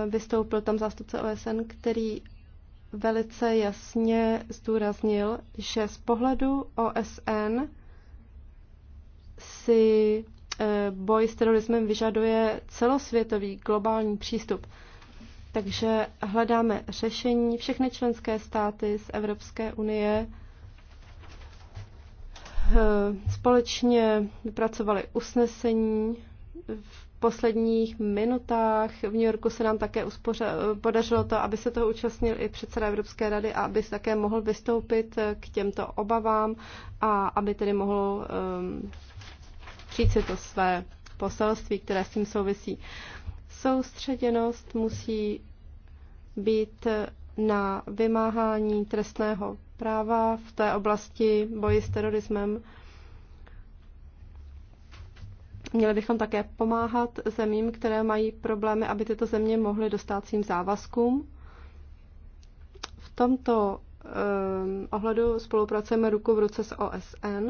vystoupil tam zástupce OSN, který velice jasně zdůraznil, že z pohledu OSN si e, boj s terorismem vyžaduje celosvětový globální přístup. Takže hledáme řešení. Všechny členské státy z Evropské unie e, společně vypracovali usnesení v posledních minutách v New Yorku se nám také uspoře- podařilo to, aby se toho účastnil i předseda Evropské rady a aby se také mohl vystoupit eh, k těmto obavám a aby tedy mohl um, říct si to své poselství, které s tím souvisí. Soustředěnost musí být eh, na vymáhání trestného práva v té oblasti boji s terorismem. Měli bychom také pomáhat zemím, které mají problémy, aby tyto země mohly dostat svým závazkům. V tomto um, ohledu spolupracujeme ruku v ruce s OSN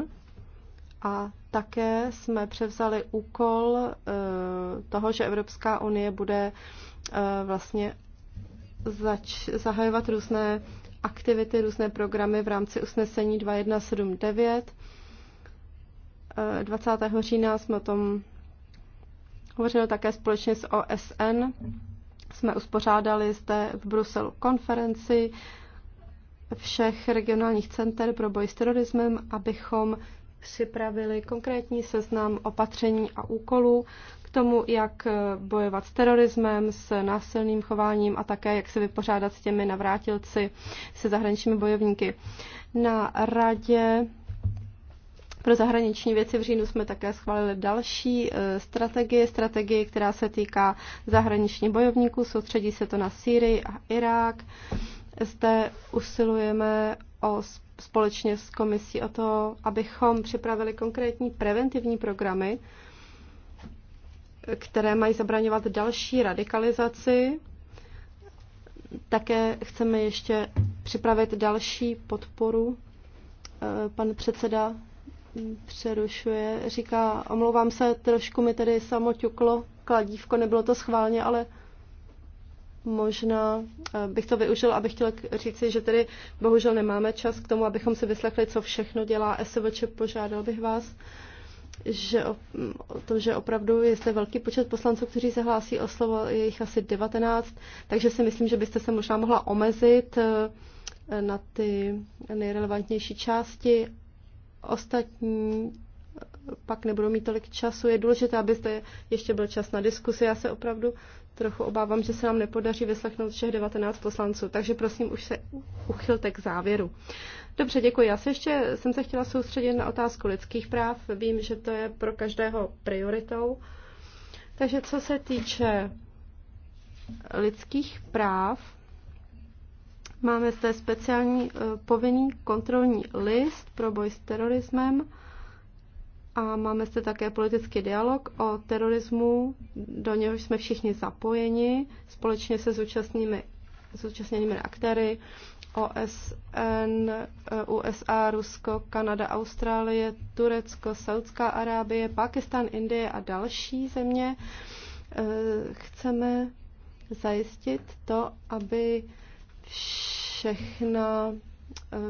a také jsme převzali úkol uh, toho, že Evropská unie bude uh, vlastně zač- zahajovat různé aktivity, různé programy v rámci usnesení 2179 20. Eh, října jsme o tom hovořili také společně s OSN. Jsme uspořádali zde v Bruselu konferenci všech regionálních center pro boj s terorismem, abychom připravili konkrétní seznam opatření a úkolů k tomu, jak eh, bojovat s terorismem, s násilným chováním a také jak se vypořádat s těmi navrátilci, se zahraničními bojovníky. Na radě pro zahraniční věci v říjnu jsme také schválili další e, strategie, strategie, která se týká zahraniční bojovníků, soustředí se to na Sýrii a Irák. Zde usilujeme o společně s komisí o to, abychom připravili konkrétní preventivní programy, které mají zabraňovat další radikalizaci. Také chceme ještě připravit další podporu. E, pan předseda přerušuje. Říká, omlouvám se, trošku mi tady samoťuklo kladívko, nebylo to schválně, ale možná eh, bych to využil, abych chtěl říci, že tedy bohužel nemáme čas k tomu, abychom si vyslechli, co všechno dělá SVČ. Požádal bych vás, že o, o tom, že opravdu je zde velký počet poslanců, kteří se hlásí o slovo, je jich asi 19, takže si myslím, že byste se možná mohla omezit eh, na ty nejrelevantnější části ostatní pak nebudou mít tolik času. Je důležité, abyste ještě byl čas na diskusi. Já se opravdu trochu obávám, že se nám nepodaří vyslechnout všech 19 poslanců, takže prosím, už se uchylte k závěru. Dobře, děkuji. Já se ještě jsem se chtěla soustředit na otázku lidských práv. Vím, že to je pro každého prioritou. Takže co se týče lidských práv, Máme zde speciální eh, povinný kontrolní list pro boj s terorismem a máme zde také politický dialog o terorismu, do něhož jsme všichni zapojeni společně se zúčastněnými, zúčastněnými aktéry OSN, eh, USA, Rusko, Kanada, Austrálie, Turecko, Saudská Arábie, Pakistan, Indie a další země. Eh, chceme zajistit to, aby všechna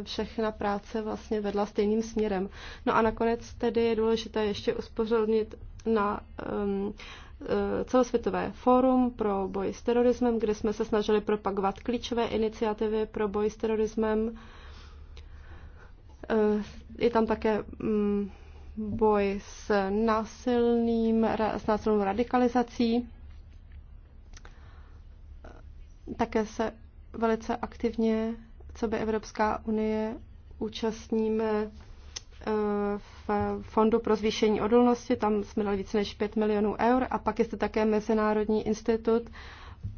všechna práce vlastně vedla stejným směrem. No a nakonec tedy je důležité ještě uspořádnit na um, eh, celosvětové fórum pro boj s terorismem, kde jsme se snažili propagovat klíčové iniciativy pro boj s terorismem. Eh, je tam také mm, boj s, násilným, s násilnou radikalizací. Také se velice aktivně, co by Evropská unie, účastníme eh, v Fondu pro zvýšení odolnosti, tam jsme dali více než 5 milionů eur a pak je zde také Mezinárodní institut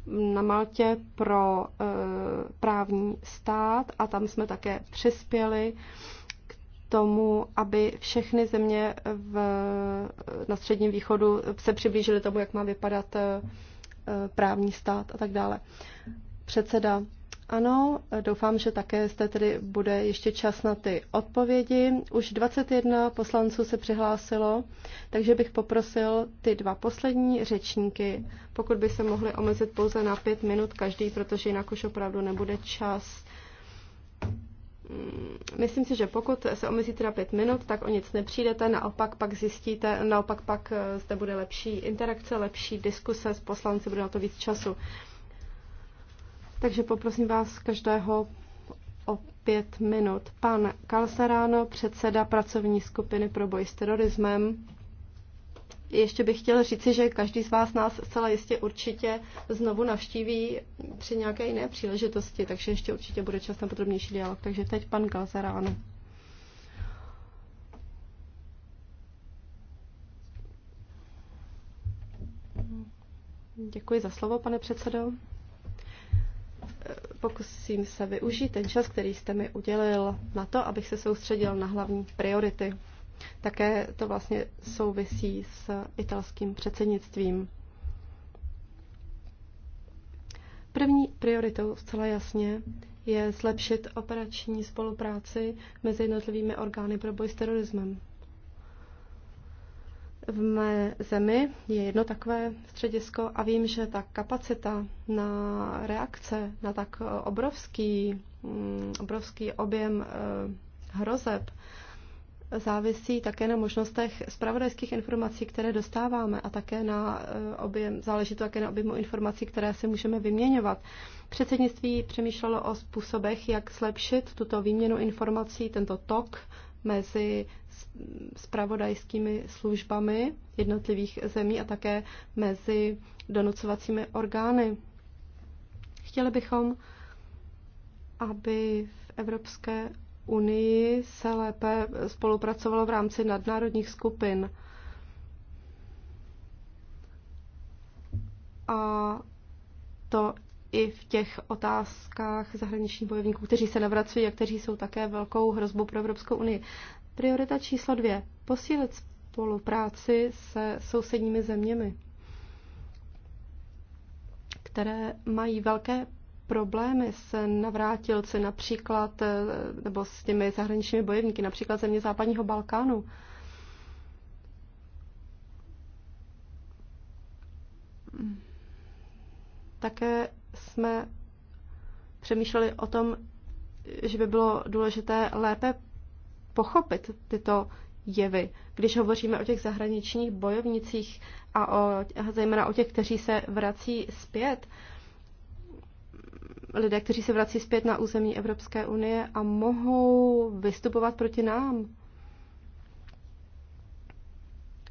na Maltě pro eh, právní stát a tam jsme také přispěli k tomu, aby všechny země v, na Středním východu se přiblížily tomu, jak má vypadat eh, právní stát a tak dále. Předseda, ano, doufám, že také jste tedy bude ještě čas na ty odpovědi. Už 21 poslanců se přihlásilo, takže bych poprosil ty dva poslední řečníky, pokud by se mohli omezit pouze na pět minut každý, protože jinak už opravdu nebude čas. Mm, myslím si, že pokud se omezíte na pět minut, tak o nic nepřijdete, naopak pak zjistíte, naopak pak eh, zde bude lepší interakce, lepší diskuse s poslanci, bude na to víc času. Takže poprosím vás každého o pět minut. Pan Kalsaráno, předseda pracovní skupiny pro boj s terorismem. Ještě bych chtěl říci, že každý z vás nás zcela jistě určitě znovu navštíví při nějaké jiné příležitosti, takže ještě určitě bude čas na podrobnější dialog. Takže teď pan Kalsaráno. Děkuji za slovo, pane předsedo pokusím se využít ten čas, který jste mi udělil na to, abych se soustředil na hlavní priority. Také to vlastně souvisí s italským předsednictvím. První prioritou zcela jasně je zlepšit operační spolupráci mezi jednotlivými orgány pro boj s terorismem. V mé zemi je jedno takové středisko a vím, že ta kapacita na reakce na tak eh, obrovský, mm, obrovský objem eh, hrozeb závisí také na možnostech zpravodajských informací, které dostáváme a také na eh, objem, záleží to také na objemu informací, které si můžeme vyměňovat. Předsednictví přemýšlelo o způsobech, jak zlepšit tuto výměnu informací, tento tok mezi spravodajskými službami jednotlivých zemí a také mezi donucovacími orgány. Chtěli bychom, aby v Evropské unii se lépe spolupracovalo v rámci nadnárodních skupin. A to i v těch otázkách zahraničních bojovníků, kteří se navracují a kteří jsou také velkou hrozbou pro Evropskou unii. Priorita číslo dvě. Posílit spolupráci se sousedními zeměmi, které mají velké problémy s navrátilci například, eh, nebo s těmi zahraničními bojovníky, například země západního Balkánu. Také jsme přemýšleli o tom, že by bylo důležité lépe pochopit tyto jevy. Když hovoříme o těch zahraničních bojovnicích a, o, zejména o těch, kteří se vrací zpět, lidé, kteří se vrací zpět na území Evropské unie a mohou vystupovat proti nám.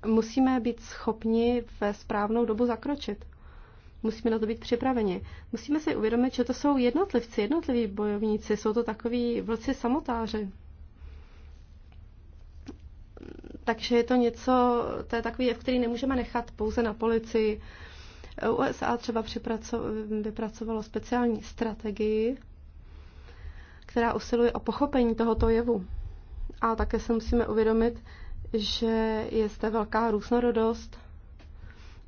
Musíme být schopni ve správnou dobu zakročit. Musíme na to být připraveni. Musíme si uvědomit, že to jsou jednotlivci, jednotliví bojovníci, jsou to takový vlci samotáři. Takže je to něco, to je takový jev, který nemůžeme nechat pouze na policii. USA třeba vypracovalo speciální strategii, která usiluje o pochopení tohoto jevu. A také se musíme uvědomit, že je zde velká různorodost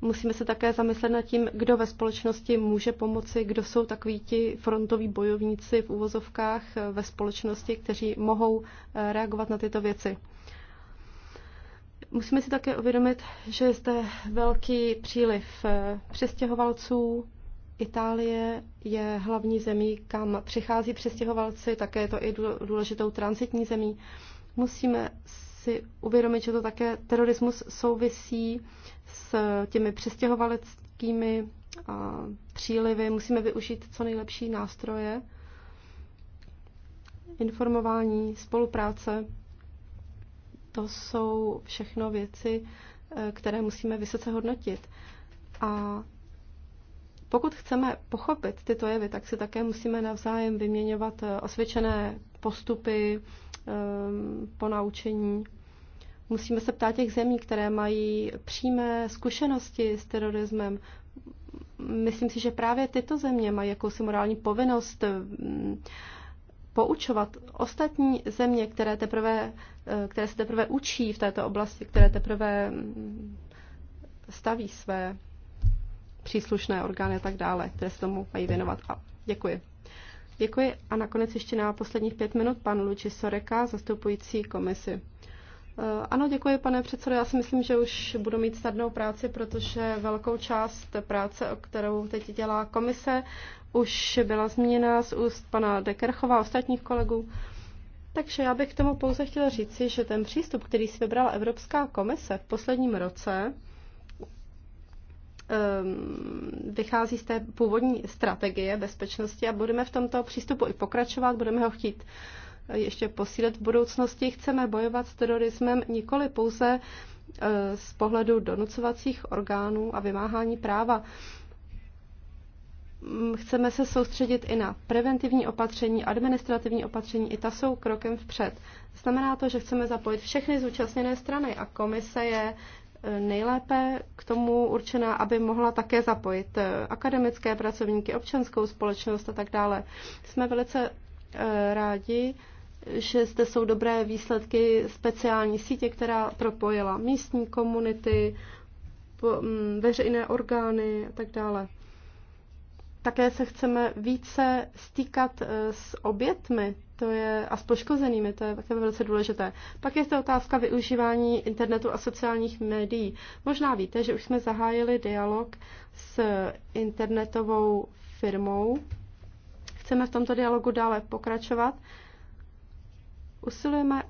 Musíme se také zamyslet nad tím, kdo ve společnosti může pomoci, kdo jsou takoví ti frontoví bojovníci v uvozovkách eh, ve společnosti, kteří mohou eh, reagovat na tyto věci. Musíme si také uvědomit, že je zde velký příliv eh, přestěhovalců. Itálie je hlavní zemí, kam přichází přestěhovalci, také je to i důležitou transitní zemí. Musíme si uvědomit, že to také terorismus souvisí s těmi přistěhovaleckými přílivy. Musíme využít co nejlepší nástroje informování, spolupráce. To jsou všechno věci, e, které musíme vysoce hodnotit. A pokud chceme pochopit tyto jevy, tak si také musíme navzájem vyměňovat e, osvědčené postupy, e, ponaučení. Musíme se ptát těch zemí, které mají přímé zkušenosti s terorismem. Myslím si, že právě tyto země mají jakousi morální povinnost mm, poučovat ostatní země, které, teprve, eh, které se teprve učí v této oblasti, které teprve mm, staví své příslušné orgány a tak dále, které se tomu mají věnovat. A děkuji. Děkuji a nakonec ještě na posledních pět minut pan Luči Soreka, zastupující komisi. Eh, ano, děkuji, pane předsedo. Já si myslím, že už budu mít snadnou práci, protože velkou část práce, o kterou teď dělá komise, už byla zmíněna z úst pana Dekerchova a ostatních kolegů. Takže já bych k tomu pouze chtěla říci, že ten přístup, který si vybrala Evropská komise v posledním roce, ehm, vychází z té původní strategie bezpečnosti a budeme v tomto přístupu i pokračovat, budeme ho chtít ještě posílit v budoucnosti. Chceme bojovat s terorismem nikoli pouze e, z pohledu donucovacích orgánů a vymáhání práva. Chceme se soustředit i na preventivní opatření, administrativní opatření, i ta jsou krokem vpřed. Znamená to, že chceme zapojit všechny zúčastněné strany a komise je e, nejlépe k tomu určená, aby mohla také zapojit e, akademické pracovníky, občanskou společnost a tak dále. Jsme velice rádi, že zde jsou dobré výsledky speciální sítě, která propojila místní komunity, mm, veřejné orgány a tak dále. Také se chceme více stýkat e, s obětmi to je, a s poškozenými, to je také velice důležité. Pak je zde otázka využívání internetu a sociálních médií. Možná víte, že už jsme zahájili dialog s internetovou firmou. Chceme v tomto dialogu dále pokračovat Usilujeme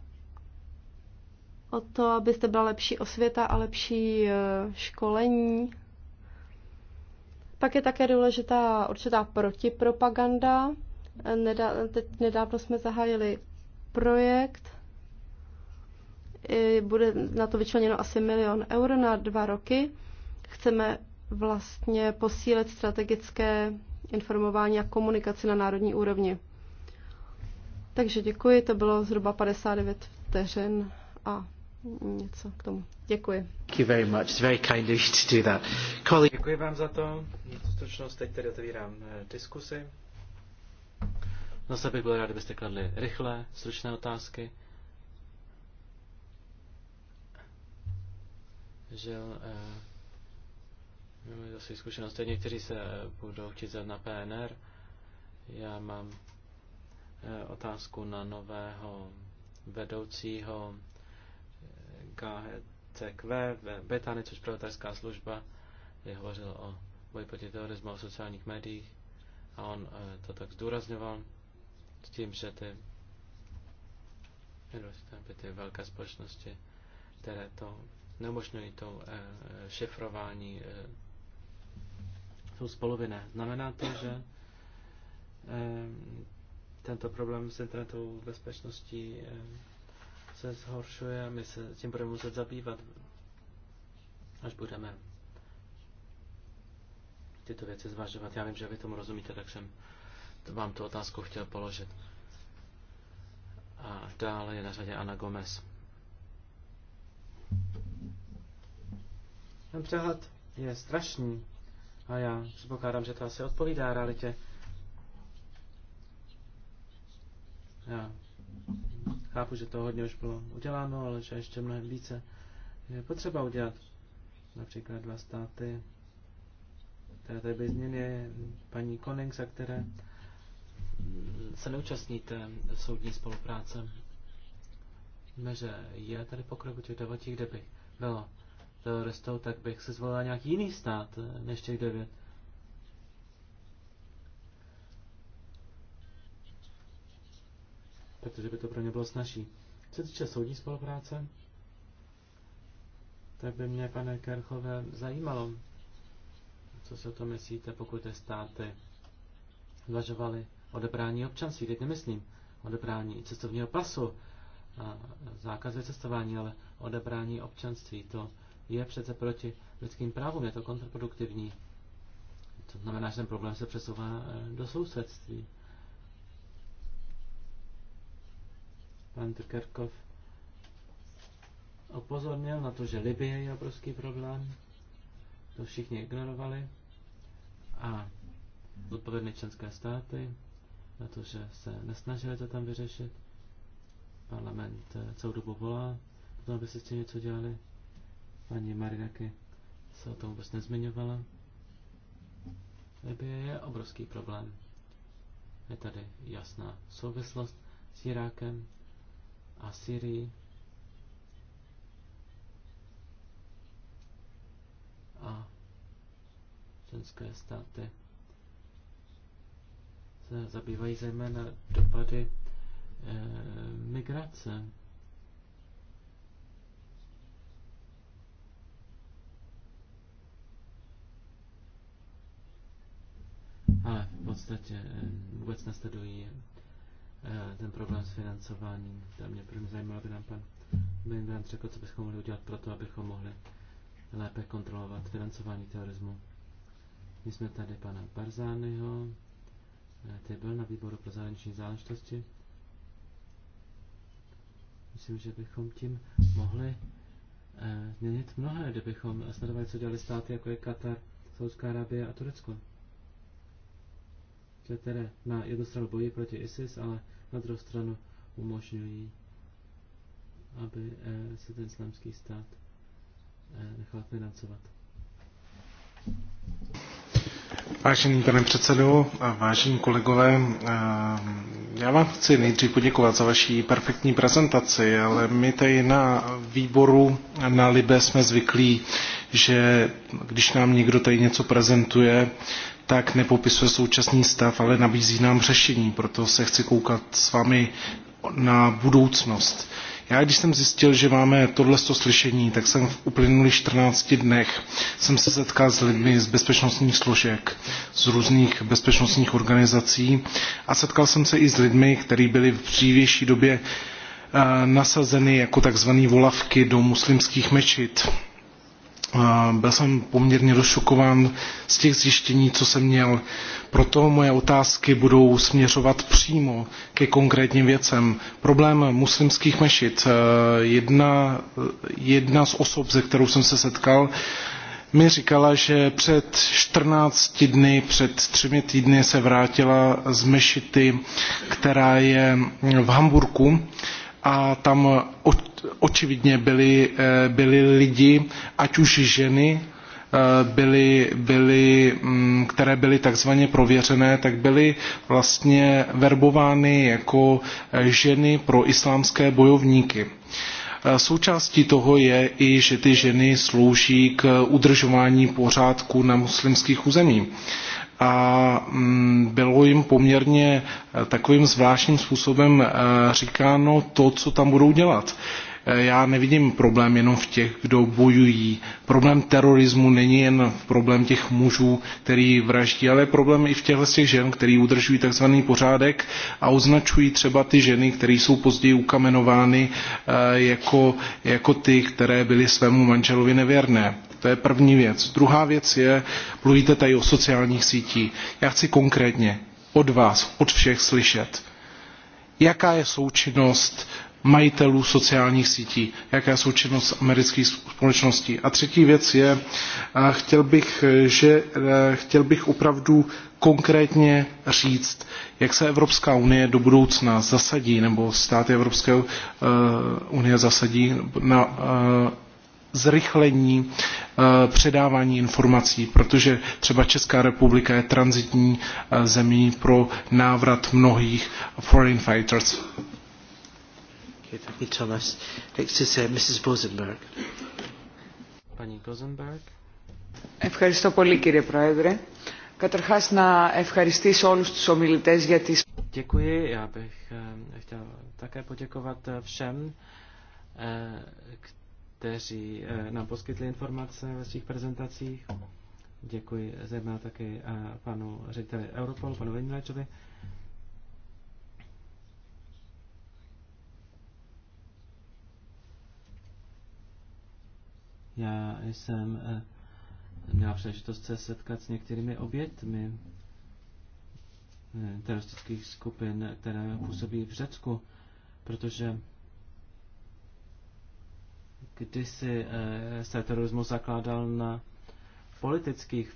o to, abyste byla lepší osvěta a lepší eh, školení. Pak je také důležitá určitá protipropaganda. teď nedávno jsme zahájili projekt. Bude na to vyčleněno asi milion eur na dva roky. Chceme vlastně posílit strategické informování a komunikaci na národní úrovni. Takže děkuji, to bylo zhruba 59 vteřin a něco k tomu. Děkuji. Thank you very much. It's very kind of you to do that. Děkuji vám za to. Stručnost teď tedy otevírám eh, diskusy. Zase bych byl rád, kdybyste kladli rychlé, stručné otázky. Že eh, zase zkušenosti, někteří se eh, budou chtít na PNR. Já mám Eh, otázku na nového vedoucího KHCQ eh, v Betany, což pravatelská služba, kde hovořil o boji proti terorismu a sociálních médiích a on eh, to tak zdůrazňoval s tím, že ty, by ty velké společnosti, které to neumožňují to šifrování, jsou spoluvinné. Znamená to, že tento problém s internetovou bezpečností eh, se zhoršuje a my se tím budeme muset zabývat, až budeme tyto věci zvažovat. Já vím, že vy tomu rozumíte, tak jsem vám tu otázku chtěl položit. A dále je na řadě Ana Gomez. Ten přehled je strašný a já předpokládám, že to asi odpovídá realitě. Já chápu, že to hodně už bylo uděláno, ale že ještě mnohem více je potřeba udělat. Například dva státy, které tady byly změny, paní Konings, a které se neúčastní té soudní spolupráce. Víme, že je tady pokrok u těch devatí, kde bych bylo teroristou, tak bych si zvolila nějaký jiný stát než těch devět. protože by to pro ně bylo snažší. Co se týče soudní spolupráce, tak by mě, pane Kerchové, zajímalo, co se o to myslíte, pokud ty státy zvažovaly odebrání občanství, teď nemyslím odebrání cestovního pasu, a zákazy cestování, ale odebrání občanství. To je přece proti lidským právům, je to kontraproduktivní. To znamená, že ten problém se přesouvá eh, do sousedství. pan Kerkov upozornil na to, že Libie je obrovský problém. To všichni ignorovali. A odpovědné členské státy na to, že se nesnažili to tam vyřešit. Parlament eh, celou dobu volá, to, aby se s tím něco dělali. Paní Marinaky se o tom vůbec nezmiňovala. Libie je obrovský problém. Je tady jasná souvislost s Irákem, a A členské státy se zabývají zejména dopady e, migrace. Ale v podstatě eh, vůbec nesledují ten problém s financováním. Tam mě první zajímalo, aby nám pan Mainbrand řekl, co bychom mohli udělat pro to, abychom mohli lépe kontrolovat financování terorismu. My jsme tady pana Barzányho, eh, ty byl na výboru pro zahraniční záležitosti. Myslím, že bychom tím mohli eh, změnit mnohé, kdybychom sledovali, co dělali státy, jako je Katar, Saudská Arábie a Turecko. Které na jednu stranu bojí proti ISIS, ale na druhou stranu umožňují, aby eh, se ten islámský stát eh, nechal financovat. Vážený pane předsedo a vážení kolegové, eh, já vám chci nejdřív poděkovat za vaší perfektní prezentaci, ale my tady na výboru na Libe jsme zvyklí, že když nám někdo tady něco prezentuje, tak nepopisuje současný stav, ale nabízí nám řešení. Proto se chci koukat s vámi na budoucnost. Já, když jsem zjistil, že máme tohle slyšení, tak jsem v uplynulých 14 dnech jsem se setkal s lidmi z bezpečnostních složek, z různých bezpečnostních organizací a setkal jsem se i s lidmi, kteří byli v dřívější době eh, nasazeny jako takzvané volavky do muslimských mečit byl jsem poměrně došokován z těch zjištění, co jsem měl. Proto moje otázky budou směřovat přímo ke konkrétním věcem. Problém muslimských mešit. E, jedna, e, jedna z osob, se kterou jsem se setkal, mi říkala, že před 14 dny, před třemi týdny se vrátila z mešity, která je v Hamburku a tam očividně byli, eh, byli lidi, ať už ženy, byly, eh, byly, mm, které byly takzvaně prověřené, tak byly vlastně verbovány jako eh, ženy pro islámské bojovníky. Součástí toho je i, že ty ženy slouží k udržování pořádku na muslimských územích a mm, bylo jim poměrně eh, takovým zvláštním způsobem eh, říkáno to, co tam budou dělat. Eh, já nevidím problém jenom v těch, kdo bojují. Problém terorismu není jen problém těch mužů, který vraždí, ale je problém i v těchto těch žen, který udržují tzv. pořádek a označují třeba ty ženy, které jsou později ukamenovány eh, jako, jako ty, které byly svému manželovi nevěrné. To je první věc. Druhá věc je, mluvíte tady o sociálních sítích. Já chci konkrétně od vás, od všech slyšet, jaká je součinnost majitelů sociálních sítí, jaká jsou činnost amerických společností. A třetí věc je, eh, chtěl bych, eh, že, eh, chtěl bych opravdu konkrétně říct, jak se Evropská unie do budoucna zasadí, nebo státy Evropské unie zasadí na zrychlení předávání informací, protože třeba Česká republika je transitní zemí pro návrat mnohých foreign fighters. Okay, thank you, Thomas. Next is uh, Mrs. Bosenberg. Paní Bosenberg. Ευχαριστώ πολύ κύριε Πρόεδρε. Καταρχάς να ευχαριστήσω όλους τους ομιλητές για τις... Děkuji, já bych eh, chtěl také poděkovat eh, všem, eh, kteří nám poskytli informace ve svých prezentacích. Děkuji zejména také panu řediteli Europol, panu Vinilečovi. Já jsem eh, měla příležitost se setkat s některými obětmi eh, teroristických skupin, které působí v Řecku, protože kdysi eh, se terorismus zakládal na politických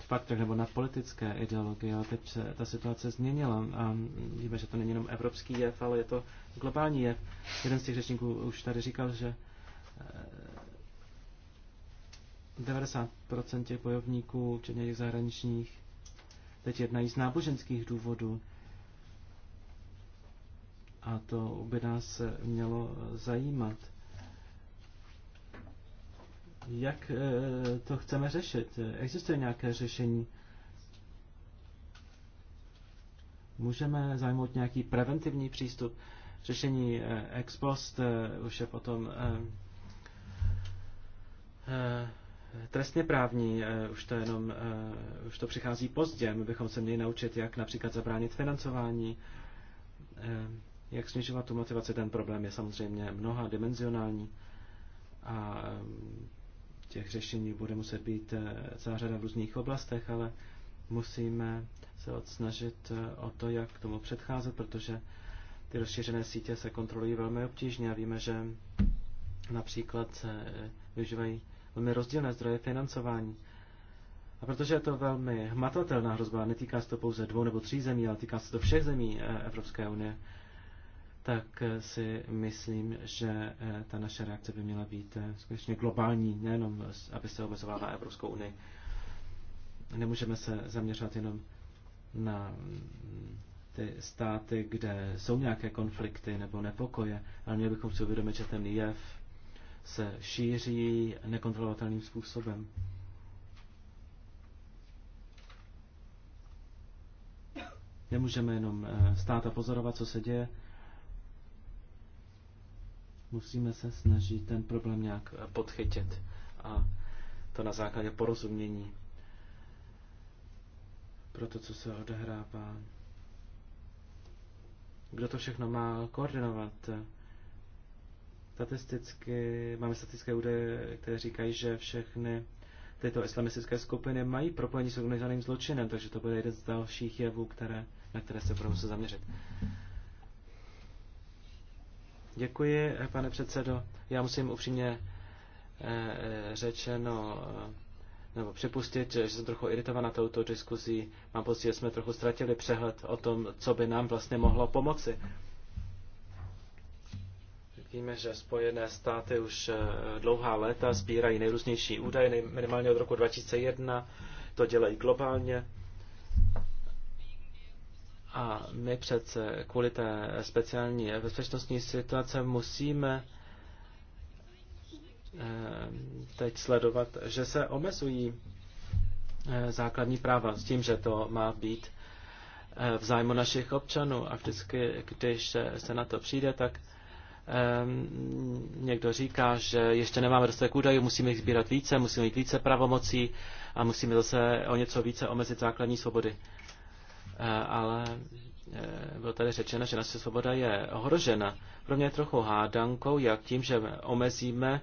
faktech nebo na politické ideologii, ale teď se ta situace změnila a víme, že to není jenom evropský jev, ale je to globální jev. Jeden z těch řečníků už tady říkal, že 90% těch bojovníků, včetně těch zahraničních, teď jednají z náboženských důvodů. A to by nás mělo zajímat. Jak eh, to chceme řešit? Existuje nějaké řešení? Můžeme zajmout nějaký preventivní přístup? Řešení eh, ex post eh, už je potom trestně právní, eh, už to jenom, eh, už to přichází pozdě, my bychom se měli naučit, jak například zabránit financování, eh, jak snižovat tu motivaci, ten problém je samozřejmě mnoha dimenzionální a těch řešení bude muset být celá řada v různých oblastech, ale musíme se odsnažit o to, jak tomu předcházet, protože ty rozšířené sítě se kontrolují velmi obtížně a víme, že například se využívají velmi rozdílné zdroje financování. A protože je to velmi hmatatelná hrozba, netýká se to pouze dvou nebo tří zemí, ale týká se to všech zemí eh, Evropské unie, tak eh, si myslím, že eh, ta naše reakce by měla být skutečně globální, nejenom aby se omezovala Evropskou unii. Nemůžeme se zaměřovat jenom na mm, ty státy, kde jsou nějaké konflikty nebo nepokoje, ale měli bychom si uvědomit, že ten jev se šíří nekontrolovatelným způsobem. Nemůžeme jenom eh, stát a pozorovat, co se děje. Musíme se snažit ten problém nějak eh, podchytit a to na základě porozumění pro to, co se odehrává. Kdo to všechno má koordinovat? Statisticky, máme statistické údaje, které říkají, že všechny tyto islamistické skupiny mají propojení s organizovaným zločinem, takže to bude jeden z dalších jevů, které, na které se budou se zaměřit. Děkuji, pane předsedo. Já musím upřímně eh, eh, řečeno eh, nebo připustit, že jsem trochu iritovaná touto diskuzí. Mám pocit, že jsme trochu ztratili přehled o tom, co by nám vlastně mohlo pomoci. Víme, že Spojené státy už eh, dlouhá léta sbírají nejrůznější údaje, minimálně od roku 2001, to dělají globálně. A my přece kvůli té speciální bezpečnostní situace musíme eh, teď sledovat, že se omezují eh, základní práva s tím, že to má být v zájmu našich občanů a vždycky, když se na to přijde, tak Ehm, někdo říká, že ještě nemáme dostatek údajů, musíme jich sbírat více, musíme mít více pravomocí a musíme zase o něco více omezit základní svobody. Eh, ale eh, bylo tady řečeno, že naše svoboda je ohrožena. Pro mě je trochu hádankou, jak tím, že omezíme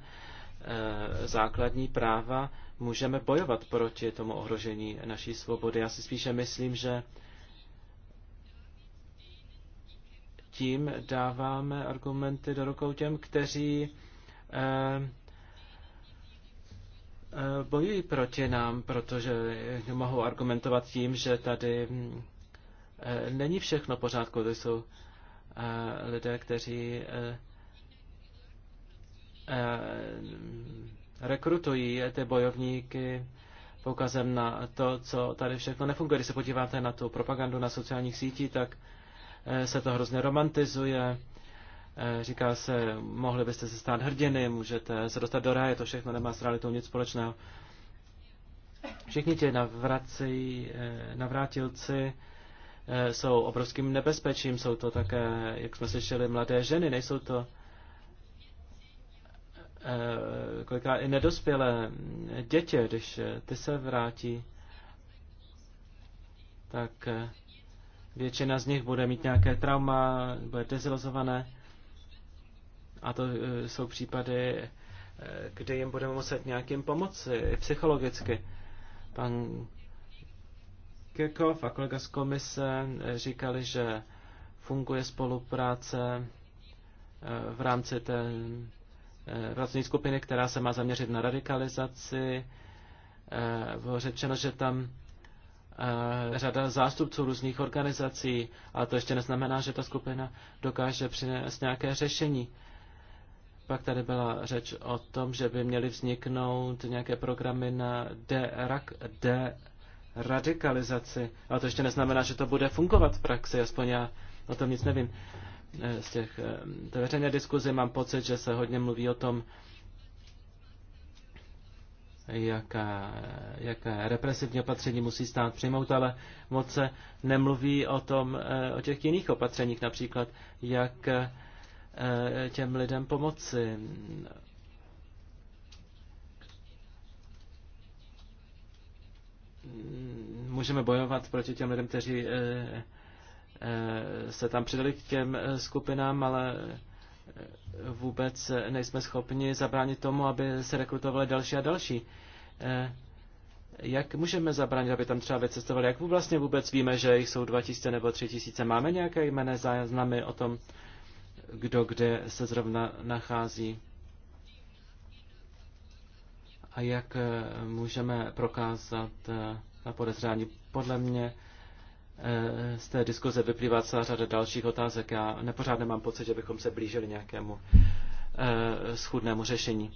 eh, základní práva, můžeme bojovat proti tomu ohrožení naší svobody. Já si spíše myslím, že tím dáváme argumenty do rukou těm, kteří eh, eh, bojují proti nám, protože mohou argumentovat tím, že tady hm, eh, není všechno pořádku. To jsou lidé, kteří rekrutují ty bojovníky poukazem na to, co tady všechno nefunguje. Když se podíváte na tu propagandu na sociálních sítích, tak Eh, se to hrozně romantizuje. Eh, říká se, mohli byste se stát hrdiny, můžete se dostat do ráje, to všechno nemá s realitou nic společného. Všichni ti navrací, eh, navrátilci jsou obrovským nebezpečím, jsou to také, jak jsme slyšeli, mladé ženy, nejsou to kolikrát i nedospělé mm, děti, když ty se vrátí, tak Většina z nich bude mít nějaké trauma, bude dezilozované. A to e, jsou případy, e, kde jim budeme muset nějakým pomoci psychologicky. Pan Kirchhoff a kolega z komise e, říkali, že funguje spolupráce v rámci té pracovní skupiny, která se má zaměřit na radikalizaci. Bylo řečeno, že tam řada zástupců různých organizací, ale to ještě neznamená, že ta skupina dokáže přinést nějaké řešení. Pak tady byla řeč o tom, že by měly vzniknout nějaké programy na derak, deradikalizaci, ale to ještě neznamená, že to bude fungovat v praxi, aspoň já o tom nic nevím. Eh, z těch eh, veřejné diskuzi mám pocit, že se hodně mluví o tom, jaká, eh, jaká represivní opatření musí stát přijmout, ale moc se nemluví o, tom, eh, o těch jiných opatřeních, například jak eh, těm lidem pomoci. Můžeme bojovat proti těm lidem, kteří se tam přidali k těm skupinám, ale vůbec nejsme schopni zabránit tomu, aby se rekrutovali další a další. Eh, jak můžeme zabránit, aby tam třeba vycestovali? Jak vlastně vůbec víme, že jich jsou 2000 nebo 3000? Máme nějaké jméne záznamy o tom, kdo kde se zrovna nachází? A jak eh, můžeme prokázat na eh, podezření? Podle mě Eh, z té diskuze vyplývá celá řada dalších otázek. Já nepořád nemám pocit, že bychom se blížili nějakému eh, schudnému řešení.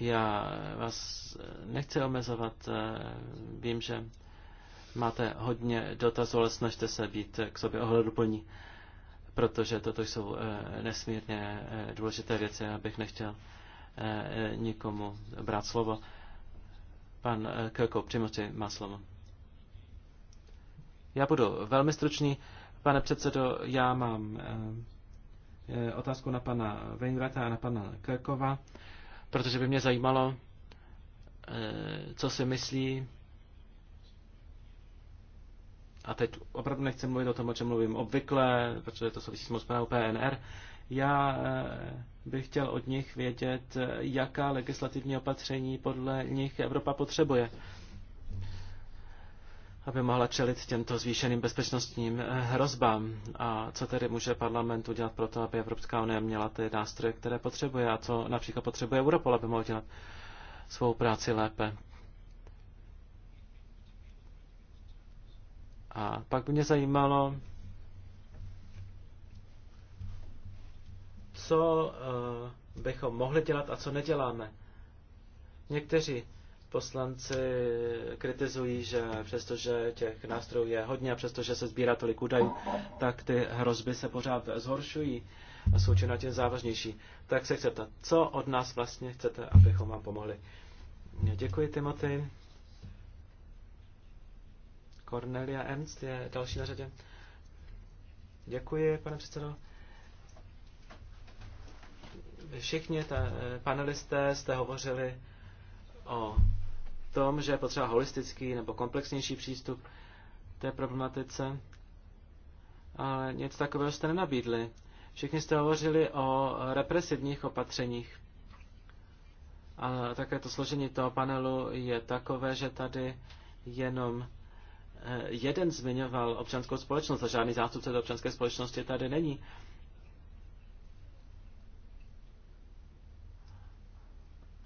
Já vás nechci omezovat, eh, vím, že máte hodně dotazů, ale snažte se být k sobě ohleduplní, protože toto jsou nesmírně důležité věci, já bych nechtěl nikomu brát slovo. Pan Kirko, přímo má slovo. Já budu velmi stručný. Pane předsedo, já mám eh, eh, otázku na pana Weinrata a na pana Krkova, protože by mě zajímalo, eh, co si myslí a teď opravdu nechci mluvit o tom, o čem mluvím obvykle, protože to souvisí s mou zprávou PNR. Já bych chtěl od nich vědět, jaká legislativní opatření podle nich Evropa potřebuje aby mohla čelit těmto zvýšeným bezpečnostním eh, hrozbám. A co tedy může parlament udělat pro to, aby Evropská unie měla ty nástroje, které potřebuje a co například potřebuje Europol, aby mohla dělat svou práci lépe. A pak by mě zajímalo, co eh, bychom mohli dělat a co neděláme. Někteří Poslanci kritizují, že přestože těch nástrojů je hodně a přestože se sbírá tolik údajů, tak ty hrozby se pořád zhoršují a jsou čím tím závažnější. Tak se chcete, co od nás vlastně chcete, abychom vám pomohli? Děkuji, Timothy. Cornelia Ernst je další na řadě. Děkuji, pane předsedo. Všichni ta, panelisté jste hovořili o tom, že je potřeba holistický nebo komplexnější přístup té problematice, ale nic takového jste nenabídli. Všichni jste hovořili o represivních opatřeních. A také to složení toho panelu je takové, že tady jenom eh, jeden zmiňoval občanskou společnost a žádný zástupce do občanské společnosti tady není.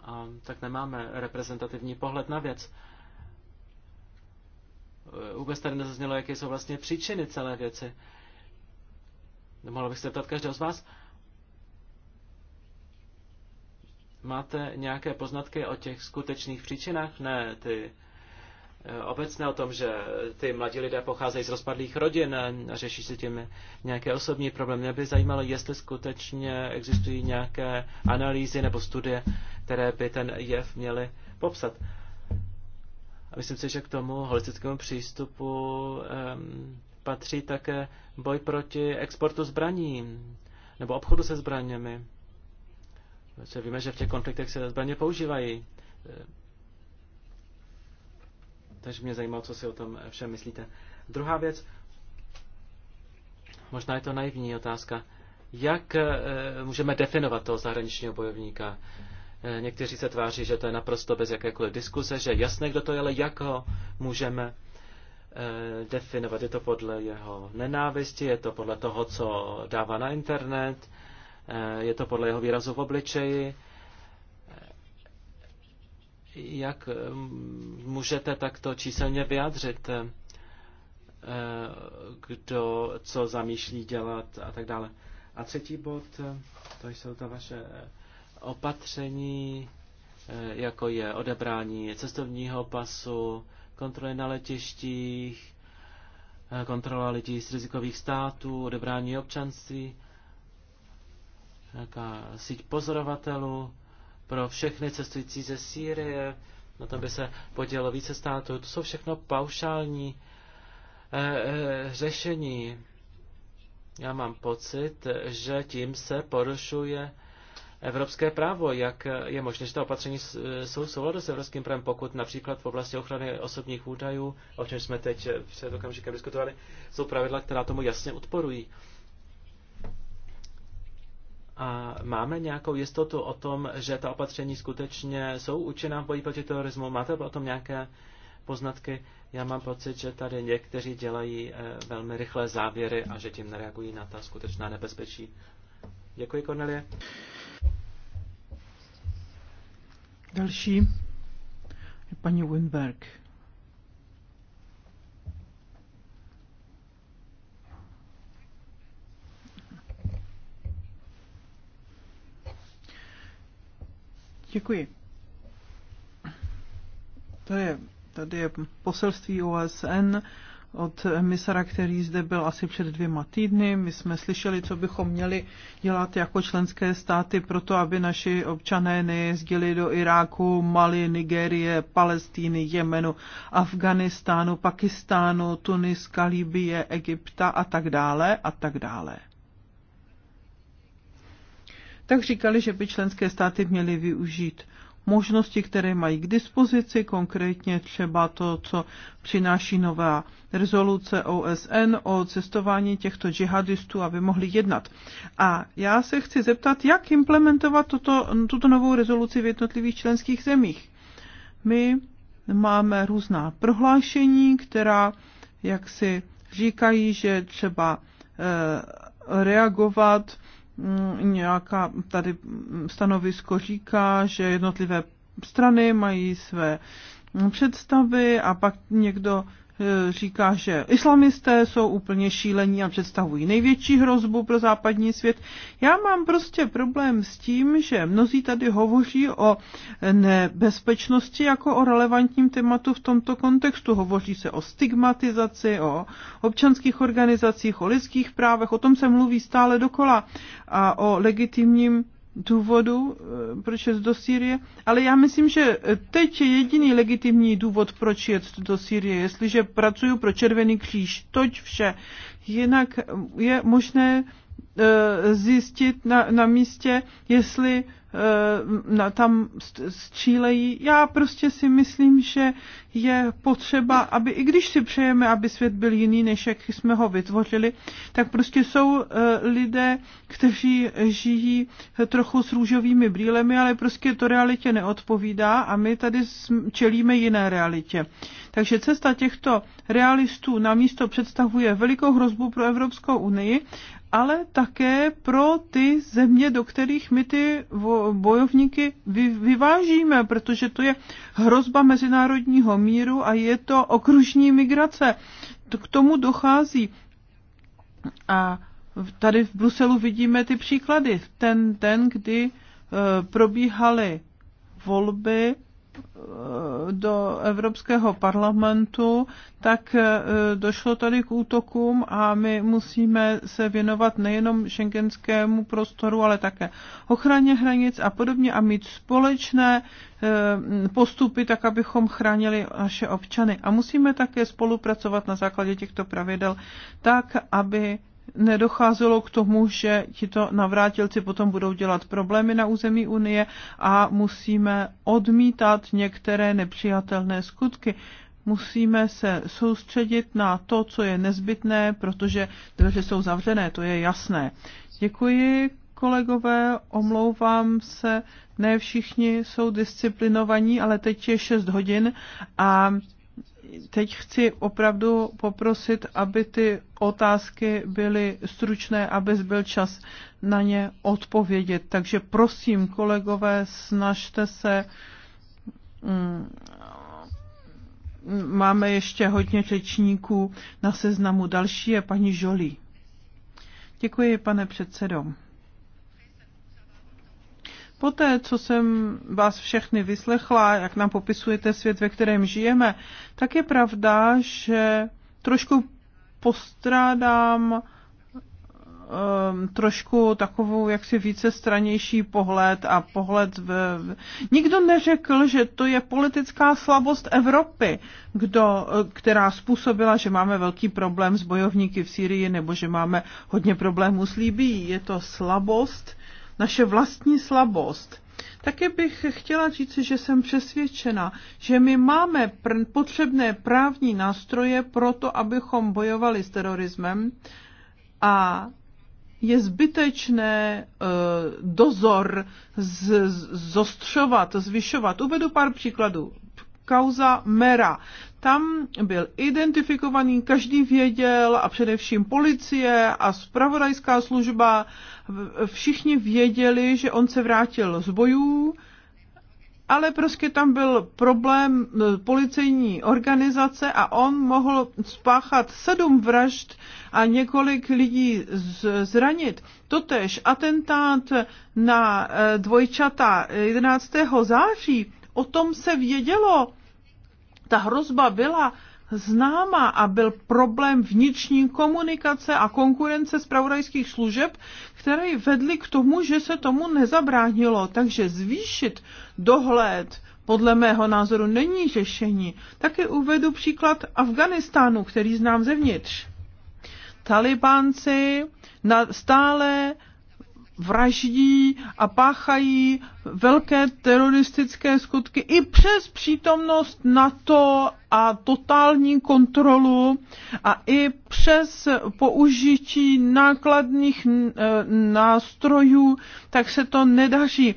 a tak nemáme reprezentativní pohled na věc. Vůbec tady nezaznělo, jaké jsou vlastně příčiny celé věci. Mohla bych se ptat každého z vás. Máte nějaké poznatky o těch skutečných příčinách? Ne, ty eh, obecné o tom, že ty mladí lidé pocházejí z rozpadlých rodin a řeší si tím nějaké osobní problémy. Mě by zajímalo, jestli skutečně existují nějaké analýzy nebo studie, které by ten jev měly popsat. A myslím si, že k tomu holistickému přístupu um, patří také boj proti exportu zbraní nebo obchodu se zbraněmi. Protože víme, že v těch konfliktech se zbraně používají. Eh, takže mě zajímalo, co si o tom všem myslíte. Druhá věc, možná je to naivní otázka, jak eh, můžeme definovat toho zahraničního bojovníka? Někteří se tváří, že to je naprosto bez jakékoliv diskuse, že jasné, kdo to je, ale jak ho můžeme eh, definovat. Je to podle jeho nenávisti, je to podle toho, co dává na internet, eh, je to podle jeho výrazu v obličeji. Eh, jak mm, můžete takto číselně vyjádřit, kdo co zamýšlí dělat a tak dále. A třetí bod, to jsou ta vaše opatření, eh, jako je odebrání cestovního pasu, kontroly na letištích, eh, kontrola lidí z rizikových států, odebrání občanství, nějaká síť pozorovatelů pro všechny cestující ze Sýrie, na tom by se podělilo více států. To jsou všechno paušální e, řešení. Já mám pocit, že tím se porušuje e, evropské právo, jak je možné, že ta opatření jsou v souladu s evropským právem, pokud například v oblasti ochrany osobních údajů, o čem jsme teď před okamžikem diskutovali, jsou pravidla, která tomu jasně odporují. A máme nějakou jistotu o tom, že ta opatření skutečně jsou účinná v boji proti terorismu? Máte o tom nějaké poznatky? Já mám pocit, že tady někteří dělají eh, velmi rychlé závěry a že tím nereagují na ta skutečná nebezpečí. Děkuji, Cornelie. Další je paní Winberg. Děkuji. To je, tady je poselství OSN od emisara, který zde byl asi před dvěma týdny. My jsme slyšeli, co bychom měli dělat jako členské státy pro to, aby naši občané nejezdili do Iráku, Mali, Nigérie, Palestíny, Jemenu, Afganistánu, Pakistánu, Tuniska, Libie, Egypta a tak dále a tak dále tak říkali, že by členské státy měly využít možnosti, které mají k dispozici, konkrétně třeba to, co přináší nová rezoluce OSN o cestování těchto džihadistů, aby mohli jednat. A já se chci zeptat, jak implementovat toto, tuto novou rezoluci v jednotlivých členských zemích. My máme různá prohlášení, která jak si říkají, že třeba eh, reagovat Mm, nějaká tady stanovisko říká, že jednotlivé strany mají své představy a pak někdo Eh, říká, že islamisté jsou úplně šílení a představují největší hrozbu pro západní svět. Já mám prostě problém s tím, že mnozí tady hovoří o nebezpečnosti jako o relevantním tématu v tomto kontextu. Hovoří se o stigmatizaci, o občanských organizacích, o lidských právech, o tom se mluví stále dokola a o legitimním důvodu eh, proč jet do Sýrie, ale já myslím, že teď je jediný legitimní důvod, proč jet do Sýrie, jestliže pracuju pro Červený kříž. Toť vše. Jinak je možné eh, zjistit na, na místě, jestli Eh, na, tam střílejí. Já prostě si myslím, že je potřeba, aby i když si přejeme, aby svět byl jiný, než jak jsme ho vytvořili, tak prostě jsou eh, lidé, kteří žijí trochu s růžovými brýlemi, ale prostě to realitě neodpovídá a my tady čelíme jiné realitě. Takže cesta těchto realistů na místo představuje velikou hrozbu pro Evropskou unii ale také pro ty země, do kterých my ty bojovníky vyvážíme, protože to je hrozba mezinárodního míru a je to okružní migrace. K tomu dochází. A tady v Bruselu vidíme ty příklady. Ten den, kdy eh, probíhaly volby do Evropského parlamentu, tak e, došlo tady k útokům a my musíme se věnovat nejenom šengenskému prostoru, ale také ochraně hranic a podobně a mít společné e, postupy, tak abychom chránili naše občany. A musíme také spolupracovat na základě těchto pravidel tak, aby nedocházelo k tomu, že tito navrátilci potom budou dělat problémy na území Unie a musíme odmítat některé nepřijatelné skutky. Musíme se soustředit na to, co je nezbytné, protože dveře jsou zavřené, to je jasné. Děkuji, kolegové, omlouvám se, ne všichni jsou disciplinovaní, ale teď je 6 hodin a teď chci opravdu poprosit, aby ty otázky byly stručné, aby byl čas na ně odpovědět. Takže prosím, kolegové, snažte se. Mm, máme ještě hodně řečníků na seznamu. Další je paní Žolí. Děkuji, pane předsedo. Poté, co jsem vás všechny vyslechla, jak nám popisujete svět, ve kterém žijeme, tak je pravda, že trošku postrádám um, trošku takovou jaksi více stranější pohled a pohled v... Nikdo neřekl, že to je politická slabost Evropy, kdo, eh, která způsobila, že máme velký problém s bojovníky v Syrii nebo že máme hodně problémů s Líbí. Je to slabost naše vlastní slabost. Také bych chtěla říct, že jsem přesvědčena, že my máme pr- potřebné právní nástroje pro to, abychom bojovali s terorismem a je zbytečné e, dozor z- zostřovat, zvyšovat. Uvedu pár příkladů. Kauza Mera. Tam byl identifikovaný, každý věděl a především policie a spravodajská služba všichni věděli, že on se vrátil z bojů, ale prostě tam byl problém no, policejní organizace a on mohl spáchat sedm vražd a několik lidí zranit. Totež atentát na eh, dvojčata 11. září, o tom se vědělo, ta hrozba byla známa a byl problém vnitřní komunikace a konkurence zpravodajských služeb, které vedly k tomu, že se tomu nezabránilo. Takže zvýšit dohled podle mého názoru není řešení. Taky uvedu příklad Afganistánu, který znám zevnitř. Talibánci stále vraždí a páchají velké teroristické skutky i přes přítomnost NATO a totální kontrolu a i přes použití nákladních eh, nástrojů, tak se to nedaří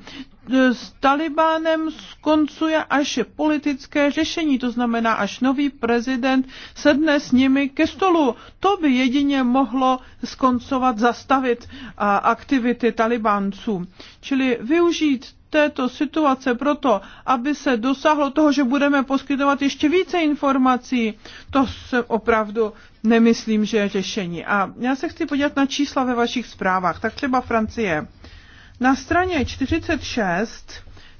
s Talibánem skoncuje až politické řešení, to znamená, až nový prezident sedne s nimi ke stolu. To by jedině mohlo skoncovat, zastavit aktivity Talibánců. Čili využít této situace proto, aby se dosáhlo toho, že budeme poskytovat ještě více informací, to se opravdu nemyslím, že je řešení. A já se chci podívat na čísla ve vašich zprávách. Tak třeba Francie. Na straně 46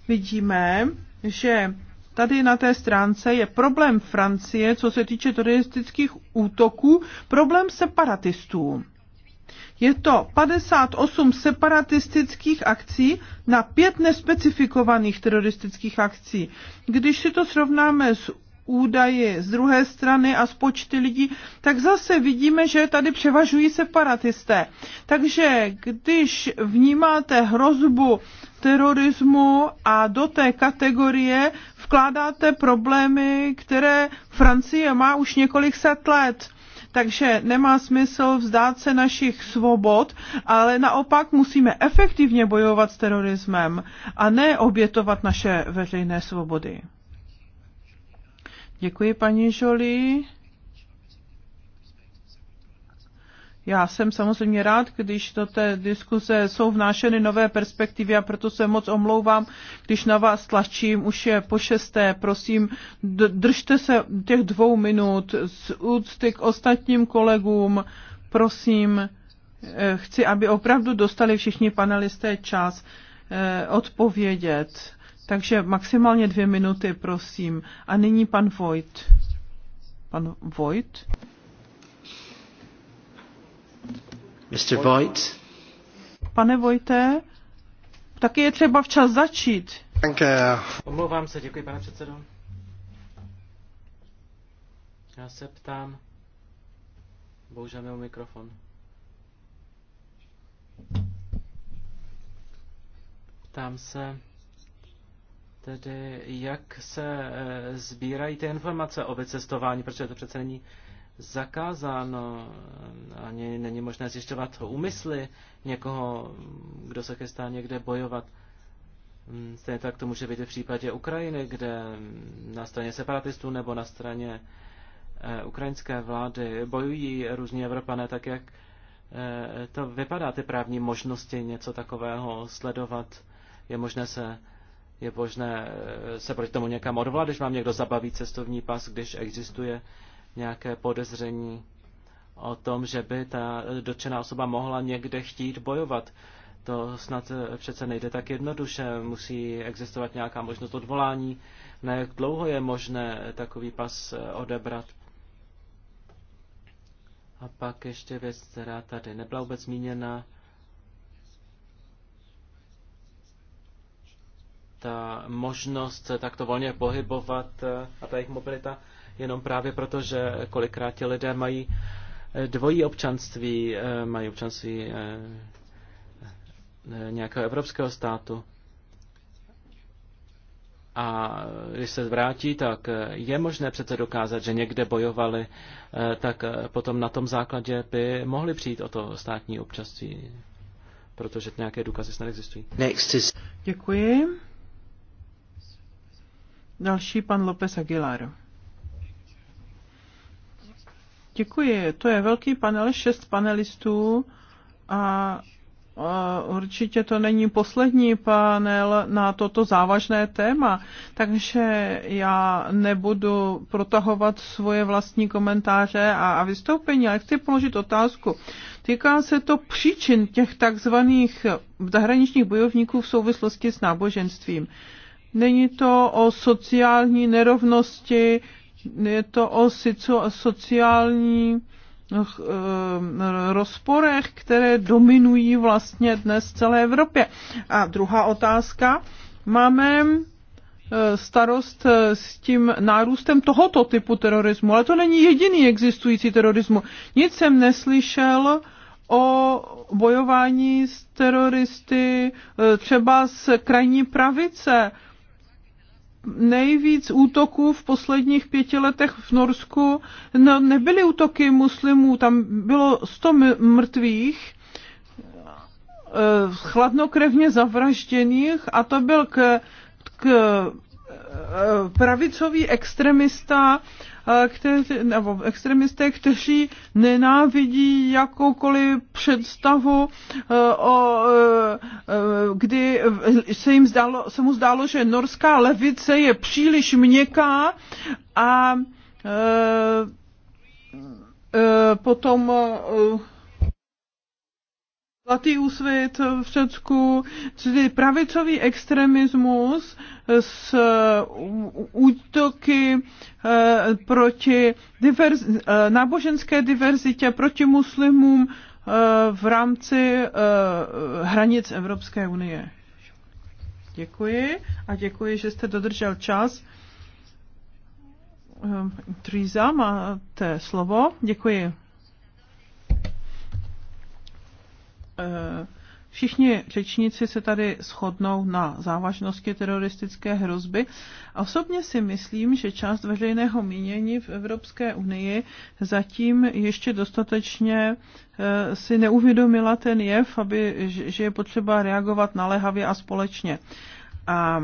vidíme, že tady na té stránce je problém Francie, co se týče teroristických útoků, problém separatistů. Je to 58 separatistických akcí na pět nespecifikovaných teroristických akcí. Když si to srovnáme s údaji z druhé strany a z počty lidí, tak zase vidíme, že tady převažují separatisté. Takže když vnímáte hrozbu terorismu a do té kategorie vkládáte problémy, které Francie má už několik set let. Takže nemá smysl vzdát se našich svobod, ale naopak musíme efektivně bojovat s terorismem a ne obětovat naše veřejné svobody. Děkuji, paní Žolí. Já jsem samozřejmě rád, když do té diskuze jsou vnášeny nové perspektivy a proto se moc omlouvám, když na vás tlačím, už je po šesté, prosím, držte se těch dvou minut z úcty k ostatním kolegům, prosím, eh, chci, aby opravdu dostali všichni panelisté čas eh, odpovědět. Takže maximálně dvě minuty, prosím. A nyní pan Vojt. Pan Vojt? Mr. Vojt? Pane Vojte, taky je třeba včas začít. Omlouvám se, děkuji, pane předsedo. Já se ptám. Bohužel měl mikrofon. Ptám se, tedy jak se eh, sbírají ty informace o vycestování, protože to přece není zakázáno, ani není možné zjišťovat úmysly někoho, kdo se chystá někde bojovat. Hmm, stejně tak to může být i v případě Ukrajiny, kde hmm, na straně separatistů nebo na straně eh, ukrajinské vlády bojují různí Evropané tak, jak eh, to vypadá, ty právní možnosti něco takového sledovat. Je možné se je možné eh, se proti tomu někam odvolat, když vám někdo zabaví cestovní pas, když existuje nějaké podezření o tom, že by ta dotčená osoba mohla někde chtít bojovat. To snad eh, přece nejde tak jednoduše, musí existovat nějaká možnost odvolání. Na jak dlouho je možné eh, takový pas odebrat? A pak ještě věc, která tady nebyla vůbec zmíněna, ta možnost se takto volně pohybovat eh, a ta jejich mobilita jenom právě proto, že kolikrát ti lidé mají eh, dvojí občanství, eh, mají občanství nějakého evropského státu. A když se vrátí, tak je možné přece dokázat, že někde bojovali, tak potom na tom základě by mohli přijít o to státní občanství, protože nějaké důkazy snad existují. Next is... Děkuji. Další pan López Aguilar. Děkuji. To je velký panel, šest panelistů a Určitě to není poslední panel na toto závažné téma, takže já nebudu protahovat svoje vlastní komentáře a, a vystoupení, ale chci položit otázku. Týká se to příčin těch takzvaných zahraničních bojovníků v souvislosti s náboženstvím. Uh, Není to o sociální nerovnosti, je to o sociální eh, rozporech, které dominují vlastně dnes celé Evropě. A druhá otázka. Máme eh, starost eh, s tím nárůstem tohoto typu terorismu, ale to není jediný existující terorismu. Nic jsem neslyšel o bojování s teroristy třeba z krajní pravice, nejvíc útoků v posledních pěti letech v Norsku no, nebyly útoky muslimů, tam bylo 100 mrtvých, eh, chladnokrevně zavražděných a to byl k, k eh, pravicový extremista kteři, nebo extremisté, kteří nenávidí jakoukoliv představu, eh, o, eh, eh, kdy se, jim zdálo, se mu zdálo, že norská levice je příliš měkká a potom Zlatý úsvit v Řecku, tedy pravicový extremismus s útoky eh, proti diverz, eh, náboženské diverzitě, proti muslimům eh, v rámci hranic Evropské unie. Děkuji a děkuji, že jste dodržel čas. Trýza, máte slovo. Děkuji. Eh, všichni řečníci se tady shodnou na závažnosti teroristické hrozby. Osobně si myslím, že část veřejného mínění v Evropské unii zatím ještě dostatečně eh, si neuvědomila ten jev, aby, že je potřeba reagovat naléhavě a společně. A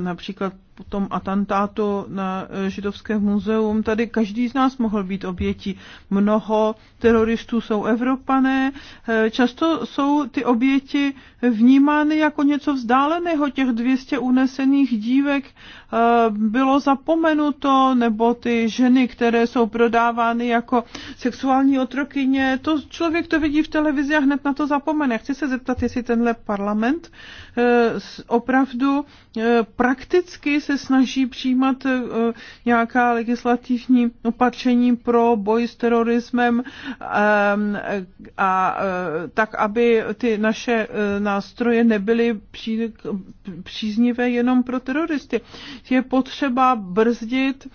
například po tom atentátu na eh, židovské muzeum, tady každý z nás mohl být obětí. Mnoho teroristů jsou Evropané, eh, často jsou ty oběti vnímány jako něco vzdáleného. Těch 200 unesených dívek eh, bylo zapomenuto, nebo ty ženy, které jsou prodávány jako sexuální otrokyně, to člověk to vidí v televizi a hned na to zapomene. Chci se zeptat, jestli tenhle parlament opravdu prakticky se snaží přijímat eh, nějaká legislativní opatření pro boj s terorismem eh, a eh, tak, aby ty naše nástroje nebyly pří, příznivé jenom pro teroristy. Je potřeba brzdit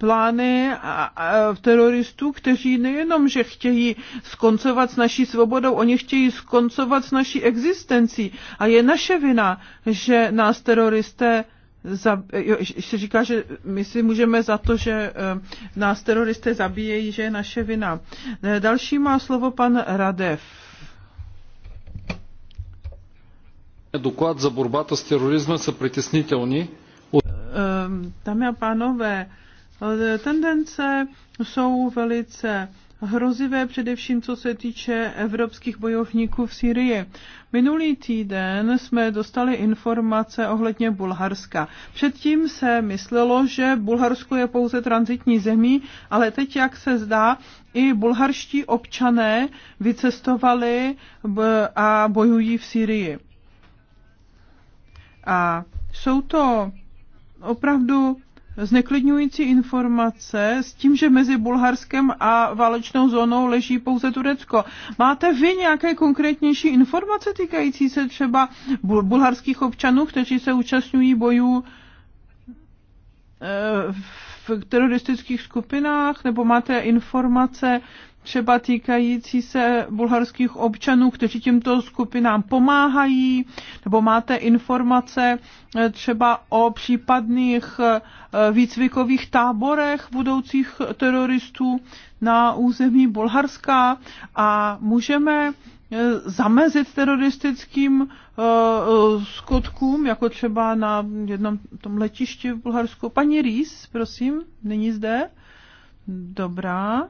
plány a, a, teroristů, kteří nejenom, že chtějí skoncovat s naší svobodou, oni chtějí skoncovat s naší existencí. A je naše vina, že nás teroristé za, jo, se říká, že my si můžeme za to, že eh, nás teroristé zabíjejí, že je naše vina. Eh, další má slovo pan Radev. Doklad za borbata s terorismem se přitesnitelní. Dámy a pánové, Eh, tendence jsou velice hrozivé, především co se týče evropských bojovníků v Syrii. Minulý týden jsme dostali informace ohledně Bulharska. Předtím se myslelo, že Bulharsko je pouze transitní zemí, ale teď, jak se zdá, i bulharští občané vycestovali a bojují v Syrii. A jsou to opravdu zneklidňující informace s tím, že mezi Bulharskem a válečnou zónou leží pouze Turecko. Máte vy nějaké konkrétnější informace týkající se třeba bulharských občanů, kteří se účastňují bojů e, v teroristických skupinách, nebo máte informace třeba týkající se bulharských občanů, kteří těmto skupinám pomáhají, nebo máte informace eh, třeba o případných eh, výcvikových táborech budoucích teroristů na území Bulharska a můžeme eh, zamezit teroristickým skutkům, jako třeba na jednom tom letišti v Bulharsku. Paní Rýs, prosím, není zde. Dobrá.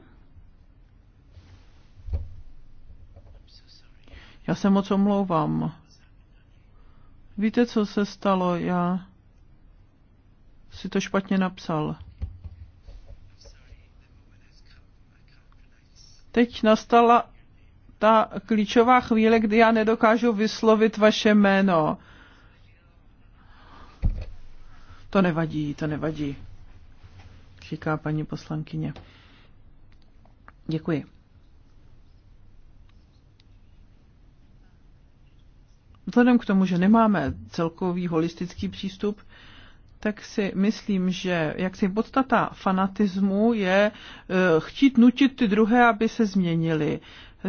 Já se moc omlouvám. Víte, co se stalo? Já si to špatně napsal. Teď nastala ta klíčová chvíle, kdy já nedokážu vyslovit vaše jméno. To nevadí, to nevadí, říká paní poslankyně. Děkuji. vzhledem k tomu, že nemáme celkový holistický přístup, tak si myslím, že jaksi podstata fanatismu je eh, chtít nutit ty druhé, aby se změnili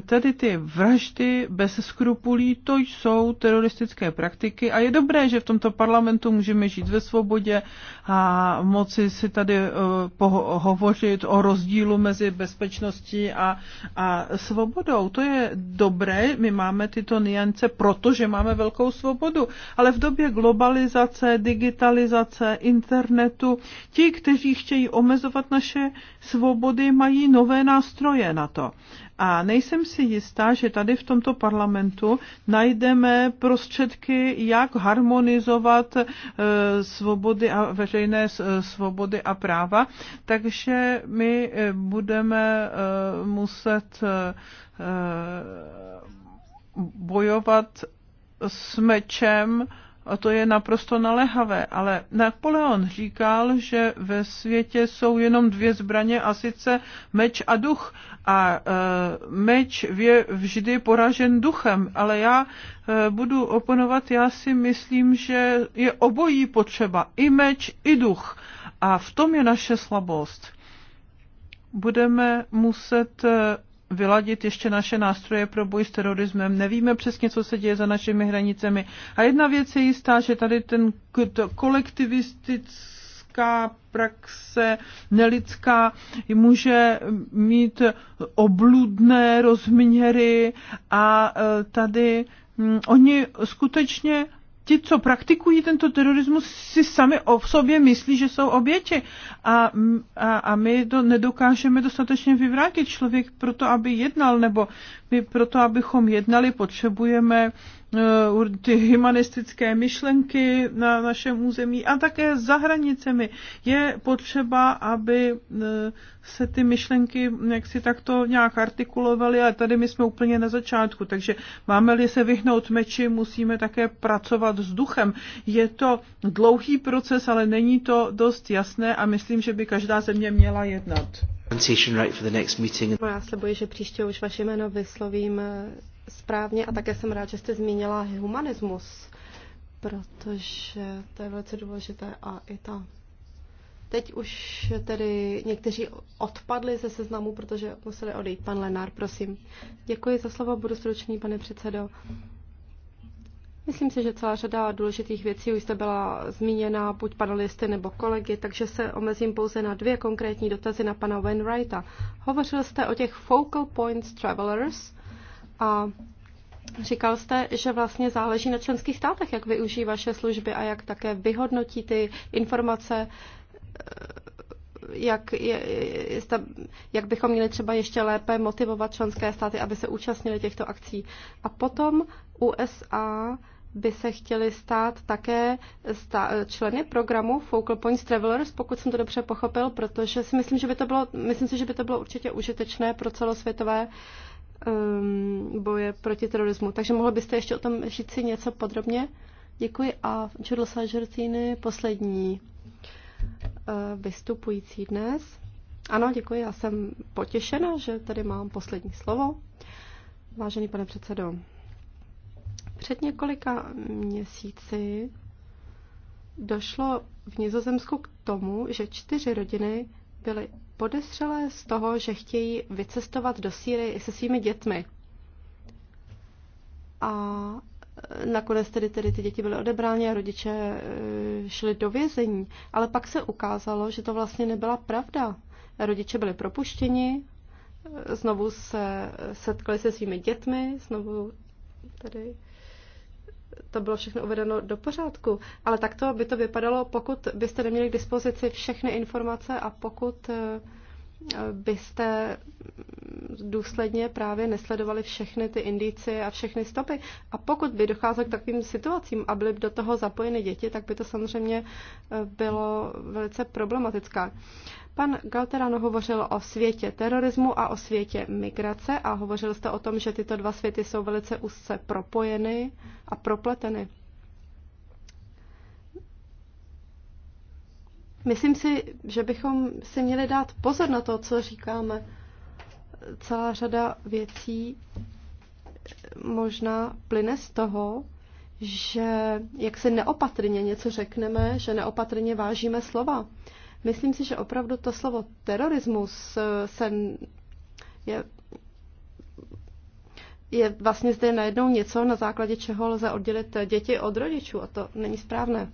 tady ty vraždy bez skrupulí, to jsou teroristické praktiky a je dobré, že v tomto parlamentu můžeme žít ve svobodě a moci si tady eh, hovořit o rozdílu mezi bezpečností a, a svobodou. To je dobré, my máme tyto niance, protože máme velkou svobodu, ale v době globalizace, digitalizace, internetu, ti, kteří chtějí omezovat naše svobody, mají nové nástroje na to. A nejsem si jistá, že tady v tomto parlamentu najdeme prostředky, jak harmonizovat eh, svobody a veřejné eh, svobody a práva. Takže my eh, budeme muset bojovat s mečem a to je naprosto naléhavé, ale Napoleon říkal, že ve světě jsou jenom dvě zbraně a sice meč a duch. A e, meč je vždy poražen duchem, ale já e, budu oponovat, já si myslím, že je obojí potřeba, i meč, i duch. A v tom je naše slabost. Budeme muset e, vyladit ještě naše nástroje pro boj s terorismem. Nevíme přesně, co se děje za našimi hranicemi. A jedna věc je jistá, že tady ten kolektivistická praxe, nelidská, může mít obludné rozměry a e, tady mm, oni skutečně ti, co praktikují tento terorismus, si sami o sobě myslí, že jsou oběti. A, a, a my to nedokážeme dostatečně vyvrátit. Člověk proto, aby jednal, nebo my proto, abychom jednali, potřebujeme Eh, ty humanistické myšlenky na našem území a také za hranicemi. Je potřeba, aby eh, se ty myšlenky jak si takto nějak artikulovaly, ale tady my jsme úplně na začátku, takže máme-li se vyhnout meči, musíme také pracovat s duchem. Je to dlouhý proces, ale není to dost jasné a myslím, že by každá země měla jednat. No, já slibuji, že příště už vaše jméno vyslovím eh, správně a také jsem rád, že jste zmínila humanismus, protože to je velice důležité a i ta Teď už tedy někteří odpadli ze seznamu, protože museli odejít. Pan Lenár, prosím. Děkuji za slovo, budu stručný, pane předsedo. Myslím si, že celá řada důležitých věcí už zde byla zmíněna buď panelisty nebo kolegy, takže se omezím pouze na dvě konkrétní dotazy na pana Wainwrighta. Hovořil jste o těch focal points travelers a Říkal jste, že vlastně záleží na členských státech, jak využijí vaše služby a jak také vyhodnotí ty informace, eh, jak, je, zda, jak bychom měli třeba ještě lépe motivovat členské státy, aby se účastnili těchto akcí. A potom USA by se chtěli stát také stá- členy programu Focal Points Travelers, pokud jsem to dobře pochopil, protože si myslím, že by to bylo, myslím si, že by to bylo určitě užitečné pro celosvětové um, boje proti terorismu. Takže mohli byste ještě o tom říct si něco podrobně? Děkuji a Giulio Sargentini, poslední uh, vystupující dnes. Ano, děkuji, já jsem potěšena, že tady mám poslední slovo. Vážený pane předsedo, před několika měsíci došlo v Nizozemsku k tomu, že čtyři rodiny byly podezřelé z toho, že chtějí vycestovat do Sýrie se svými dětmi. A e, nakonec tedy, tedy ty děti byly odebrány a rodiče e, šli do vězení. Ale pak se ukázalo, že to vlastně nebyla pravda. Rodiče byli propuštěni, e, znovu se setkali se svými dětmi, znovu tedy to bylo všechno uvedeno do pořádku. Ale takto by to vypadalo, pokud byste neměli k dispozici všechny informace a pokud eh, byste důsledně právě nesledovali všechny ty indicie a všechny stopy. A pokud by docházelo k takovým situacím a byly do toho zapojeny děti, tak by to samozřejmě eh, bylo velice problematické. Pan Galterano hovořil o světě terorismu a o světě migrace a hovořil jste o tom, že tyto dva světy jsou velice úzce propojeny a propleteny. Myslím si, že bychom si měli dát pozor na to, co říkáme. Celá řada věcí možná plyne z toho, že jak si neopatrně něco řekneme, že neopatrně vážíme slova. Myslím si, že opravdu to slovo terorismus eh, se je, je vlastně zde najednou něco, na základě čeho lze oddělit eh, děti od rodičů a to není správné.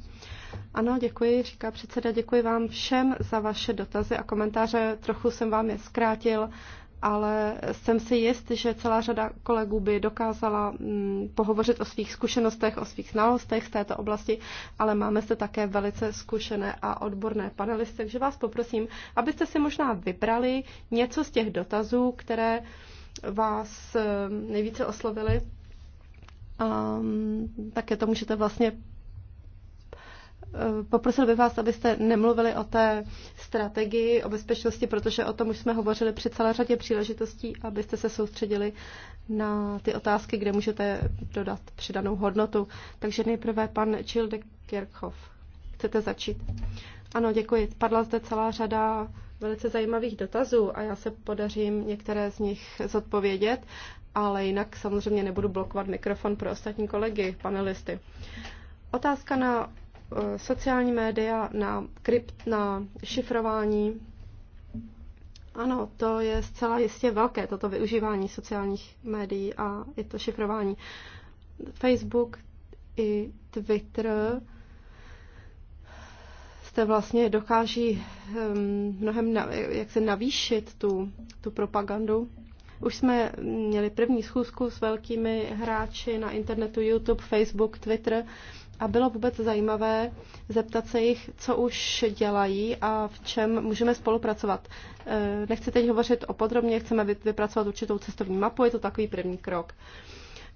Ano, děkuji, říká předseda, děkuji vám všem za vaše dotazy a komentáře. Trochu jsem vám je zkrátil, ale jsem si jist, že celá řada kolegů by dokázala mm, pohovořit o svých zkušenostech, o svých znalostech z této oblasti, ale máme se také velice zkušené a odborné panelisty, takže vás poprosím, abyste si možná vybrali něco z těch dotazů, které vás eh, nejvíce oslovily. Um, mm, také to můžete vlastně Eh, poprosil bych vás, abyste nemluvili o té strategii, o bezpečnosti, protože o tom už jsme hovořili při celé řadě příležitostí, abyste se soustředili na ty otázky, kde můžete dodat přidanou hodnotu. Takže nejprve pan Childe Kirchhoff. Chcete začít? Ano, děkuji. Padla zde celá řada velice zajímavých dotazů a já se podařím některé z nich zodpovědět, ale jinak samozřejmě nebudu blokovat mikrofon pro ostatní kolegy, panelisty. Otázka na Eh, sociální média, na, krypt, na šifrování. Ano, to je zcela jistě velké, toto využívání sociálních médií a je to šifrování. Facebook i Twitter se vlastně dokáží ehm, mnohem jak se navýšit tu, tu propagandu. Už jsme měli první schůzku s velkými hráči na internetu YouTube, Facebook, Twitter a bylo vůbec zajímavé zeptat se jich, co už dělají a v čem můžeme spolupracovat. Eh, nechci teď hovořit o podrobně, chceme vypracovat určitou cestovní mapu, je to takový první krok.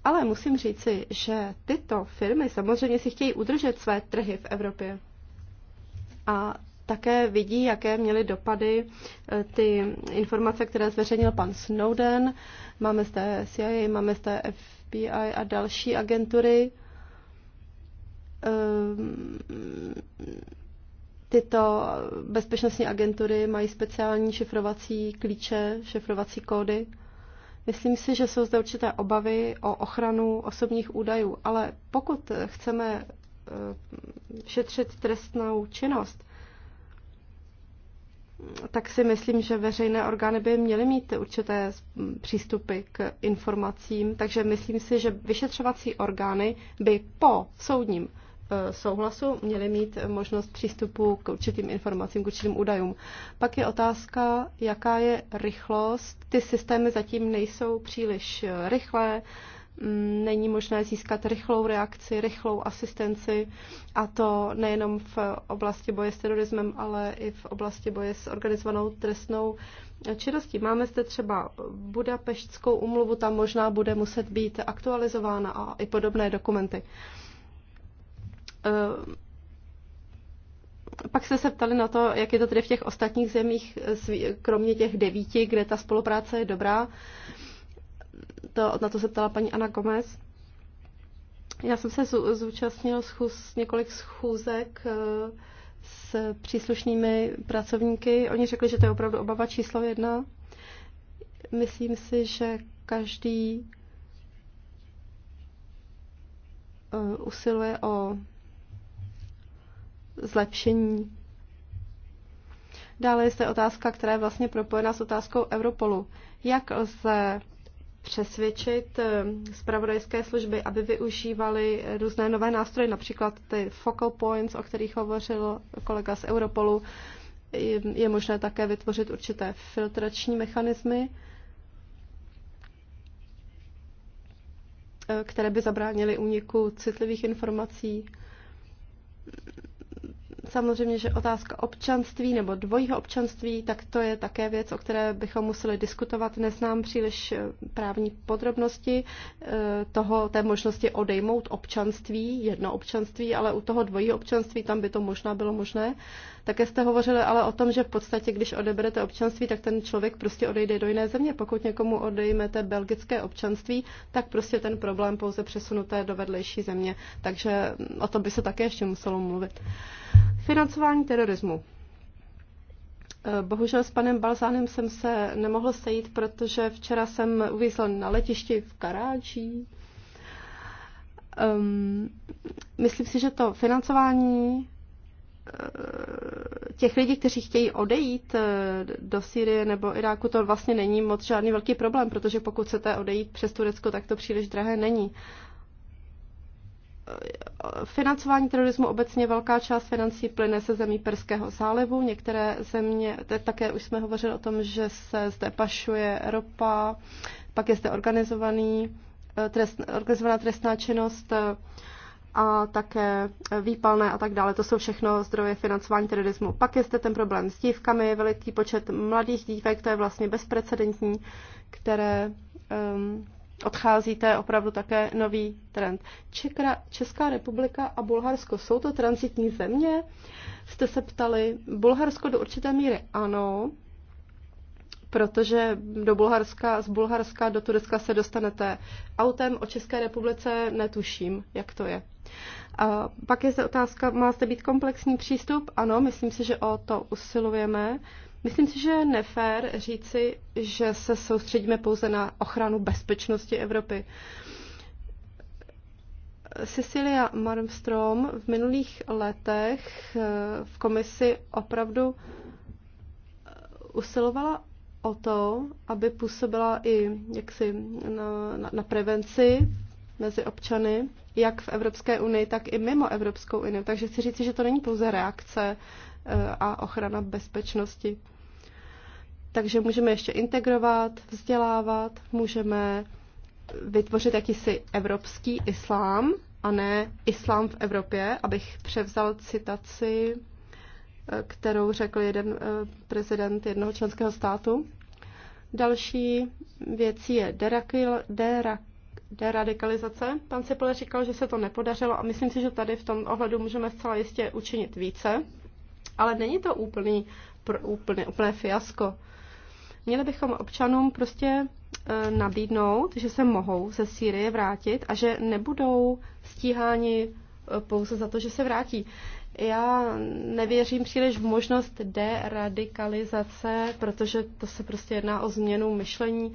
Ale musím říci, že tyto firmy samozřejmě si chtějí udržet své trhy v Evropě. A také vidí, jaké měly dopady eh, ty informace, které zveřejnil pan Snowden. Máme zde CIA, máme zde FBI a další agentury. Ehm, tyto bezpečnostní agentury mají speciální šifrovací klíče, šifrovací kódy. Myslím si, že jsou zde určité obavy o ochranu osobních údajů, ale pokud chceme ehm, šetřit trestnou činnost, tak si myslím, že veřejné orgány by měly mít určité přístupy k informacím, takže myslím si, že vyšetřovací orgány by po soudním Eh, souhlasu měli mít možnost přístupu k určitým informacím, k určitým údajům. Pak je otázka, jaká je rychlost. Ty systémy zatím nejsou příliš eh, rychlé, mm, není možné získat rychlou reakci, rychlou asistenci a to nejenom v oblasti boje s terorismem, ale i v oblasti boje s organizovanou trestnou činností. Máme zde třeba Budapeštskou umluvu, tam možná bude muset být aktualizována a i podobné dokumenty. Eh, pak jste se ptali na to, jak je to tedy v těch ostatních zemích, eh, kromě těch devíti, kde ta spolupráce je dobrá. To, na to se ptala paní Ana Gomez. Já jsem se zúčastnil schůz, několik schůzek eh, s příslušnými pracovníky. Oni řekli, že to je opravdu obava číslo jedna. Myslím si, že každý usiluje o zlepšení. Dále je zde otázka, která je vlastně propojena s otázkou Europolu. Jak lze přesvědčit eh, zpravodajské služby, aby využívali eh, různé nové nástroje, například ty focal points, o kterých hovořil kolega z Europolu. Je možné také vytvořit určité filtrační mechanismy, eh, které by zabránily úniku citlivých informací. Samozřejmě, že otázka občanství nebo dvojího občanství, tak to je také věc, o které bychom museli diskutovat. Neznám příliš eh, právní podrobnosti eh, toho, té možnosti odejmout občanství, jedno občanství, ale u toho dvojího občanství tam by to možná bylo možné. Také jste hovořili ale o tom, že v podstatě, když odeberete občanství, tak ten člověk prostě odejde do jiné země. Pokud někomu odejmete belgické občanství, tak prostě ten problém pouze přesunuté do vedlejší země. Takže o tom by se také ještě muselo mluvit. Financování terorismu. Eh, bohužel s panem Balzánem jsem se nemohl sejít, protože včera jsem uvízl na letišti v Karáčí. Um, myslím si, že to financování Eh, těch lidí, kteří chtějí odejít eh, do Syrie nebo Iráku, to vlastně není moc žádný velký problém, protože pokud chcete odejít přes Turecko, tak to příliš drahé není. Eh, financování terorismu obecně velká část financí plyne se zemí Perského zálivu. Některé země, také už jsme hovořili o tom, že se zde pašuje ropa, pak je zde organizovaný, trest, organizovaná trestná činnost a také výpalné a tak dále. To jsou všechno zdroje financování terorismu. Pak je zde ten problém s dívkami, veliký počet mladých dívek, to je vlastně bezprecedentní, které um, odchází, to je opravdu také nový trend. Čekra, Česká republika a Bulharsko, jsou to transitní země? Jste se ptali, Bulharsko do určité míry ano, protože do Bulharska, z Bulharska do Turecka se dostanete autem, o České republice netuším, jak to je. A pak je zde otázka, má zde být komplexní přístup? Ano, myslím si, že o to usilujeme. Myslím si, že je nefér říci, že se soustředíme pouze na ochranu bezpečnosti Evropy. Cecilia Marmström v minulých letech eh, v komisi opravdu eh, usilovala o to, aby působila i jaksi na, na, na prevenci mezi občany jak v Evropské unii, tak i mimo Evropskou unii. Takže chci říci, že to není pouze reakce e, a ochrana bezpečnosti. Takže můžeme ještě integrovat, vzdělávat, můžeme vytvořit jakýsi evropský islám a ne islám v Evropě, abych převzal citaci, e, kterou řekl jeden e, prezident jednoho členského státu. Další věcí je derakil, derak, deradikalizace. Pan Cipole říkal, že se to nepodařilo a myslím si, že tady v tom ohledu můžeme zcela jistě učinit více, ale není to úplný, pr, úplný, úplné fiasko. Měli bychom občanům prostě e, nabídnout, že se mohou ze Sýrie vrátit a že nebudou stíháni e, pouze za to, že se vrátí. Já nevěřím příliš v možnost deradikalizace, protože to se prostě jedná o změnu myšlení,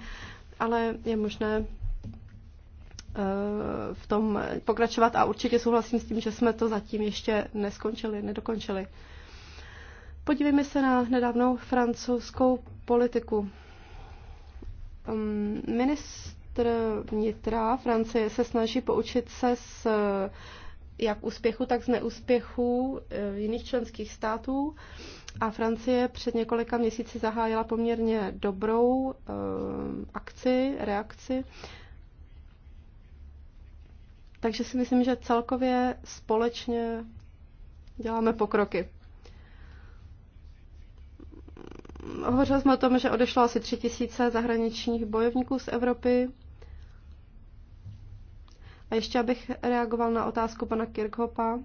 ale je možné Eh, v tom pokračovat a určitě souhlasím s tím, že jsme to zatím ještě neskončili, nedokončili. Podívejme se na nedávnou francouzskou politiku. Ministr vnitra Francie se snaží poučit se z eh, jak úspěchu, tak z neúspěchu eh, jiných členských států. A Francie před několika měsíci zahájila poměrně dobrou akci, reakci takže si myslím, že celkově společně děláme pokroky. Hovořili jsme o tom, že odešlo asi tři tisíce zahraničních bojovníků z Evropy. A ještě abych reagoval na otázku pana Kirchhopa.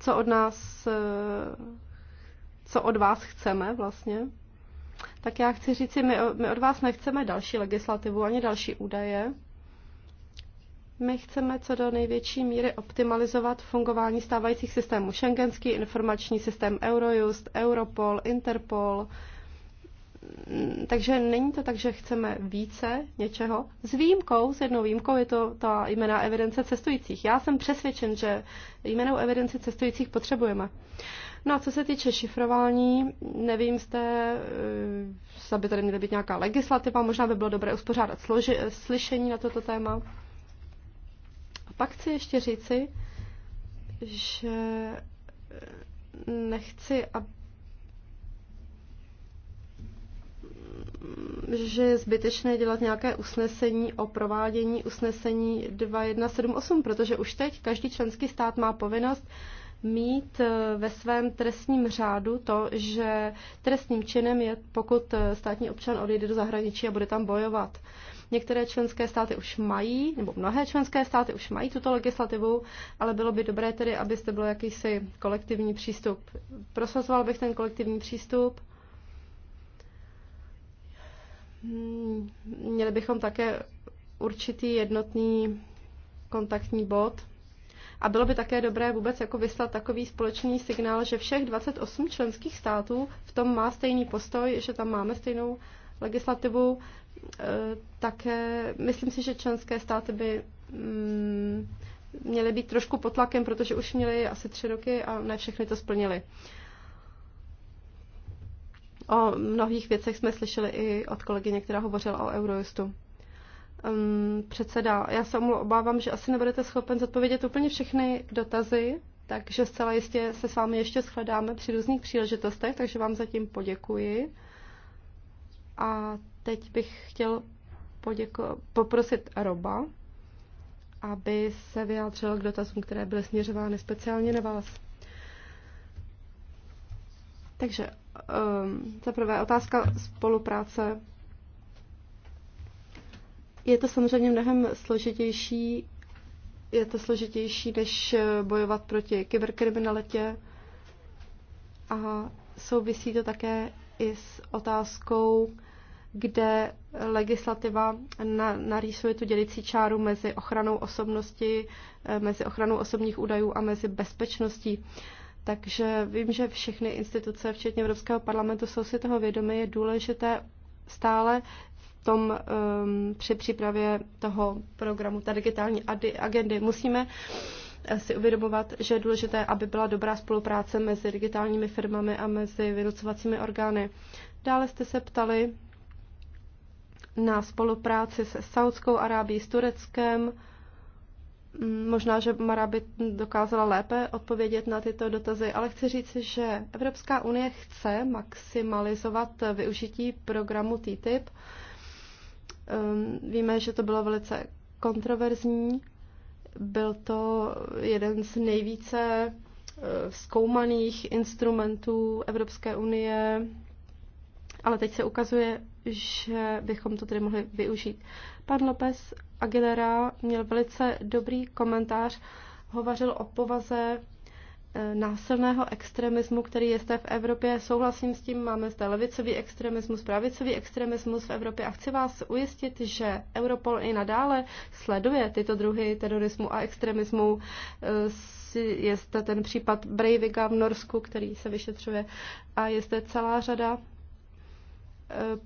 Co od nás, co od vás chceme vlastně? Tak já chci říct, my, my od vás nechceme další legislativu ani další údaje. My chceme co do největší míry optimalizovat fungování stávajících systémů. Schengenský informační systém Eurojust, Europol, Interpol. Mm, takže není to tak, že chceme více něčeho. S výjimkou, s jednou výjimkou je to ta jména evidence cestujících. Já jsem přesvědčen, že jménou evidenci cestujících potřebujeme. No a co se týče šifrování, nevím, jste, zda by tady měla být nějaká legislativa, možná by bylo dobré uspořádat složi, slyšení na toto téma pak chci ještě říci, že eh, nechci, ab, že je zbytečné dělat nějaké usnesení o provádění usnesení 2178, protože už teď každý členský stát má povinnost mít eh, ve svém trestním řádu to, že trestním činem je, pokud eh, státní občan odejde do zahraničí a bude tam bojovat. Některé členské státy už mají, nebo mnohé členské státy už mají tuto legislativu, ale bylo by dobré tedy, abyste bylo jakýsi kolektivní přístup. Prosazoval bych ten kolektivní přístup. Hmm, měli bychom také určitý jednotný kontaktní bod. A bylo by také dobré vůbec jako vyslat takový společný signál, že všech 28 členských států v tom má stejný postoj, že tam máme stejnou legislativu. Eh, také, myslím si, že členské státy by mm, měly být trošku pod tlakem, protože už měly asi tři roky a ne všechny to splnily. O mnohých věcech jsme slyšeli i od kolegyně, která hovořila o Eurojustu. Um, předseda, já se omlu, obávám, že asi nebudete schopen zodpovědět úplně všechny dotazy, takže zcela jistě se s vámi ještě shledáme při různých příležitostech, takže vám zatím poděkuji. A Teď bych chtěl poděko- poprosit Roba, aby se vyjádřil k dotazům, které byly směřovány speciálně na vás. Takže um, za prvé otázka spolupráce. Je to samozřejmě mnohem složitější, je to složitější, než eh, bojovat proti kyberkriminalitě a souvisí to také i s otázkou kde legislativa na, narýsuje tu dělicí čáru mezi ochranou osobnosti, eh, mezi ochranou osobních údajů a mezi bezpečností. Takže vím, že všechny instituce, včetně Evropského parlamentu, jsou si toho vědomi. Je důležité stále v tom, um, při přípravě toho programu, ta digitální agendy, musíme eh, si uvědomovat, že je důležité, aby byla dobrá spolupráce mezi digitálními firmami a mezi vynucovacími orgány. Dále jste se ptali na spolupráci se Saudskou Arábií, s Tureckem. Mm, možná, že Mara by dokázala lépe odpovědět na tyto dotazy, ale chci říct, že Evropská unie chce maximalizovat využití programu TTIP. Ehm, víme, že to bylo velice kontroverzní. Byl to jeden z nejvíce eh, zkoumaných instrumentů Evropské unie, ale teď se ukazuje, že bychom to tedy mohli využít. Pan López Aguilera měl velice dobrý komentář, hovořil o povaze eh, násilného extremismu, který je zde v Evropě. Souhlasím s tím, máme zde levicový extremismus, pravicový extremismus v Evropě a chci vás ujistit, že Europol i nadále sleduje tyto druhy terorismu a extremismu. Eh, je zde ten případ Breivika v Norsku, který se vyšetřuje a je zde celá řada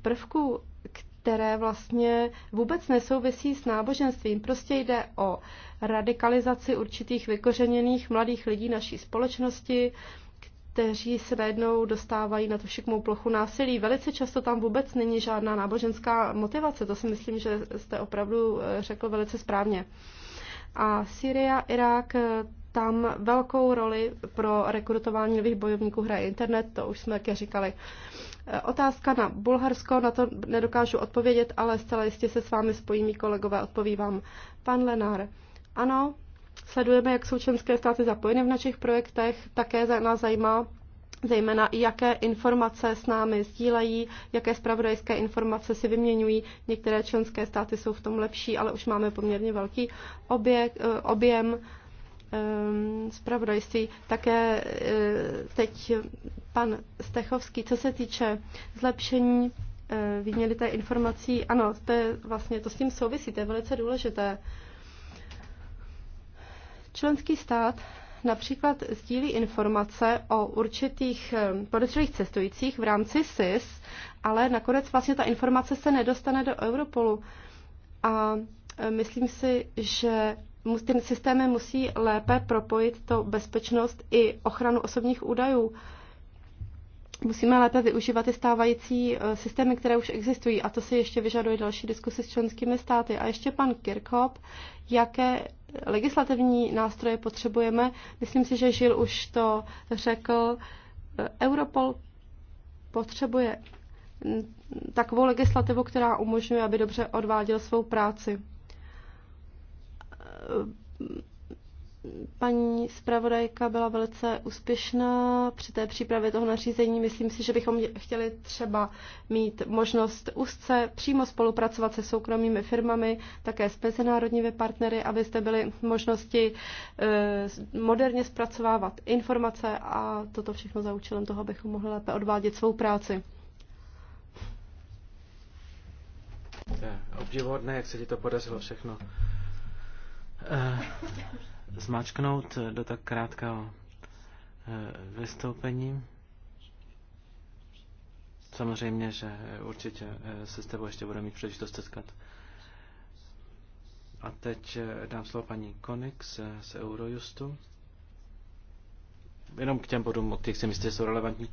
prvků, které vlastně vůbec nesouvisí s náboženstvím. Prostě jde o radikalizaci určitých vykořeněných mladých lidí naší společnosti, kteří se najednou dostávají na tu šikmou plochu násilí. Velice často tam vůbec není žádná náboženská motivace. To si myslím, že jste opravdu eh, řekl velice správně. A Syria, Irák, eh, tam velkou roli pro rekrutování nových bojovníků hraje internet, to už jsme také říkali. Uh, Otázka na Bulharsko, na to nedokážu odpovědět, ale zcela jistě se s vámi spojí mý kolegové, odpoví vám pan Lenár. Ano, sledujeme, jak jsou členské státy zapojeny v našich projektech, také nás zajímá zejména jaké informace s námi sdílejí, jaké zpravodajské informace si vyměňují. Některé členské státy jsou v tom lepší, ale už máme poměrně velký objek, eh, objem Ehm, zpravodajství. Také eh, teď pan Stechovský, co se týče zlepšení eh, výměny té informací, ano, to je vlastně, to s tím souvisí, to je velice důležité. Členský stát například sdílí informace o určitých ehm, podezřelých cestujících v rámci SIS, ale nakonec vlastně ta informace se nedostane do Europolu. A eh, myslím si, že tím systémy musí lépe propojit to bezpečnost i ochranu osobních údajů. Musíme lépe využívat i stávající eh, systémy, které už existují a to se ještě vyžaduje další diskusy s členskými státy. A ještě pan Kirchhoff, jaké legislativní nástroje potřebujeme. Myslím si, že Žil už to řekl. Eh, Europol potřebuje takovou legislativu, která umožňuje, aby dobře odváděl svou práci paní zpravodajka byla velice úspěšná při té přípravě toho nařízení. Myslím si, že bychom chtěli třeba mít možnost úzce přímo spolupracovat se soukromými firmami, také s mezinárodními partnery, abyste byli možnosti eh, moderně zpracovávat informace a toto všechno za účelem toho, abychom mohli lépe odvádět svou práci. Je obdivodné, jak se ti to podařilo všechno Eh, zmačknout do tak krátkého eh, vystoupení. Samozřejmě, že určitě eh, se s tebou ještě budeme mít příležitost setkat. A teď dám slovo paní Konix z Eurojustu. Jenom k těm bodům, o kterých si myslím, že jsou relevantní.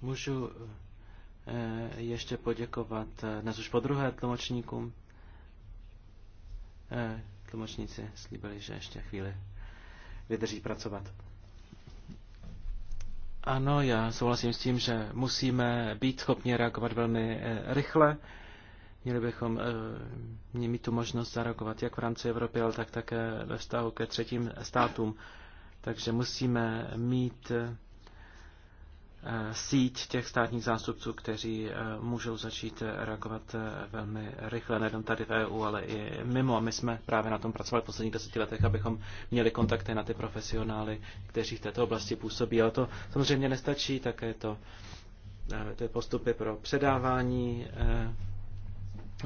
Můžu Eh, ještě poděkovat eh, dnes už po druhé tlumočníkům. Eh, tlumočníci slíbili, že ještě chvíli vydrží pracovat. Ano, já souhlasím s tím, že musíme být schopni reagovat velmi rychle. Měli bychom měli mít tu možnost zareagovat jak v rámci Evropy, ale tak také ve vztahu ke třetím státům. Takže musíme mít Eh, síť těch státních zástupců, kteří eh, můžou začít eh, reagovat velmi rychle, nejenom tady v EU, ale i mimo. A my jsme právě na tom pracovali v posledních deseti letech, abychom měli kontakty na ty profesionály, kteří v této oblasti působí. Ale to samozřejmě nestačí, také to, ty postupy pro předávání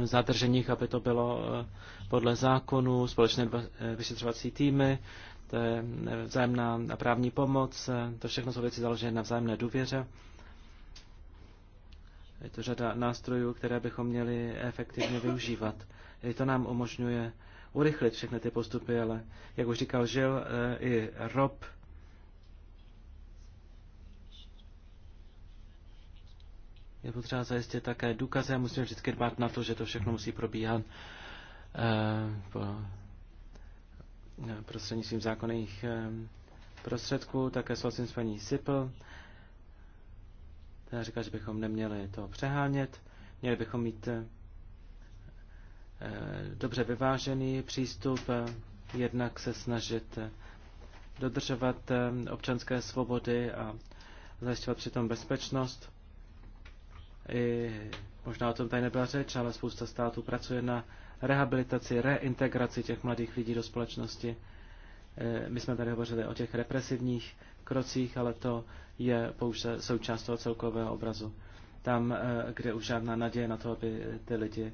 zadržených, aby to bylo podle zákonu, společné vyšetřovací týmy, to je eh, vzájemná právní pomoc, eh, to všechno jsou věci založené na vzájemné důvěře. Je to řada nástrojů, které bychom měli efektivně využívat. I to nám umožňuje urychlit všechny ty postupy, ale jak už říkal Žil, eh, i Rob je potřeba zajistit také důkazy a musíme vždycky dbát na to, že to všechno musí probíhat po prostřednictvím zákonných ehm, prostředků. Také souhlasím s paní Sipl. Ta říká, že bychom neměli to přehánět. Měli bychom mít eh, dobře vyvážený přístup, eh, jednak se snažit eh, dodržovat občanské svobody a zajišťovat přitom bezpečnost. I možná o tom tady nebyla řeč, ale spousta států pracuje na rehabilitaci, reintegraci těch mladých lidí do společnosti. Eh, my jsme tady hovořili o těch represivních krocích, ale to je pouze součást toho celkového obrazu. Tam, eh, kde už žádná naděje na to, aby ty lidi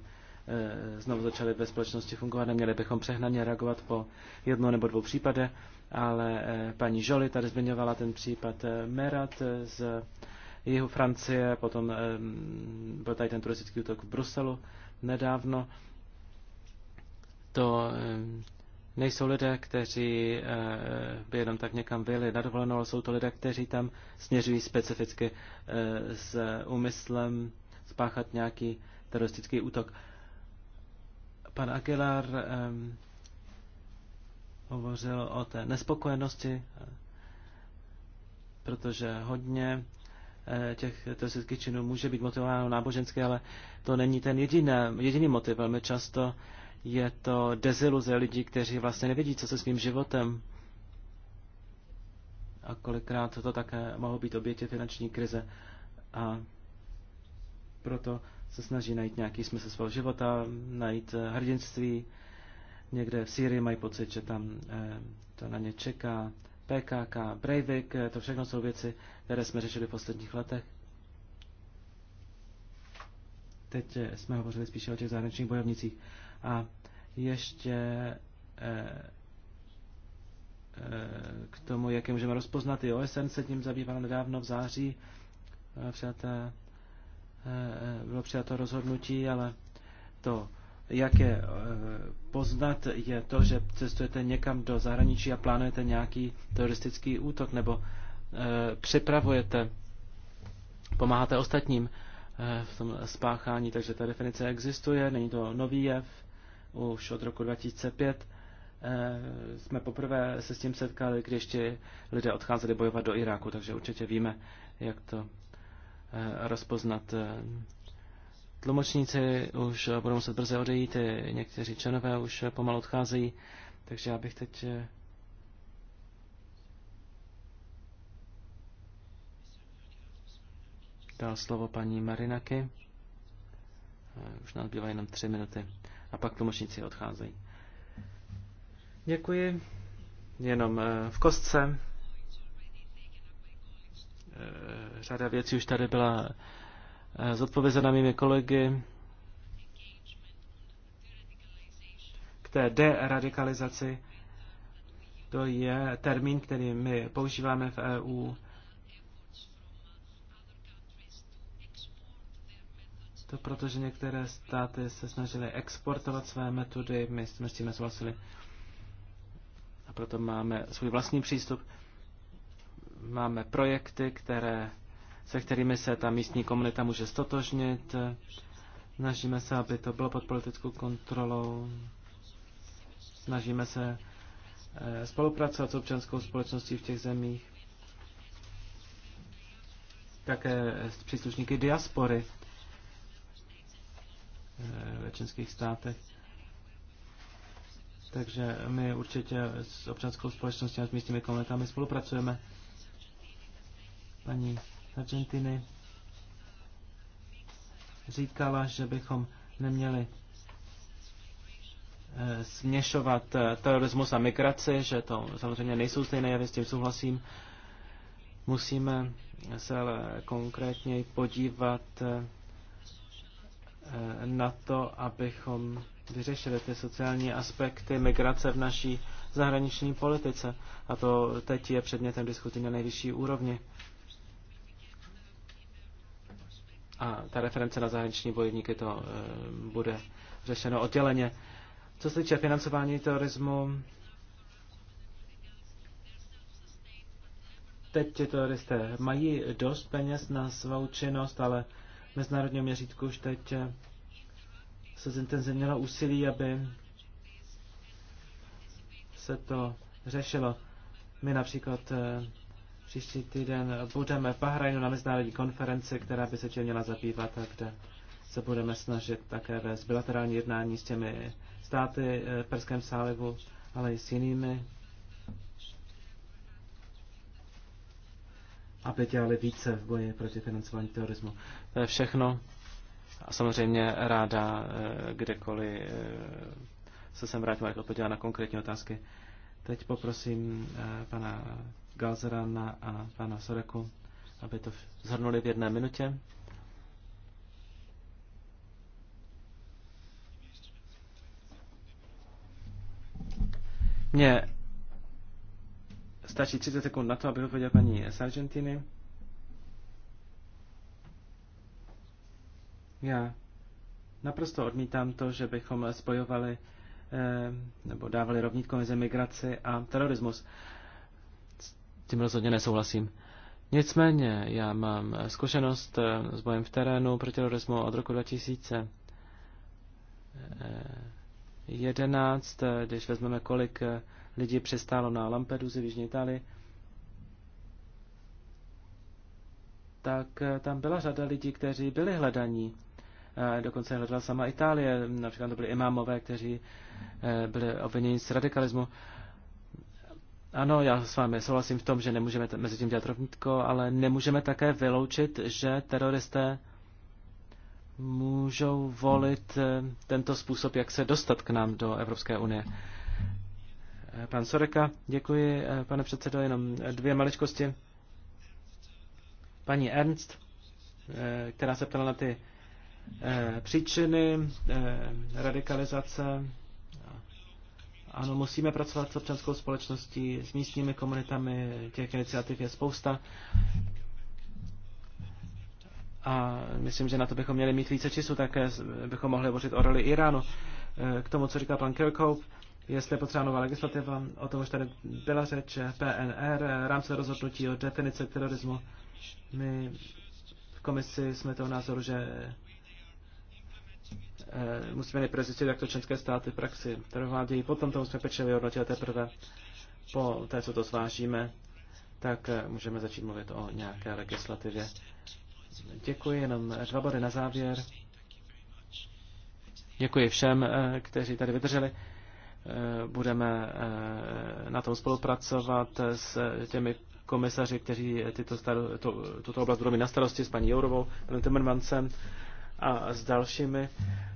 eh, znovu začaly ve společnosti fungovat, neměli bychom přehnaně reagovat po jedno nebo dvou případech, ale paní Žoli tady zmiňovala ten případ Merat z jihu Francie, potom byl tady ten turistický útok v Bruselu nedávno to eh, nejsou lidé, kteří eh, by jenom tak někam byli na dovolenou, ale jsou to lidé, kteří tam směřují specificky eh, s úmyslem spáchat nějaký teroristický útok. Pan Aguilar hovořil o té nespokojenosti, protože hodně těch teroristických činů může být motivováno nábožensky, ale to není ten jediný, jediný motiv. Velmi často je to deziluze lidí, kteří vlastně nevědí, co se svým životem. A kolikrát to také mohou být obětě finanční krize. A proto se snaží najít nějaký smysl svého života, najít eh, hrdinství. Někde v Sýrii mají pocit, že tam eh, to na ně čeká. PKK, Breivik, eh, to všechno jsou věci, které jsme řešili v posledních letech. Teď jsme hovořili spíše o těch zahraničních bojovnicích. A ještě eh, eh, k tomu, jak je můžeme rozpoznat. I OSN se tím zabývala nedávno v září. Přijata, eh, bylo přijato rozhodnutí, ale to, jak je poznat, je to, že cestujete někam do zahraničí a plánujete nějaký teroristický útok nebo připravujete, pomáháte ostatním v tom spáchání, takže ta definice existuje, není to nový jev, už od roku 2005. Eh, jsme poprvé se s tím setkali, když ještě lidé odcházeli bojovat do Iráku, takže určitě víme, jak to eh, rozpoznat. Eh. Tlumočníci už budou muset brzy odejít, někteří členové už pomalu odcházejí, takže já bych teď dal slovo paní Marinaky už nám zbývají jenom tři minuty a pak tlumočníci odcházejí. Děkuji. Jenom eh, v kostce. Eh, řada věcí už tady byla eh, zodpovězena mými kolegy. K té deradikalizaci. To je termín, který my používáme v EU To protože některé státy se snažily exportovat své metody, my jsme s tím nesouhlasili. A proto máme svůj vlastní přístup. Máme projekty, které, se kterými se ta místní komunita může stotožnit. Snažíme se, aby to bylo pod politickou kontrolou. Snažíme se eh, spolupracovat s občanskou společností v těch zemích. Také s příslušníky diaspory Eh, ve českých státech. Takže my určitě s občanskou společností a s místními komunitami spolupracujeme. Paní Argentiny říkala, že bychom neměli eh, směšovat eh, terorismus a migraci, že to samozřejmě nejsou stejné já s tím souhlasím. Musíme se ale konkrétně podívat Eh, na to, abychom vyřešili ty sociální aspekty migrace v naší zahraniční politice. A to teď je předmětem diskuzí na nejvyšší úrovni. A ta reference na zahraniční bojovníky to eh, bude řešeno odděleně. Co se týče financování terorismu, teď ti teroristé mají dost peněz na svou činnost, ale mezinárodního měřítku už teď eh, se zintenzivnělo úsilí, aby se to řešilo. My například eh, příští týden budeme v Bahrajnu na mezinárodní konferenci, která by se tím měla zabývat a kde se budeme snažit také vést bilaterální jednání s těmi státy eh, v Perském sálivu, ale i s jinými aby dělali více v boji proti financování terorismu. To je všechno. A samozřejmě ráda eh, kdekoliv eh, se sem vrátím, jak odpověděla na konkrétní otázky. Teď poprosím eh, pana Galzerana a pana Soreku, aby to zhrnuli v jedné minutě. Mě Stačí 30 sekund na to, aby odpověděl paní z Argentiny. Já naprosto odmítám to, že bychom spojovali eh, nebo dávali rovnítko mezi migraci a terorismus. S tím rozhodně nesouhlasím. Nicméně já mám zkušenost eh, s bojem v terénu proti terorismu od roku 2011, eh, když vezmeme kolik Lidi přestálo na Lampedusi v Jižní Itálii, tak eh, tam byla řada lidí, kteří byli hledaní. Eh, dokonce hledala sama Itálie, například to byli imámové, kteří eh, byli obviněni z radikalismu. Ano, já s vámi souhlasím v tom, že nemůžeme mezi tím dělat rovnítko, ale nemůžeme také vyloučit, že teroristé můžou volit tento způsob, jak se dostat k nám do Evropské unie. Eh, pan Soreka, děkuji, eh, pane předsedo, jenom dvě maličkosti. Paní Ernst, eh, která se ptala na ty příčiny radikalizace. Ano, musíme pracovat s občanskou společností, s místními komunitami, těch iniciativ je spousta. A myslím, že na to bychom měli mít více času, tak bychom mohli hovořit o roli Iránu. K tomu, co říká pan Kirkhope, jestli je potřeba nová legislativa, o tom už tady byla řeč, PNR, rámce rozhodnutí o definici terorismu. My v komisi jsme toho názoru, že eh, musíme nejprve zjistit, jak to členské státy v praxi provádějí. Potom to musíme pečlivě hodnotit a teprve po té, co to zvážíme, tak eh, můžeme začít mluvit o nějaké legislativě. Děkuji, jenom dva body na závěr. Děkuji všem, eh, kteří tady vydrželi. Eh, budeme eh, na tom spolupracovat s těmi komisaři, kteří tyto staro, to, tuto oblast budou mít na starosti, s paní Jourovou, panem Timmermansem a s dalšími,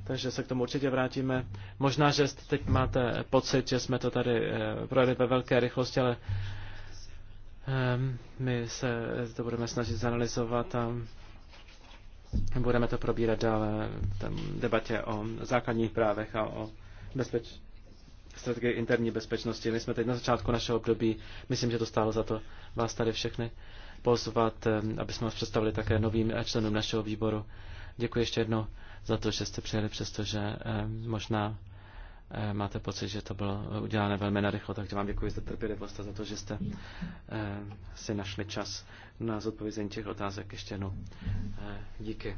takže se k tomu určitě vrátíme. Možná, že teď máte pocit, že jsme to tady eh, projeli ve velké rychlosti, ale ehm, my se to budeme snažit zanalizovat a budeme to probírat dále v debatě o základních právech a o bezpečnosti strategie interní bezpečnosti. My jsme teď na začátku našeho období, myslím, že to stálo za to vás tady všechny pozvat, aby jsme vás představili také novým členům našeho výboru. Děkuji ještě jednou za to, že jste přijeli, přestože možná máte pocit, že to bylo udělané velmi narychlo, takže vám děkuji za trpělivost a za to, že jste si našli čas na zodpovězení těch otázek. Ještě jednou díky.